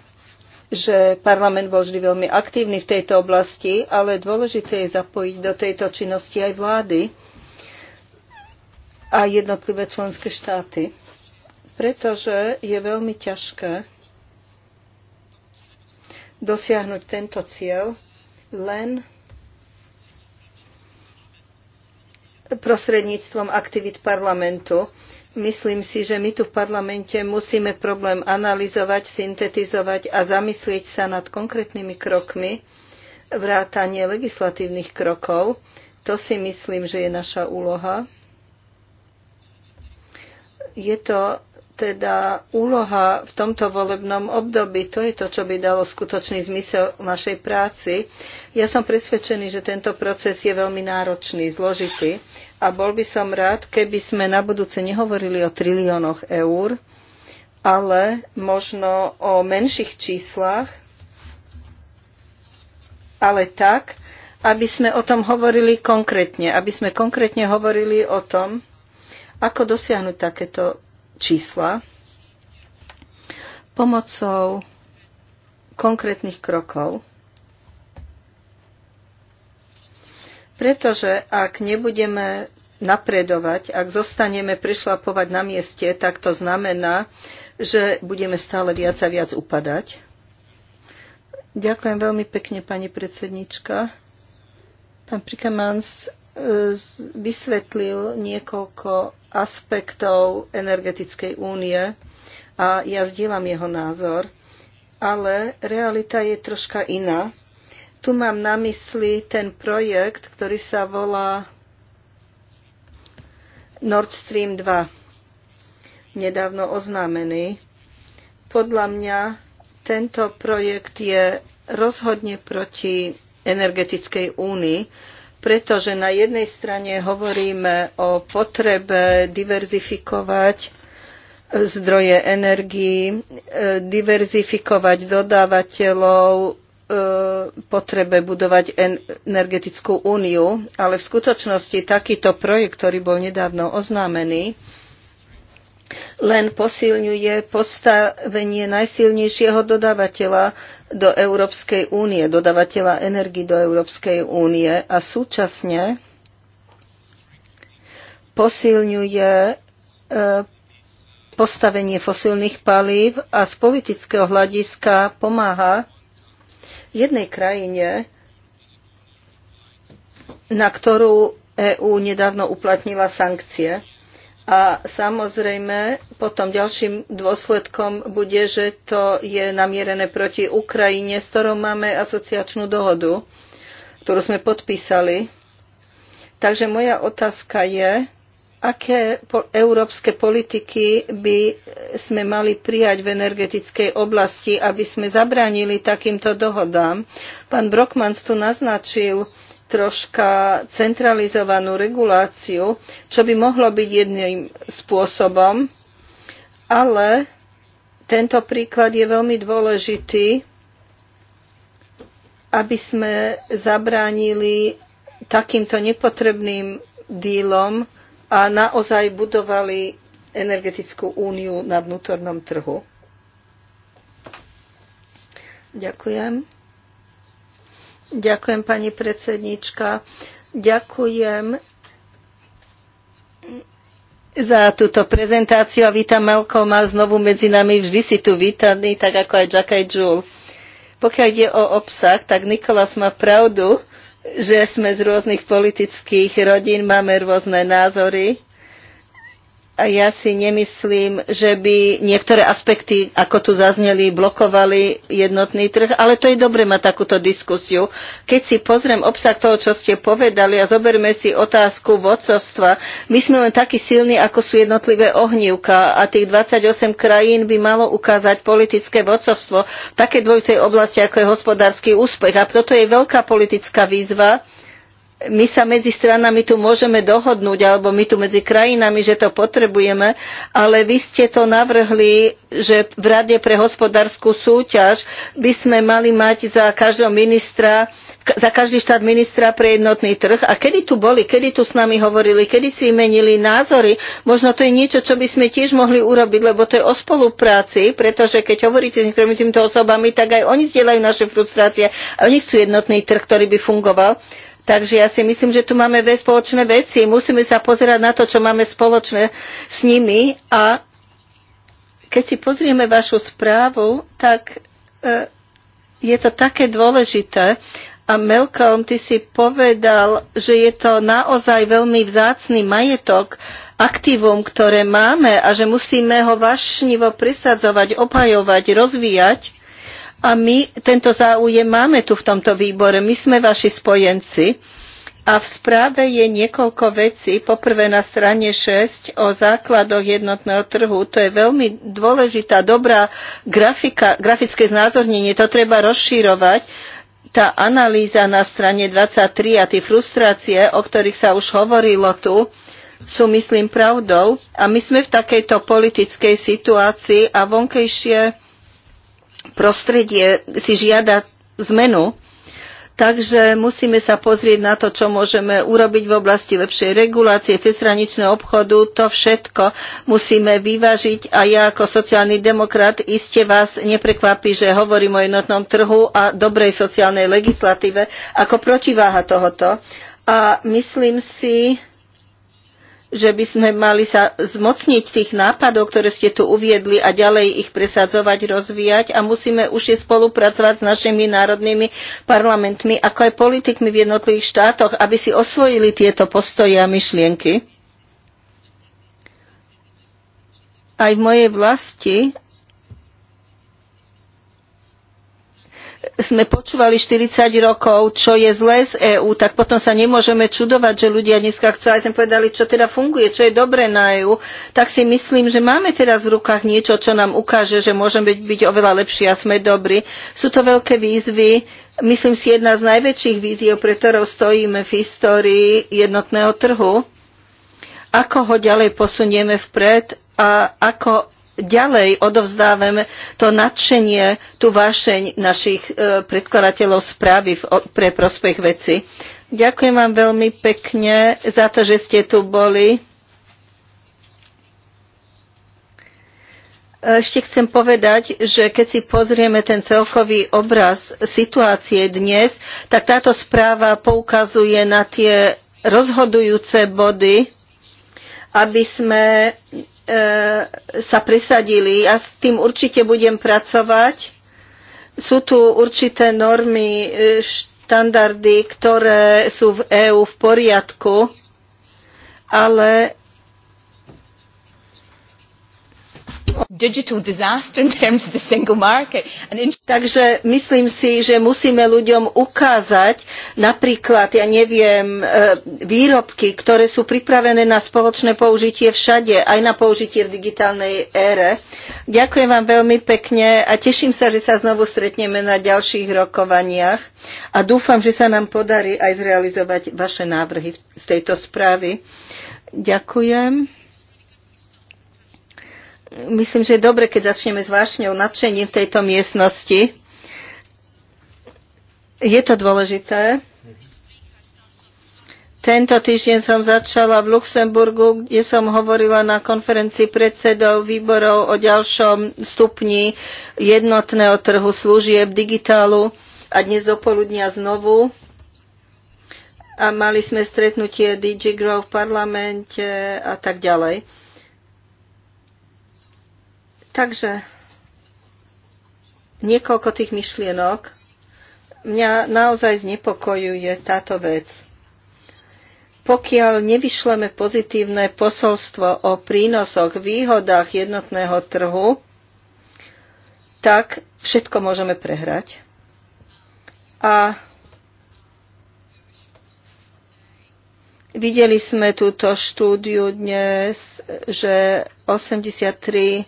že parlament bol vždy veľmi aktívny v tejto oblasti, ale dôležité je zapojiť do tejto činnosti aj vlády a jednotlivé členské štáty, pretože je veľmi ťažké dosiahnuť tento cieľ len prostredníctvom aktivít parlamentu. Myslím si, že my tu v parlamente musíme problém analyzovať, syntetizovať a zamyslieť sa nad konkrétnymi krokmi, vrátanie legislatívnych krokov. To si myslím, že je naša úloha. Je to teda úloha v tomto volebnom období, to je to, čo by dalo skutočný zmysel našej práci. Ja som presvedčený, že tento proces je veľmi náročný, zložitý a bol by som rád, keby sme na budúce nehovorili o triliónoch eur, ale možno o menších číslach, ale tak, aby sme o tom hovorili konkrétne, aby sme konkrétne hovorili o tom, ako dosiahnuť takéto čísla pomocou konkrétnych krokov. Pretože ak nebudeme napredovať, ak zostaneme prišlapovať na mieste, tak to znamená, že budeme stále viac a viac upadať. Ďakujem veľmi pekne, pani predsednička. Pán Prikamans e, vysvetlil niekoľko aspektov energetickej únie a ja zdieľam jeho názor, ale realita je troška iná. Tu mám na mysli ten projekt, ktorý sa volá Nord Stream 2, nedávno oznámený. Podľa mňa tento projekt je rozhodne proti energetickej únii, pretože na jednej strane hovoríme o potrebe diverzifikovať zdroje energii, e, diverzifikovať dodávateľov, e, potrebe budovať energetickú úniu, ale v skutočnosti takýto projekt, ktorý bol nedávno oznámený, len posilňuje postavenie najsilnejšieho dodávateľa do Európskej únie, dodavateľa energii do Európskej únie a súčasne posilňuje e, postavenie fosílnych palív a z politického hľadiska pomáha jednej krajine, na ktorú EÚ nedávno uplatnila sankcie. A samozrejme, potom ďalším dôsledkom bude, že to je namierené proti Ukrajine, s ktorou máme asociačnú dohodu, ktorú sme podpísali. Takže moja otázka je, aké po- európske politiky by sme mali prijať v energetickej oblasti, aby sme zabránili takýmto dohodám. Pán Brockmans tu naznačil, troška centralizovanú reguláciu, čo by mohlo byť jedným spôsobom, ale tento príklad je veľmi dôležitý, aby sme zabránili takýmto nepotrebným dílom a naozaj budovali energetickú úniu na vnútornom trhu. Ďakujem. Ďakujem, pani predsednička. Ďakujem za túto prezentáciu a vítam Malcolma znovu medzi nami. Vždy si tu vítaný, tak ako aj Jack aj Jewel. Pokiaľ ide o obsah, tak Nikolas má pravdu, že sme z rôznych politických rodín, máme rôzne názory ja si nemyslím, že by niektoré aspekty, ako tu zazneli, blokovali jednotný trh, ale to je dobre mať takúto diskusiu. Keď si pozriem obsah toho, čo ste povedali a zoberme si otázku vodcovstva, my sme len takí silní, ako sú jednotlivé ohnívka a tých 28 krajín by malo ukázať politické vodcovstvo v také dvojitej oblasti, ako je hospodársky úspech. A toto je veľká politická výzva, my sa medzi stranami tu môžeme dohodnúť, alebo my tu medzi krajinami, že to potrebujeme, ale vy ste to navrhli, že v Rade pre hospodárskú súťaž by sme mali mať za každého ministra za každý štát ministra pre jednotný trh. A kedy tu boli, kedy tu s nami hovorili, kedy si menili názory, možno to je niečo, čo by sme tiež mohli urobiť, lebo to je o spolupráci, pretože keď hovoríte s niektorými týmito osobami, tak aj oni zdieľajú naše frustrácie a oni chcú jednotný trh, ktorý by fungoval. Takže ja si myslím, že tu máme dve spoločné veci. Musíme sa pozerať na to, čo máme spoločné s nimi a keď si pozrieme vašu správu, tak e, je to také dôležité. A Malcolm, ty si povedal, že je to naozaj veľmi vzácný majetok, aktívum, ktoré máme a že musíme ho vášnivo prisadzovať, obhajovať, rozvíjať. A my tento záujem máme tu v tomto výbore. My sme vaši spojenci. A v správe je niekoľko vecí. Poprvé na strane 6 o základoch jednotného trhu. To je veľmi dôležitá, dobrá grafika, grafické znázornenie. To treba rozširovať. Tá analýza na strane 23 a tie frustrácie, o ktorých sa už hovorilo tu, sú, myslím, pravdou. A my sme v takejto politickej situácii a vonkejšie prostredie si žiada zmenu, takže musíme sa pozrieť na to, čo môžeme urobiť v oblasti lepšej regulácie, cezhraničného obchodu, to všetko musíme vyvážiť a ja ako sociálny demokrat iste vás neprekvapí, že hovorím o jednotnom trhu a dobrej sociálnej legislatíve ako protiváha tohoto. A myslím si, že by sme mali sa zmocniť tých nápadov, ktoré ste tu uviedli a ďalej ich presadzovať, rozvíjať a musíme už je spolupracovať s našimi národnými parlamentmi, ako aj politikmi v jednotlivých štátoch, aby si osvojili tieto postoje a myšlienky. Aj v mojej vlasti sme počúvali 40 rokov, čo je zlé z EÚ, tak potom sa nemôžeme čudovať, že ľudia dneska chcú, aj sme povedali, čo teda funguje, čo je dobré na EÚ, tak si myslím, že máme teraz v rukách niečo, čo nám ukáže, že môžeme byť, byť oveľa lepší a sme dobrí. Sú to veľké výzvy, myslím si, jedna z najväčších víziev, pre ktorou stojíme v histórii jednotného trhu. Ako ho ďalej posunieme vpred a ako ďalej odovzdávame to nadšenie, tú vášeň našich e, predkladateľov správy pre prospech veci. Ďakujem vám veľmi pekne za to, že ste tu boli. E, ešte chcem povedať, že keď si pozrieme ten celkový obraz situácie dnes, tak táto správa poukazuje na tie rozhodujúce body, aby sme sa presadili. Ja s tým určite budem pracovať. Sú tu určité normy, e, štandardy, ktoré sú v EÚ v poriadku, ale Takže myslím si, že musíme ľuďom ukázať napríklad, ja neviem, e, výrobky, ktoré sú pripravené na spoločné použitie všade, aj na použitie v digitálnej ére. Ďakujem vám veľmi pekne a teším sa, že sa znovu stretneme na ďalších rokovaniach a dúfam, že sa nám podarí aj zrealizovať vaše návrhy z tejto správy. Ďakujem myslím, že je dobre, keď začneme s vášňou nadšením v tejto miestnosti. Je to dôležité. Tento týždeň som začala v Luxemburgu, kde som hovorila na konferencii predsedov výborov o ďalšom stupni jednotného trhu služieb digitálu a dnes poludnia znovu. A mali sme stretnutie DigiGrow v parlamente a tak ďalej. Takže niekoľko tých myšlienok. Mňa naozaj znepokojuje táto vec. Pokiaľ nevyšleme pozitívne posolstvo o prínosoch, výhodách jednotného trhu, tak všetko môžeme prehrať. A videli sme túto štúdiu dnes, že 83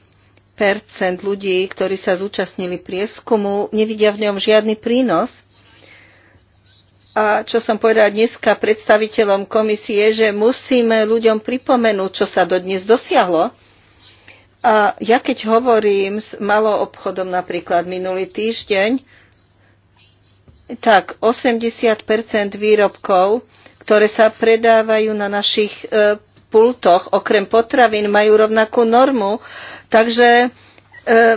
percent ľudí, ktorí sa zúčastnili prieskumu, nevidia v ňom žiadny prínos. A čo som povedala dneska predstaviteľom komisie, že musíme ľuďom pripomenúť, čo sa dodnes dosiahlo. A ja keď hovorím s malou obchodom napríklad minulý týždeň, tak 80 výrobkov, ktoré sa predávajú na našich e, pultoch, okrem potravín, majú rovnakú normu Takže e,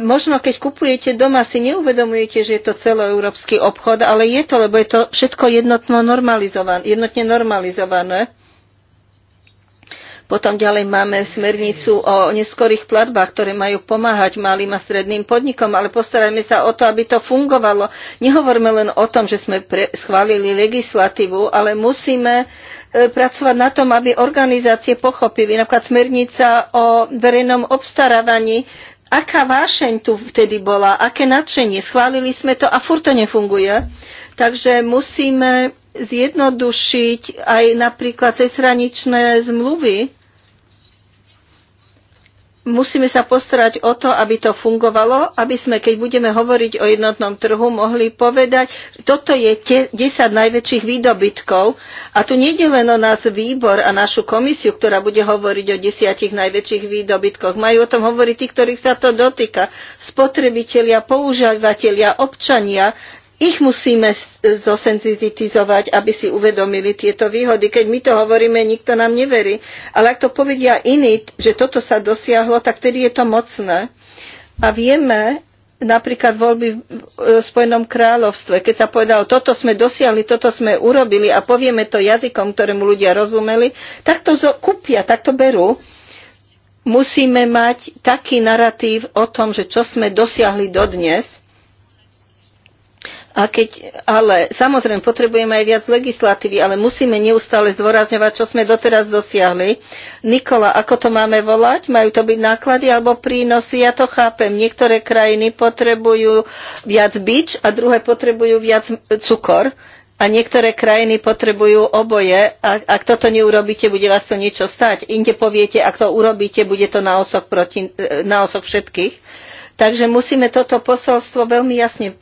možno keď kupujete doma, si neuvedomujete, že je to celoeurópsky obchod, ale je to, lebo je to všetko jednotno normalizované, jednotne normalizované. Potom ďalej máme smernicu o neskorých platbách, ktoré majú pomáhať malým a stredným podnikom, ale postarajme sa o to, aby to fungovalo. Nehovorme len o tom, že sme pre, schválili legislatívu, ale musíme E, pracovať na tom, aby organizácie pochopili, napríklad smernica o verejnom obstarávaní, aká vášeň tu vtedy bola, aké nadšenie. Schválili sme to a furt to nefunguje. Takže musíme zjednodušiť aj napríklad cezhraničné zmluvy, musíme sa postarať o to, aby to fungovalo, aby sme, keď budeme hovoriť o jednotnom trhu, mohli povedať, toto je te, 10 najväčších výdobytkov a tu nejde len o nás výbor a našu komisiu, ktorá bude hovoriť o desiatich najväčších výdobytkoch. Majú o tom hovoriť tí, ktorých sa to dotýka. Spotrebitelia, používateľia, občania, ich musíme zosenzitizovať, aby si uvedomili tieto výhody. Keď my to hovoríme, nikto nám neverí. Ale ak to povedia iní, že toto sa dosiahlo, tak tedy je to mocné. A vieme, napríklad voľby v e, Spojenom kráľovstve, keď sa povedalo, toto sme dosiahli, toto sme urobili a povieme to jazykom, ktorému ľudia rozumeli, tak to kúpia, tak to berú. Musíme mať taký narratív o tom, že čo sme dosiahli dodnes, a keď, ale samozrejme potrebujeme aj viac legislatívy, ale musíme neustále zdôrazňovať, čo sme doteraz dosiahli. Nikola, ako to máme volať? Majú to byť náklady alebo prínosy? Ja to chápem. Niektoré krajiny potrebujú viac bič a druhé potrebujú viac cukor. A niektoré krajiny potrebujú oboje. A ak toto neurobíte, bude vás to niečo stať. Inde poviete, ak to urobíte, bude to na osok, proti, na osok všetkých. Takže musíme toto posolstvo veľmi jasne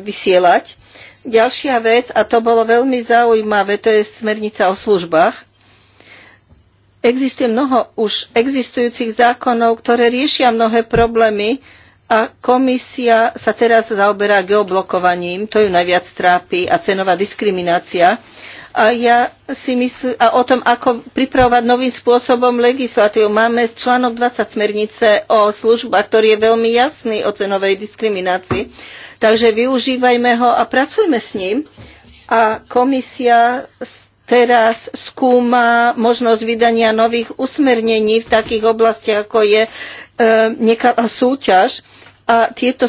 vysielať. Ďalšia vec, a to bolo veľmi zaujímavé, to je smernica o službách. Existuje mnoho už existujúcich zákonov, ktoré riešia mnohé problémy a komisia sa teraz zaoberá geoblokovaním, to ju najviac trápi a cenová diskriminácia a ja si myslím, a o tom, ako pripravovať novým spôsobom legislatívu. Máme článok 20 smernice o službách, ktorý je veľmi jasný o cenovej diskriminácii. Takže využívajme ho a pracujme s ním. A komisia teraz skúma možnosť vydania nových usmernení v takých oblastiach, ako je e, nekalá súťaž. A tieto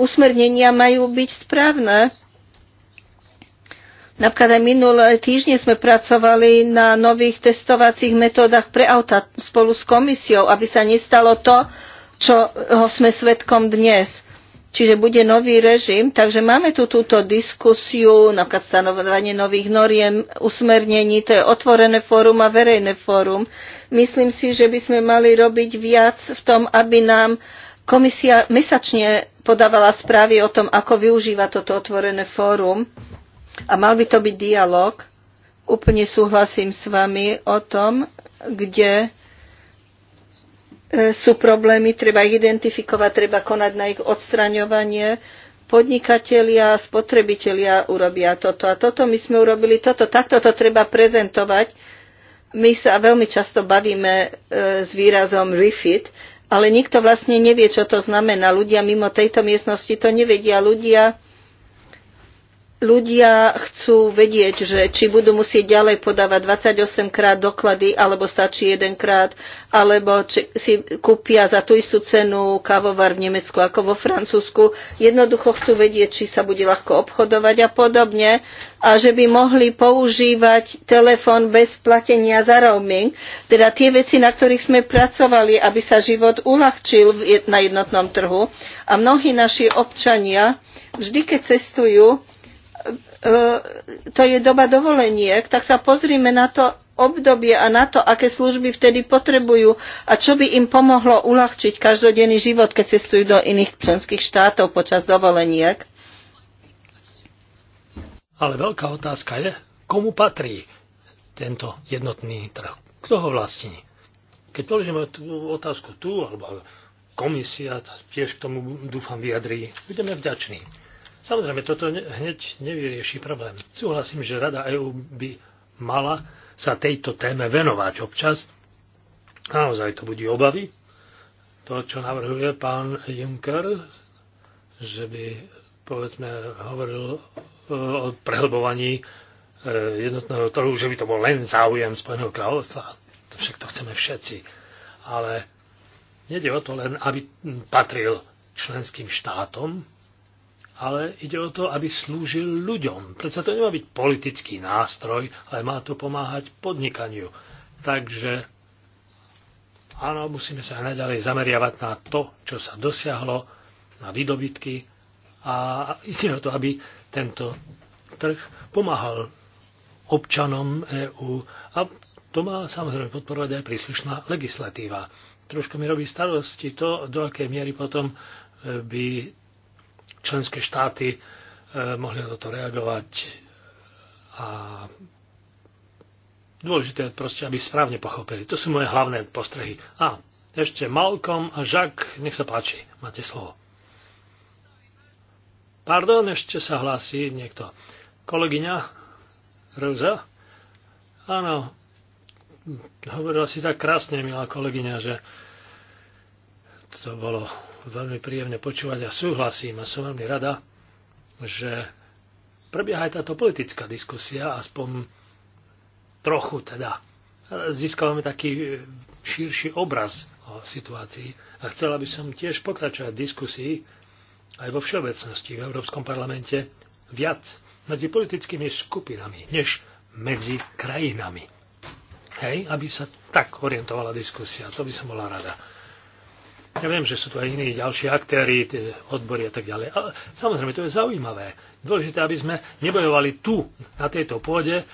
usmernenia majú byť správne Napríklad aj minulé týždne sme pracovali na nových testovacích metódach pre auta spolu s komisiou, aby sa nestalo to, čo sme svetkom dnes. Čiže bude nový režim, takže máme tu túto diskusiu, napríklad stanovanie nových noriem, usmernení, to je otvorené fórum a verejné fórum. Myslím si, že by sme mali robiť viac v tom, aby nám komisia mesačne podávala správy o tom, ako využíva toto otvorené fórum a mal by to byť dialog. Úplne súhlasím s vami o tom, kde e, sú problémy, treba ich identifikovať, treba konať na ich odstraňovanie. Podnikatelia, spotrebitelia urobia toto a toto. My sme urobili toto, takto to treba prezentovať. My sa veľmi často bavíme e, s výrazom refit, ale nikto vlastne nevie, čo to znamená. Ľudia mimo tejto miestnosti to nevedia. Ľudia ľudia chcú vedieť, že či budú musieť ďalej podávať 28 krát doklady, alebo stačí krát, alebo či si kúpia za tú istú cenu kávovar v Nemecku ako vo Francúzsku. Jednoducho chcú vedieť, či sa bude ľahko obchodovať a podobne a že by mohli používať telefón bez platenia za roaming, teda tie veci, na ktorých sme pracovali, aby sa život uľahčil na jednotnom trhu. A mnohí naši občania vždy, keď cestujú, E, to je doba dovoleniek, tak sa pozrime na to obdobie a na to, aké služby vtedy potrebujú a čo by im pomohlo uľahčiť každodenný život, keď cestujú do iných členských štátov počas dovoleniek. Ale veľká otázka je, komu patrí tento jednotný trh? Kto ho vlastní? Keď položíme tú otázku tu, alebo komisia tiež k tomu dúfam vyjadrí, budeme vďační. Samozrejme, toto hneď nevyrieši problém. Súhlasím, že Rada EÚ by mala sa tejto téme venovať občas. Naozaj to budí obavy. To, čo navrhuje pán Juncker, že by, povedzme, hovoril e, o prehlbovaní e, jednotného trhu, že by to bol len záujem Spojeného kráľovstva. To však to chceme všetci. Ale nede o to len, aby patril členským štátom, ale ide o to, aby slúžil ľuďom. Predsa to nemá byť politický nástroj, ale má to pomáhať podnikaniu. Takže áno, musíme sa naďalej zameriavať na to, čo sa dosiahlo, na výdobytky a ide o to, aby tento trh pomáhal občanom EÚ a to má samozrejme podporovať aj príslušná legislatíva. Trošku mi robí starosti to, do akej miery potom e, by členské štáty e, mohli na toto reagovať a dôležité proste, aby správne pochopili. To sú moje hlavné postrehy. A ešte Malcolm a Jacques, nech sa páči, máte slovo. Pardon, ešte sa hlási niekto. Kolegyňa Rosa? Áno, hovorila si tak krásne, milá kolegyňa, že to bolo veľmi príjemne počúvať a súhlasím a som veľmi rada, že prebieha aj táto politická diskusia, aspoň trochu teda. Získavame taký širší obraz o situácii a chcela by som tiež pokračovať v diskusii aj vo všeobecnosti v Európskom parlamente viac medzi politickými skupinami, než medzi krajinami. Hej, aby sa tak orientovala diskusia, to by som bola rada. Ja viem, že sú tu aj iní ďalší aktéry, odbory a tak ďalej. Ale samozrejme, to je zaujímavé. Dôležité, aby sme nebojovali tu, na tejto pôde, eh,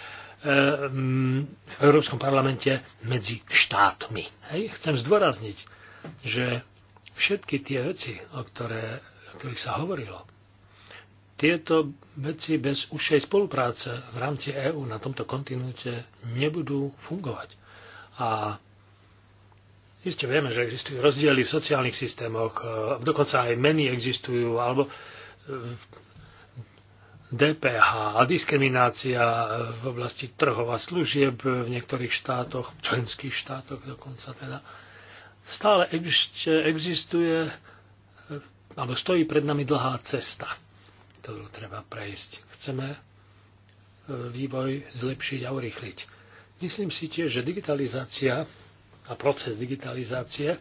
v Európskom parlamente medzi štátmi. Hej? Chcem zdôrazniť, že všetky tie veci, o, ktoré, o ktorých sa hovorilo, tieto veci bez užšej spolupráce v rámci EÚ na tomto kontinúte nebudú fungovať. A Isté vieme, že existujú rozdiely v sociálnych systémoch, e, dokonca aj meny existujú, alebo e, DPH a diskriminácia v oblasti trhov a služieb v niektorých štátoch, členských štátoch dokonca teda. Stále ešte existuje, e, alebo stojí pred nami dlhá cesta, ktorú treba prejsť. Chceme vývoj zlepšiť a urychliť. Myslím si tiež, že digitalizácia a proces digitalizácie,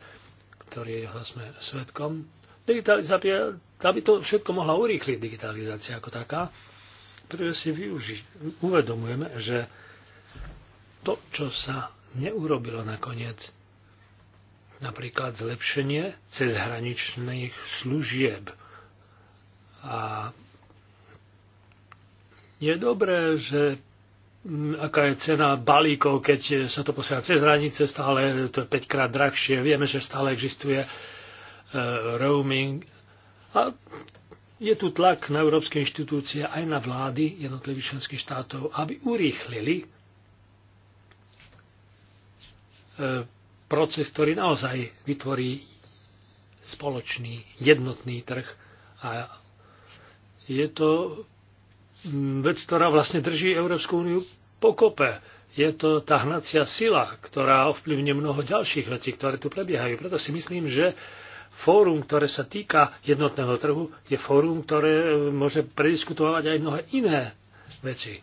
ktorého sme svetkom. Digitalizácia, aby by to všetko mohla urýchliť, digitalizácia ako taká, pretože si využiť, uvedomujeme, že to, čo sa neurobilo nakoniec, napríklad zlepšenie cezhraničných služieb. A je dobré, že Mm, aká je cena balíkov, keď sa to posiela cez hranice, stále to je 5 krát drahšie. Vieme, že stále existuje e, roaming. A je tu tlak na európske inštitúcie aj na vlády jednotlivých členských štátov, aby urýchlili e, proces, ktorý naozaj vytvorí spoločný, jednotný trh. A je to vec, ktorá vlastne drží Európsku úniu pokope. Je to tá hnacia sila, ktorá ovplyvne mnoho ďalších vecí, ktoré tu prebiehajú. Preto si myslím, že fórum, ktoré sa týka jednotného trhu, je fórum, ktoré e, môže prediskutovať aj mnohé iné veci,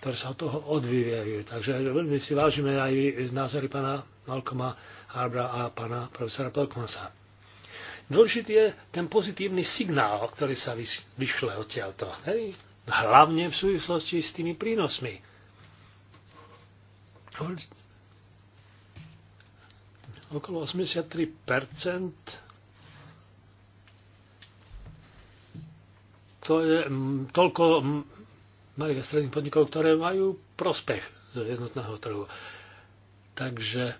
ktoré sa od toho odvíjajú. Takže veľmi si vážime aj názory pána Malcoma Harbra a pána profesora Pelkmasa. Dôležitý je ten pozitívny signál, ktorý sa vyšle odtiaľto. Hej? hlavne v súvislosti s tými prínosmi. Okolo 83 to je toľko malých a stredných podnikov, ktoré majú prospech zo jednotného trhu. Takže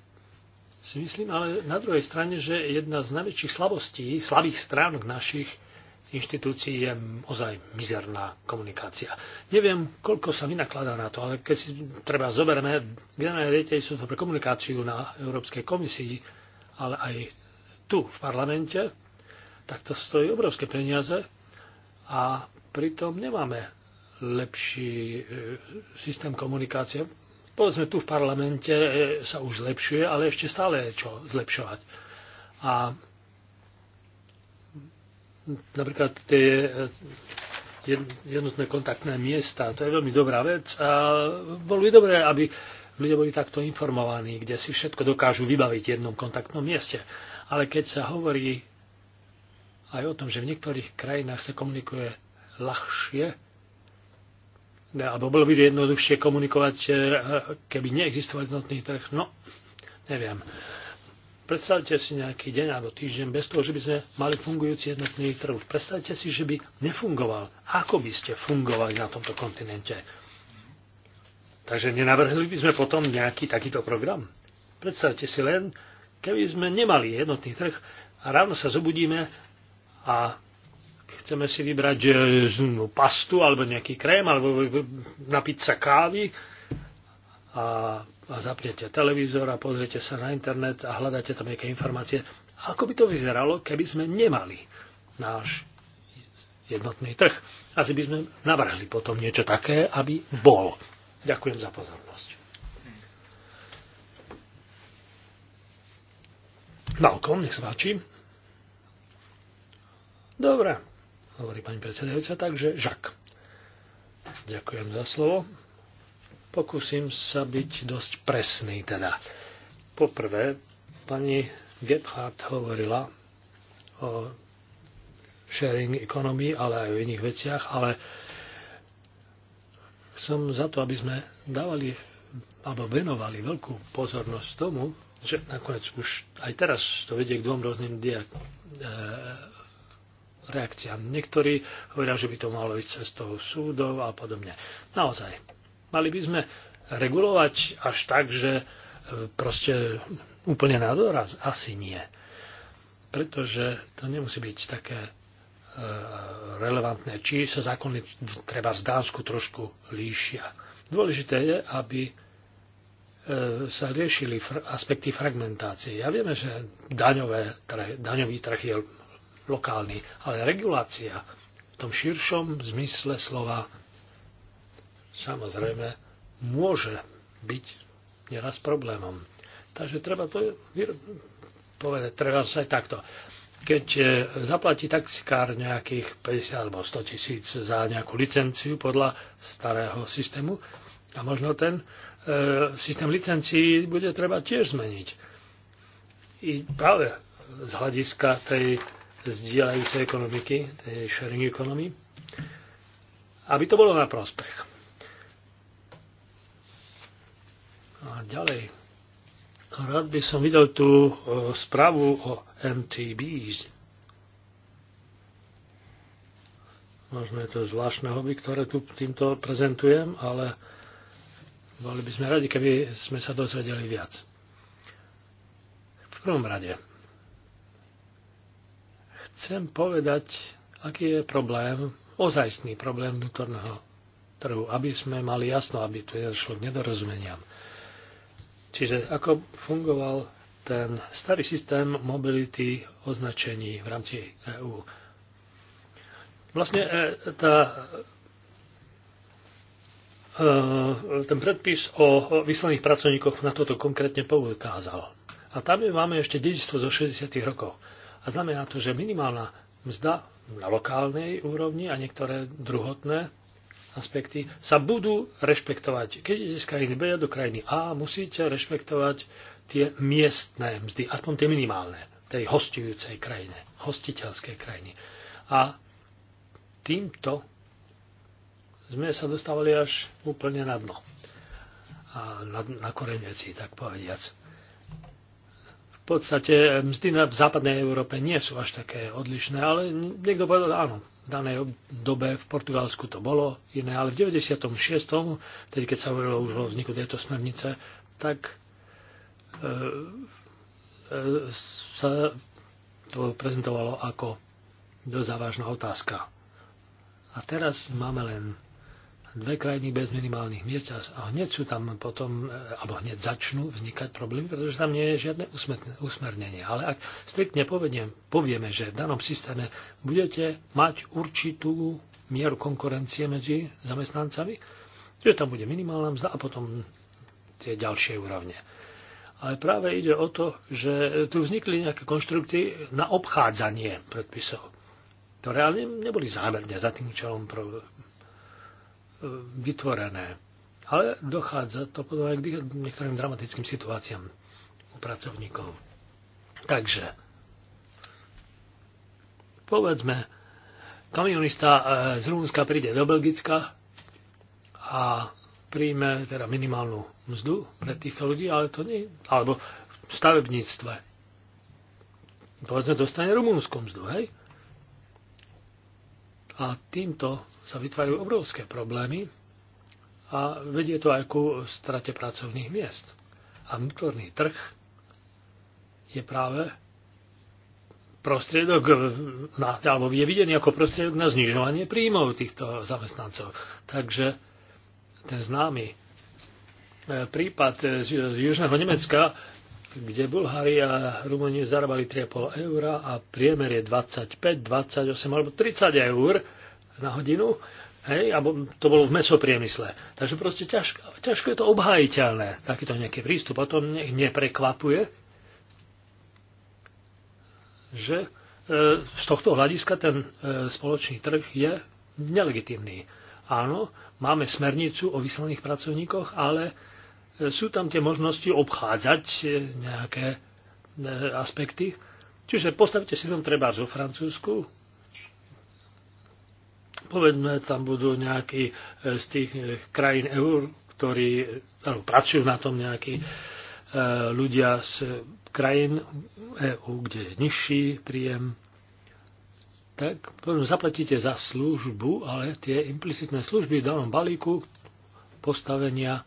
si myslím, ale na druhej strane, že jedna z najväčších slabostí, slabých stránok našich inštitúcií je ozaj mizerná komunikácia. Neviem, koľko sa vynakladá na to, ale keď si treba zoberieme generálne to pre komunikáciu na Európskej komisii, ale aj tu v parlamente, tak to stojí obrovské peniaze a pritom nemáme lepší e, systém komunikácie. Povedzme, tu v parlamente e, sa už zlepšuje, ale ešte stále je čo zlepšovať. A napríklad tie eh, jednotné kontaktné miesta, to je veľmi dobrá vec a bolo by dobré, aby ľudia boli takto informovaní, kde si všetko dokážu vybaviť v jednom kontaktnom mieste. Ale keď sa hovorí aj o tom, že v niektorých krajinách sa komunikuje ľahšie, ne, alebo bolo by jednoduchšie komunikovať, eh, keby neexistoval jednotný trh, no neviem. Predstavte si nejaký deň alebo týždeň bez toho, že by sme mali fungujúci jednotný trh. Predstavte si, že by nefungoval. Ako by ste fungovali na tomto kontinente? Takže nenavrhli by sme potom nejaký takýto program? Predstavte si len, keby sme nemali jednotný trh a ráno sa zobudíme a chceme si vybrať no, pastu alebo nejaký krém alebo napiť sa kávy a zapnete televízor a pozriete sa na internet a hľadáte tam nejaké informácie. Ako by to vyzeralo, keby sme nemali náš jednotný trh? Asi by sme navrhli potom niečo také, aby bol. Ďakujem za pozornosť. Malkom, nech sa páči. Dobre, hovorí pani predsedajúca, takže Žak. Ďakujem za slovo. Pokúsim sa byť dosť presný teda. Poprvé, pani Gebhardt hovorila o sharing economy, ale aj o iných veciach, ale som za to, aby sme dávali alebo venovali veľkú pozornosť tomu, že nakoniec už aj teraz to vedie k dvom rôznym diak- e, reakciám. Niektorí hovoria, že by to malo ísť toho súdov a podobne. Naozaj, Mali by sme regulovať až tak, že e, proste úplne na doraz? Asi nie. Pretože to nemusí byť také e, relevantné, či sa zákony treba z Dánsku trošku líšia. Dôležité je, aby e, sa riešili aspekty fragmentácie. Ja vieme, že daňové, daňový trh je lokálny, ale regulácia v tom širšom zmysle slova samozrejme môže byť nieraz problémom. Takže treba to povedať, treba sa aj takto. Keď e, zaplatí taxikár nejakých 50 alebo 100 tisíc za nejakú licenciu podľa starého systému, a možno ten e, systém licencií bude treba tiež zmeniť. I práve z hľadiska tej zdieľajúcej ekonomiky, tej sharing economy, aby to bolo na prospech. A ďalej. Rád by som videl tú e, správu o MTBs. Možno je to zvláštne hobby, ktoré tu týmto prezentujem, ale boli by sme radi, keby sme sa dozvedeli viac. V prvom rade chcem povedať, aký je problém, ozajstný problém vnútorného trhu, aby sme mali jasno, aby tu nedošlo k nedorozumeniam. Čiže ako fungoval ten starý systém mobility označení v rámci EÚ. Vlastne e, tá, e, ten predpis o vyslaných pracovníkoch na toto konkrétne poukázal. A tam máme ešte dedičstvo zo 60. rokov. A znamená to, že minimálna mzda na lokálnej úrovni a niektoré druhotné aspekty sa budú rešpektovať. Keď idete z krajiny B do krajiny A, musíte rešpektovať tie miestne mzdy, aspoň tie minimálne, tej hostujúcej krajine, hostiteľskej krajiny. A týmto sme sa dostávali až úplne na dno. A na, na koreň veci, tak povediac. V podstate mzdy na, v západnej Európe nie sú až také odlišné, ale niekto povedal, áno, danej dobe v Portugalsku to bolo iné, ale v 96., tedy keď sa hovorilo už o vzniku tejto smernice, tak e, e, sa to prezentovalo ako dosť závažná otázka. A teraz máme len dve krajiny bez minimálnych miest a hneď sú tam potom, e, alebo hneď začnú vznikať problémy, pretože tam nie je žiadne usmernenie. Ale ak striktne povedem, povieme, že v danom systéme budete mať určitú mieru konkurencie medzi zamestnancami, že tam bude minimálna mzda a potom tie ďalšie úrovne. Ale práve ide o to, že tu vznikli nejaké konštrukty na obchádzanie predpisov, ktoré ale neboli zámerne za tým účelom vytvorené. Ale dochádza to potom aj k niektorým dramatickým situáciám u pracovníkov. Takže, povedzme, kamionista e, z Rumunska príde do Belgicka a príjme teda minimálnu mzdu pre týchto ľudí, ale to nie, alebo v stavebníctve. Povedzme, dostane rumúnsku mzdu, hej? A týmto sa vytvárajú obrovské problémy a vedie to aj ku strate pracovných miest. A vnútorný trh je práve prostriedok, na, alebo je videný ako prostriedok na znižovanie príjmov týchto zamestnancov. Takže ten známy e, prípad z južného Nemecka kde Bulhári a Rumúni zarábali 3,5 eur a priemer je 25, 28 alebo 30 eur na hodinu. Hej, a to bolo v mesopriemysle. Takže proste ťažko, ťažko je to obhájiteľné, takýto nejaký prístup. A to mne neprekvapuje, že e, z tohto hľadiska ten e, spoločný trh je nelegitímny. Áno, máme smernicu o vyslaných pracovníkoch, ale sú tam tie možnosti obchádzať e, nejaké e, aspekty. Čiže postavte si tam treba zo Francúzsku, povedzme, tam budú nejakí e, z tých krajín eur, ktorí alebo pracujú na tom nejakí ľudia z krajín EU, kde je nižší príjem, tak poviem, zaplatíte za službu, ale tie implicitné služby v danom balíku postavenia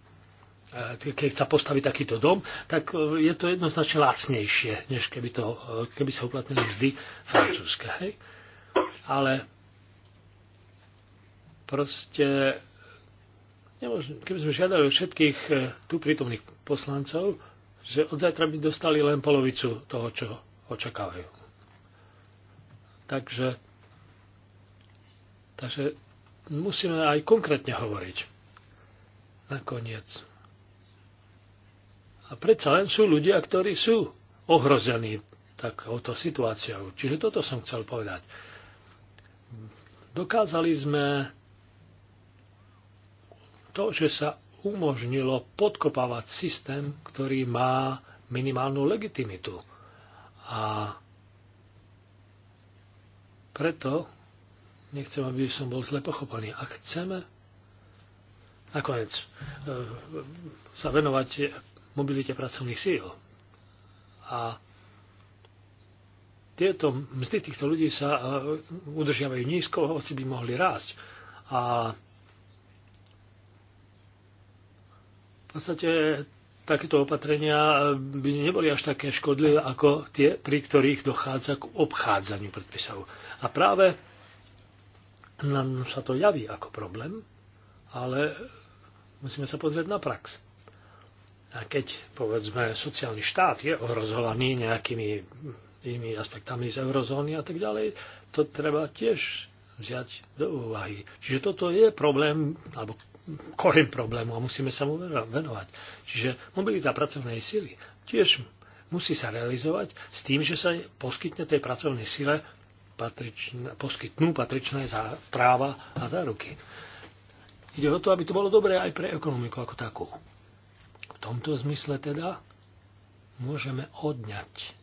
E, keď sa postaví takýto dom, tak e, je to jednoznačne lacnejšie, než keby, to, e, keby sa uplatnili vzdy francúzske. Hej? Ale proste nemôžem, keby sme žiadali všetkých tu prítomných poslancov, že od zajtra by dostali len polovicu toho, čo očakávajú. Takže, takže musíme aj konkrétne hovoriť. Nakoniec. A predsa len sú ľudia, ktorí sú ohrození takouto situáciou. Čiže toto som chcel povedať. Dokázali sme to, že sa umožnilo podkopávať systém, ktorý má minimálnu legitimitu. A preto nechcem, aby som bol zle pochopený. a chceme nakoniec e, sa venovať mobilite pracovných síl. A tieto mzdy týchto ľudí sa e, udržiavajú nízko, hoci by mohli rásť. A v podstate takéto opatrenia e, by neboli až také škodlivé ako tie, pri ktorých dochádza k obchádzaniu predpisov. A práve nám sa to javí ako problém, ale musíme sa pozrieť na prax. A keď, povedzme, sociálny štát je ohrozovaný nejakými inými aspektami z eurozóny a tak ďalej, to treba tiež vziať do úvahy. Čiže toto je problém, alebo koreň problému a musíme sa mu venovať. Čiže mobilita pracovnej sily tiež musí sa realizovať s tým, že sa poskytne tej pracovnej sile patričn, poskytnú patričné za práva a záruky. Ide o to, aby to bolo dobré aj pre ekonomiku ako takú tomto zmysle teda môžeme odňať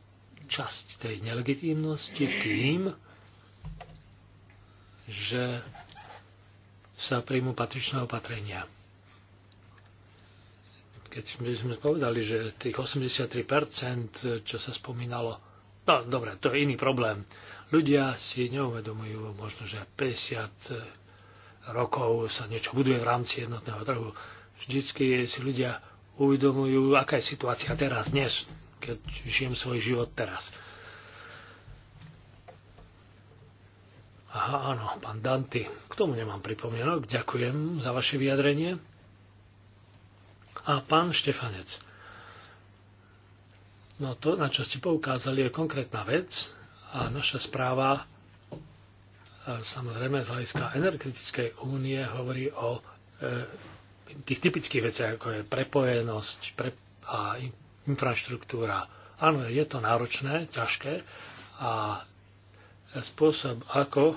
časť tej nelegitímnosti tým, že sa príjmu patričné opatrenia. Keď by sme povedali, že tých 83%, čo sa spomínalo, no dobre, to je iný problém. Ľudia si neuvedomujú možno, že 50 rokov sa niečo buduje v rámci jednotného trhu. Vždycky si ľudia uvedomujú, aká je situácia teraz, dnes, keď žijem svoj život teraz. Aha, áno, pán Danty, k tomu nemám pripomienok. Ďakujem za vaše vyjadrenie. A pán Štefanec, no to, na čo ste poukázali, je konkrétna vec a naša správa e, samozrejme z hľadiska energetickej únie hovorí o e, tých typických veciach, ako je prepojenosť pre, a infraštruktúra. Áno, je to náročné, ťažké a spôsob, ako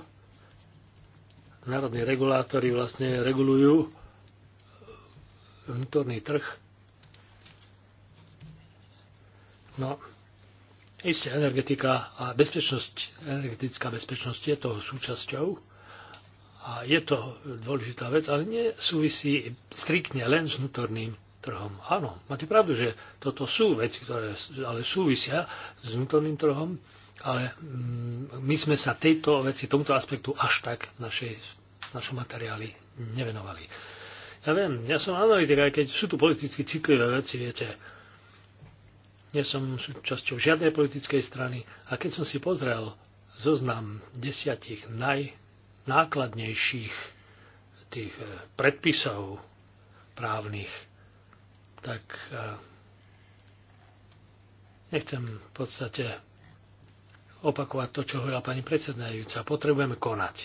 národní regulátori vlastne regulujú vnútorný trh. No, isté energetika a bezpečnosť, energetická bezpečnosť je toho súčasťou. A je to dôležitá vec, ale nie súvisí striktne len s vnútorným trhom. Áno, máte pravdu, že toto sú veci, ktoré ale súvisia s vnútorným trhom, ale mm, my sme sa tejto veci, tomuto aspektu až tak v, našej, v našom materiáli nevenovali. Ja viem, ja som analytik, aj keď sú tu politicky citlivé veci, viete, nie som súčasťou žiadnej politickej strany a keď som si pozrel zoznam desiatich naj nákladnejších tých eh, predpisov právnych, tak eh, nechcem v podstate opakovať to, čo hovorila pani predsedajúca. Potrebujeme konať.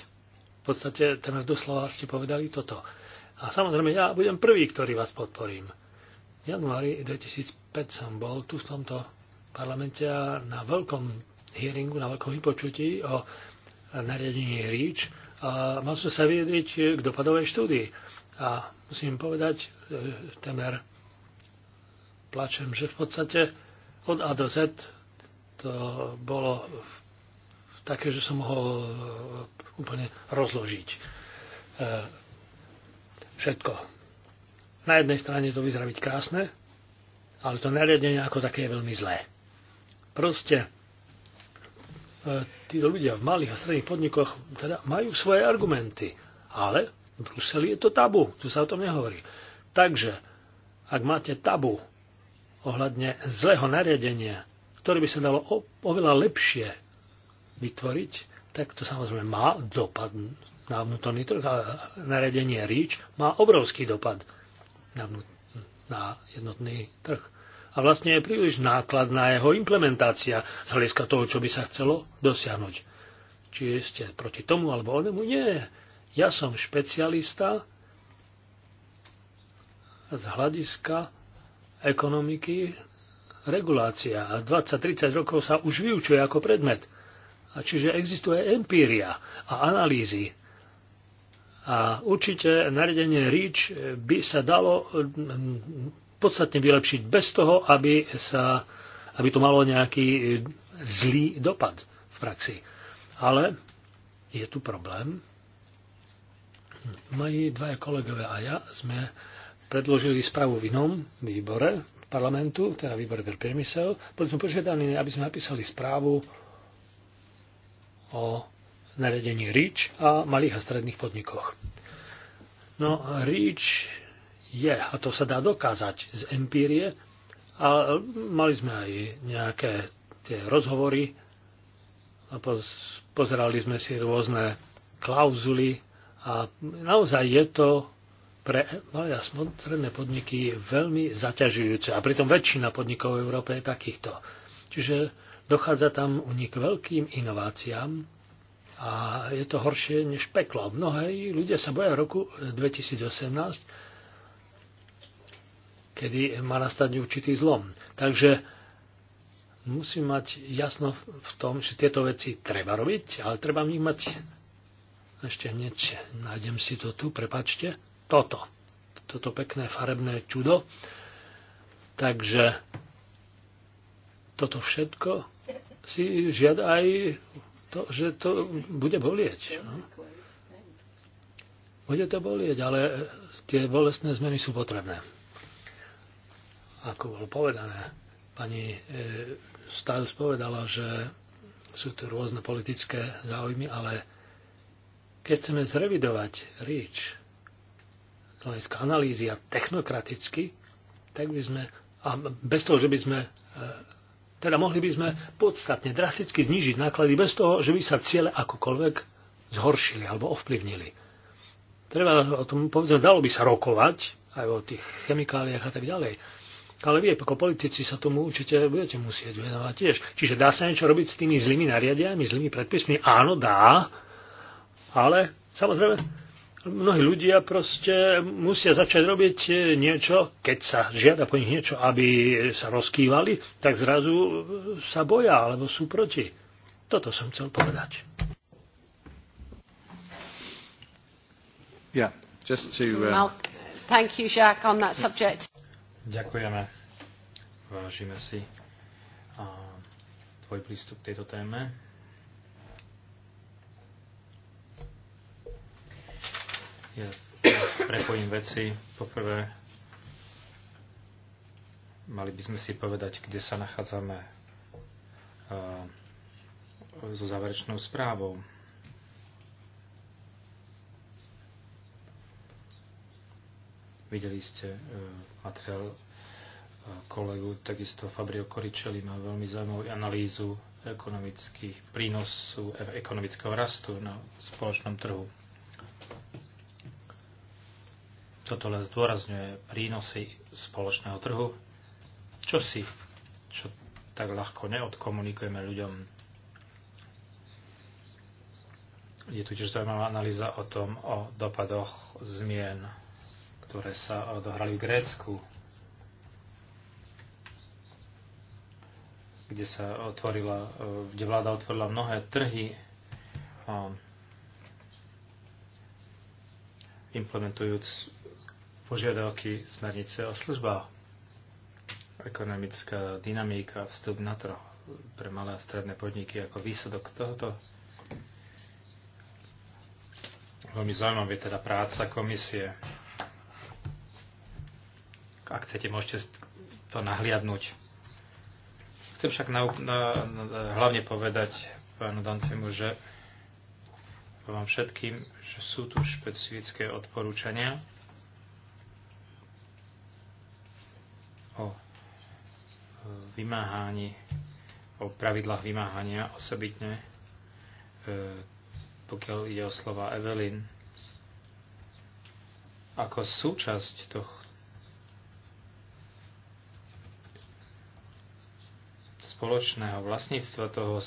V podstate téma doslova ste povedali toto. A samozrejme, ja budem prvý, ktorý vás podporím. V januári 2005 som bol tu v tomto parlamente na veľkom hearingu, na veľkom vypočutí o nariadení REACH a mal som sa vyjadriť k dopadovej štúdii. A musím povedať, e, temer plačem, že v podstate od A do Z to bolo také, že som mohol úplne rozložiť e, všetko. Na jednej strane to vyzerá byť krásne, ale to nariadenie ako také je veľmi zlé. Proste e, títo ľudia v malých a stredných podnikoch teda majú svoje argumenty, ale v Bruseli je to tabu, tu sa o tom nehovorí. Takže, ak máte tabu ohľadne zlého nariadenia, ktoré by sa dalo o, oveľa lepšie vytvoriť, tak to samozrejme má dopad na vnútorný trh a nariadenie REACH má obrovský dopad na, vnú, na jednotný trh a vlastne je príliš nákladná jeho implementácia z hľadiska toho, čo by sa chcelo dosiahnuť. Či ste proti tomu alebo onemu? Nie. Ja som špecialista z hľadiska ekonomiky regulácia a 20-30 rokov sa už vyučuje ako predmet. A čiže existuje empíria a analýzy. A určite nariadenie REACH by sa dalo podstatne vylepšiť bez toho, aby, sa, aby to malo nejaký e, zlý dopad v praxi. Ale je tu problém. Moji dvaja kolegové a ja sme predložili správu v inom výbore parlamentu, teda výbore pre priemysel. Boli sme požiadaní, aby sme napísali správu o nariadení REACH a malých a stredných podnikoch. No, REACH je, a to sa dá dokázať z empírie, a mali sme aj nejaké tie rozhovory a pozerali sme si rôzne klauzuly a naozaj je to pre malé no, a stredné podniky veľmi zaťažujúce. A pritom väčšina podnikov v Európe je takýchto. Čiže dochádza tam u nich veľkým inováciám a je to horšie než peklo. Mnohé ľudia sa boja roku 2018 kedy má nastať určitý zlom. Takže musím mať jasno v tom, že tieto veci treba robiť, ale treba v nich mať ešte hneď nájdem si to tu, prepačte, toto, toto pekné farebné čudo. Takže toto všetko si žiada aj to, že to bude bolieť. No? Bude to bolieť, ale tie bolestné zmeny sú potrebné. Ako bolo povedané, pani e, Stiles povedala, že sú tu rôzne politické záujmy, ale keď chceme zrevidovať REACH z hľadiska analýzy a technokraticky, tak by sme, a bez toho, že by sme, e, teda mohli by sme podstatne drasticky znížiť náklady bez toho, že by sa ciele akokoľvek zhoršili alebo ovplyvnili. Treba o tom, povedzme, dalo by sa rokovať aj o tých chemikáliách a tak ďalej ale vy ako politici sa tomu určite budete musieť venovať tiež. Čiže dá sa niečo robiť s tými zlými nariadiami, zlými predpismi? Áno, dá. Ale samozrejme, mnohí ľudia proste musia začať robiť niečo, keď sa žiada po nich niečo, aby sa rozkývali, tak zrazu sa boja alebo sú proti. Toto som chcel povedať. Yeah, just to, uh... Thank you, Jacques, on that subject. Ďakujeme. Vážime si a tvoj prístup k tejto téme. Ja prepojím veci. Poprvé, mali by sme si povedať, kde sa nachádzame so záverečnou správou. Videli ste e, materiál e, kolegu, takisto Fabrio Koričeli má veľmi zaujímavú analýzu ekonomických prínosu e, ekonomického rastu na spoločnom trhu. Toto len zdôrazňuje prínosy spoločného trhu, čo si, čo tak ľahko neodkomunikujeme ľuďom. Je tu tiež zaujímavá analýza o tom, o dopadoch zmien ktoré sa odohrali v Grécku, kde sa otvorila, kde vláda otvorila mnohé trhy, implementujúc požiadavky smernice o službách. Ekonomická dynamika, vstup na trh pre malé a stredné podniky ako výsledok tohoto. Veľmi zaujímavá je teda práca komisie. Ak chcete, môžete to nahliadnúť. Chcem však na, na, na, hlavne povedať pánu Dancemu, že vám všetkým, že sú tu špecifické odporúčania o e, vymáhaní, o pravidlách vymáhania osobitne, e, pokiaľ ide o slova Evelyn. Ako súčasť tohto spoločného vlastníctva toho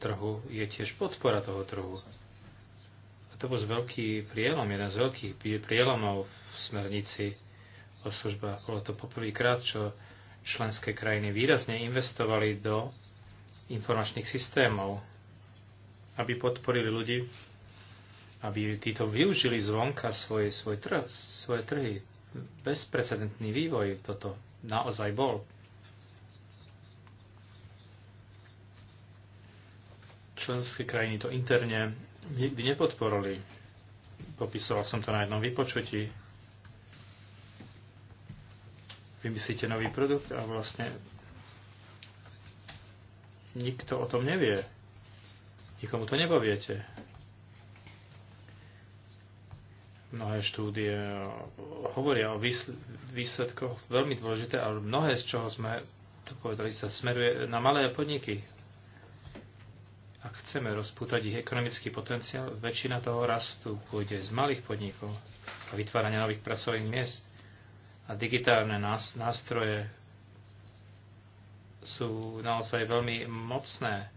trhu je tiež podpora toho trhu. A to bol veľký prielom, jeden z veľkých prielomov v smernici o službách. Bolo to poprvýkrát, čo členské krajiny výrazne investovali do informačných systémov, aby podporili ľudí, aby títo využili zvonka svoj, svoj trh, svoje trhy. Bezprecedentný vývoj toto naozaj bol. členské krajiny to interne nikdy nepodporili. Popisoval som to na jednom vypočutí. Vymyslíte nový produkt a vlastne nikto o tom nevie. Nikomu to nepoviete. Mnohé štúdie hovoria o výsledkoch veľmi dôležité, ale mnohé z čoho sme tu povedali sa smeruje na malé podniky chceme rozpútať ich ekonomický potenciál, väčšina toho rastu pôjde z malých podnikov a vytvárania nových pracovných miest a digitálne nástroje sú naozaj veľmi mocné, e,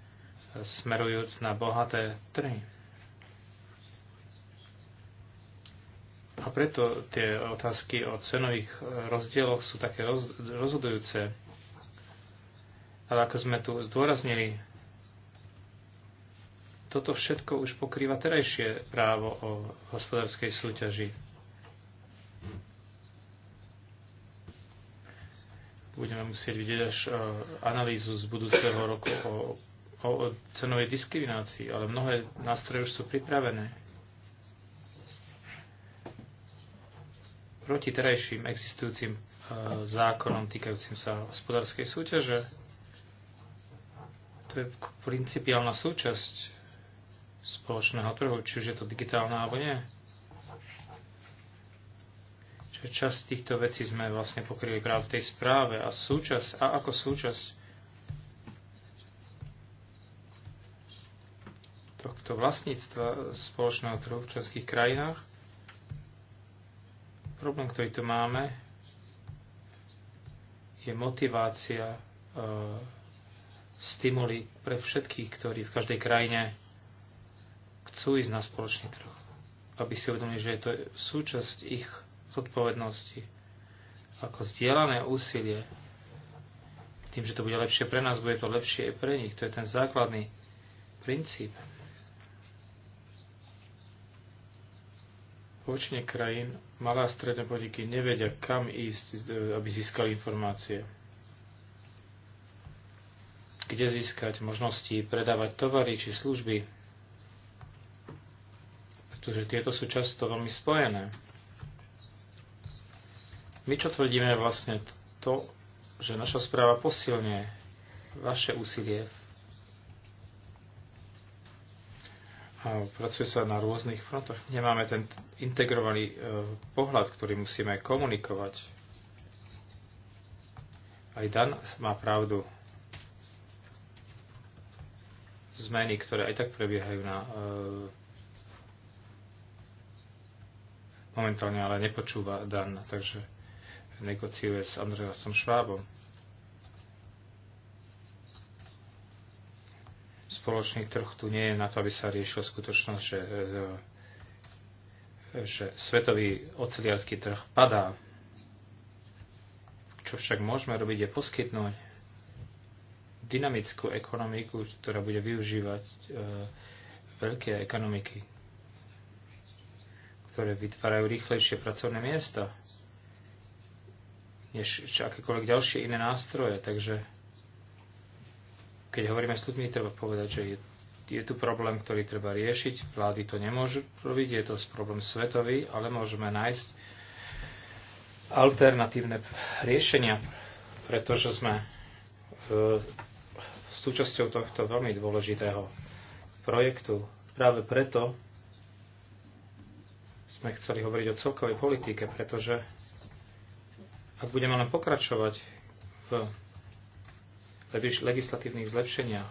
smerujúc na bohaté trhy. A preto tie otázky o cenových e, rozdieloch sú také rozhodujúce. Ale ako sme tu zdôraznili, toto všetko už pokrýva terajšie právo o hospodárskej súťaži. Budeme musieť vidieť až e, analýzu z budúceho roku o, o, o cenovej diskriminácii, ale mnohé nástroje už sú pripravené. proti terajším existujúcim e, zákonom týkajúcim sa hospodárskej súťaže. To je principiálna súčasť spoločného trhu, či už je to digitálna alebo nie. Čiže časť týchto vecí sme vlastne pokryli práve v tej správe a, súčasť, a ako súčasť tohto vlastníctva spoločného trhu v členských krajinách. Problém, ktorý tu máme, je motivácia, e, stimuly pre všetkých, ktorí v každej krajine chcú ísť na spoločný trh, aby si uvedomili, že je to súčasť ich zodpovednosti. Ako zdieľané úsilie, tým, že to bude lepšie pre nás, bude to lepšie aj pre nich. To je ten základný princíp. Počne krajín malé a stredné podniky nevedia, kam ísť, aby získali informácie kde získať možnosti predávať tovary či služby pretože tieto sú často veľmi spojené. My čo tvrdíme vlastne to, že naša správa posilne vaše úsilie. A pracuje sa na rôznych frontoch. Nemáme ten integrovaný e, pohľad, ktorý musíme komunikovať. Aj Dan má pravdu. Zmeny, ktoré aj tak prebiehajú na e, momentálne ale nepočúva Dan, takže negociuje s Andreasom Švábom. Spoločný trh tu nie je na to, aby sa riešil skutočnosť, že, e, že svetový oceliarský trh padá. Čo však môžeme robiť, je poskytnúť dynamickú ekonomiku, ktorá bude využívať e, veľké ekonomiky, ktoré vytvárajú rýchlejšie pracovné miesta než akékoľvek ďalšie iné nástroje. Takže keď hovoríme s ľuďmi, treba povedať, že je, je tu problém, ktorý treba riešiť. Vlády to nemôžu robiť, je to problém svetový, ale môžeme nájsť alternatívne riešenia, pretože sme e, súčasťou tohto veľmi dôležitého projektu. Práve preto sme chceli hovoriť o celkovej politike, pretože ak budeme len pokračovať v legislatívnych zlepšeniach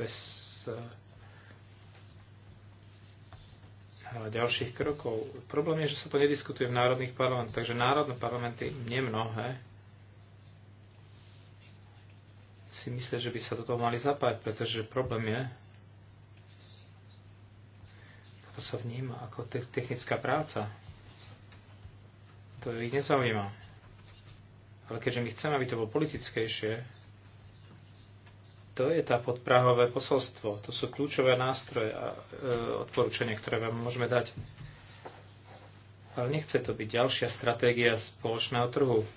bez eh, ďalších krokov. Problém je, že sa to nediskutuje v národných parlamentoch, takže národné parlamenty nemnohé si myslia, že by sa do toho mali zapájať, pretože problém je, to sa vníma ako te- technická práca. To ich nezaujíma. Ale keďže my chceme, aby to bolo politickejšie, to je tá podprahové posolstvo. To sú kľúčové nástroje a e, odporúčania, ktoré vám môžeme dať. Ale nechce to byť ďalšia stratégia spoločného trhu.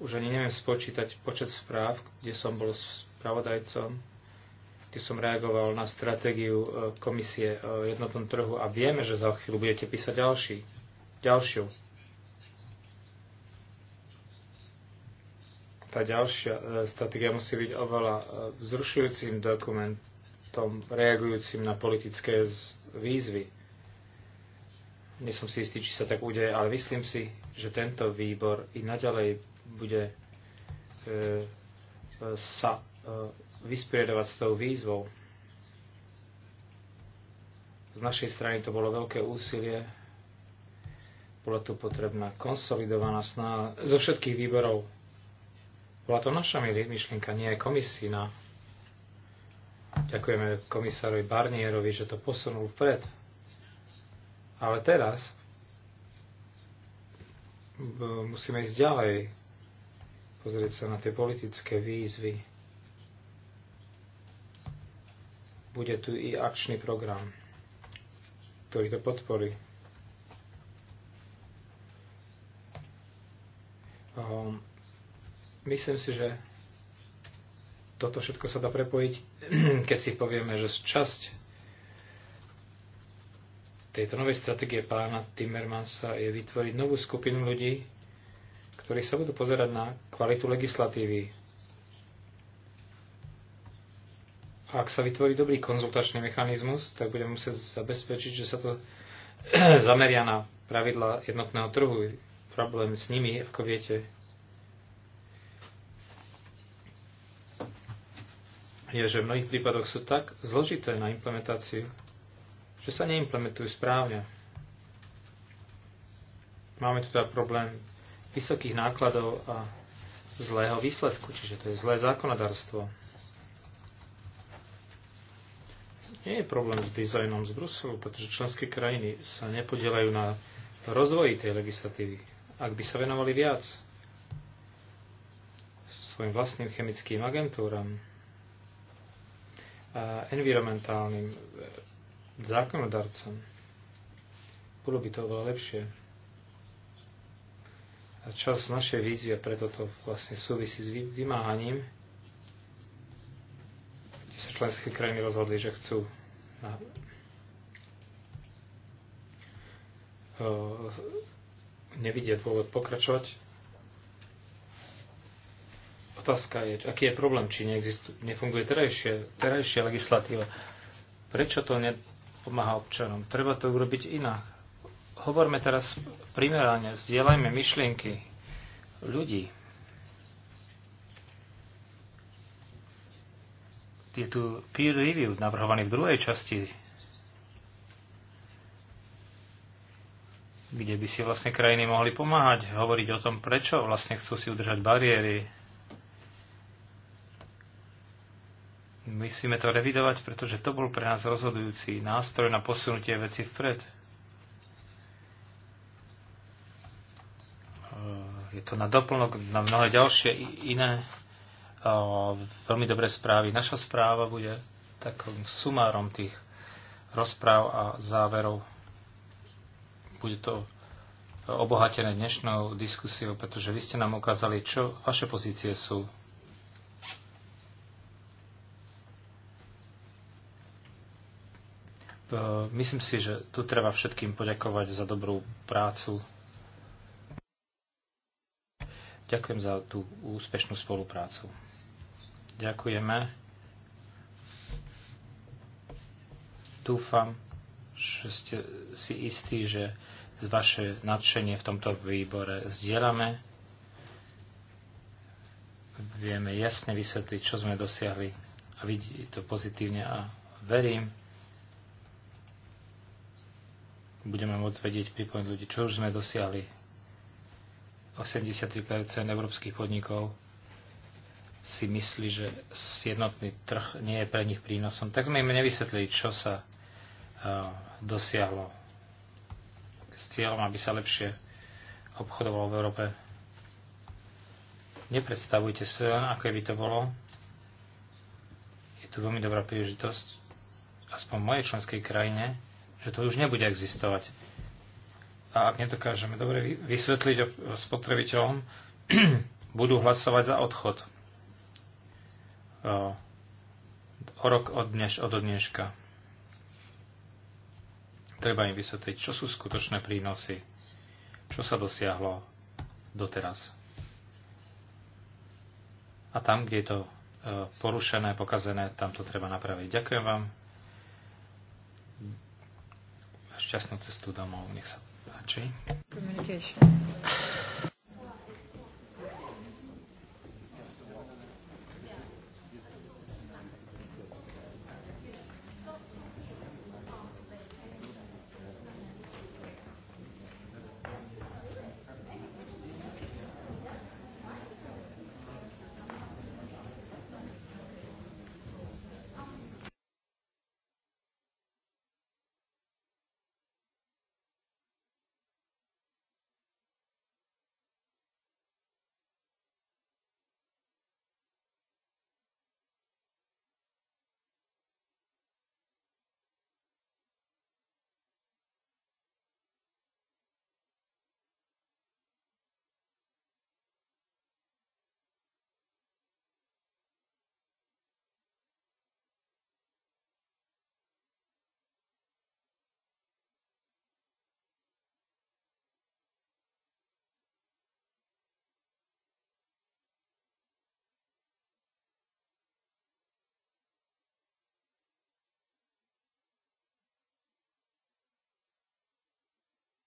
Už ani neviem spočítať počet správ, kde som bol spravodajcom kde som reagoval na stratégiu e, komisie e, o jednotnom trhu a vieme, že za chvíľu budete písať ďalší, ďalšiu. Tá ďalšia e, stratégia musí byť oveľa vzrušujúcim dokumentom, reagujúcim na politické výzvy. Nie som si istý, či sa tak udeje, ale myslím si, že tento výbor i naďalej bude e, e, sa e, vysporiadovať s tou výzvou. Z našej strany to bolo veľké úsilie. Bola tu potrebná konsolidovaná snaha zo všetkých výborov. Bola to naša myšlienka, nie komisína. Ďakujeme komisárovi Barnierovi, že to posunul vpred. Ale teraz musíme ísť ďalej, pozrieť sa na tie politické výzvy. Bude tu i akčný program, ktorý to podporí. Um, myslím si, že toto všetko sa dá prepojiť, [clears throat] keď si povieme, že časť tejto novej stratégie pána Timmermansa je vytvoriť novú skupinu ľudí, ktorí sa budú pozerať na kvalitu legislatívy, ak sa vytvorí dobrý konzultačný mechanizmus, tak budeme musieť zabezpečiť, že sa to [clears throat] zameria na pravidla jednotného trhu. Problém s nimi, ako viete, je, že v mnohých prípadoch sú tak zložité na implementáciu, že sa neimplementujú správne. Máme tu teda problém vysokých nákladov a zlého výsledku, čiže to je zlé zákonodárstvo. nie je problém s dizajnom z Bruselu, pretože členské krajiny sa nepodielajú na rozvoji tej legislatívy. Ak by sa venovali viac svojim vlastným chemickým agentúram, a environmentálnym e, zákonodarcom, bolo by to oveľa lepšie. A čas našej vízie preto to vlastne súvisí s vymáhaním členské krajiny rozhodli, že chcú e, nevidia dôvod pokračovať. Otázka je, aký je problém, či nefunguje terajšia, terajšia legislatíva. Prečo to nepomáha občanom? Treba to urobiť inak. Hovorme teraz primerane, zdieľajme myšlienky ľudí. je tu peer review navrhovaný v druhej časti, kde by si vlastne krajiny mohli pomáhať, hovoriť o tom, prečo vlastne chcú si udržať bariéry. Musíme to revidovať, pretože to bol pre nás rozhodujúci nástroj na posunutie veci vpred. E, je to na doplnok na mnohé ďalšie iné veľmi dobré správy. Naša správa bude takým sumárom tých rozpráv a záverov. Bude to obohatené dnešnou diskusiou, pretože vy ste nám ukázali, čo vaše pozície sú. E, myslím si, že tu treba všetkým poďakovať za dobrú prácu. Ďakujem za tú úspešnú spoluprácu. Ďakujeme. Dúfam, že ste si istí, že vaše nadšenie v tomto výbore zdieľame. Vieme jasne vysvetliť, čo sme dosiahli a vidí to pozitívne a verím, budeme môcť vedieť pripojiť ľudí, čo už sme dosiahli. 83% európskych podnikov si myslí, že jednotný trh nie je pre nich prínosom, tak sme im nevysvetlili, čo sa e, dosiahlo s cieľom, aby sa lepšie obchodovalo v Európe. Nepredstavujte si len, aké by to bolo. Je tu veľmi dobrá príležitosť, aspoň v mojej členskej krajine, že to už nebude existovať. A ak nedokážeme dobre vysvetliť spotrebiteľom, [clears throat] budú hlasovať za odchod o rok od, dneš, od dneška. Treba im vysvetliť, čo sú skutočné prínosy, čo sa dosiahlo doteraz. A tam, kde je to e, porušené, pokazené, tam to treba napraviť. Ďakujem vám šťastnú cestu domov. Nech sa páči.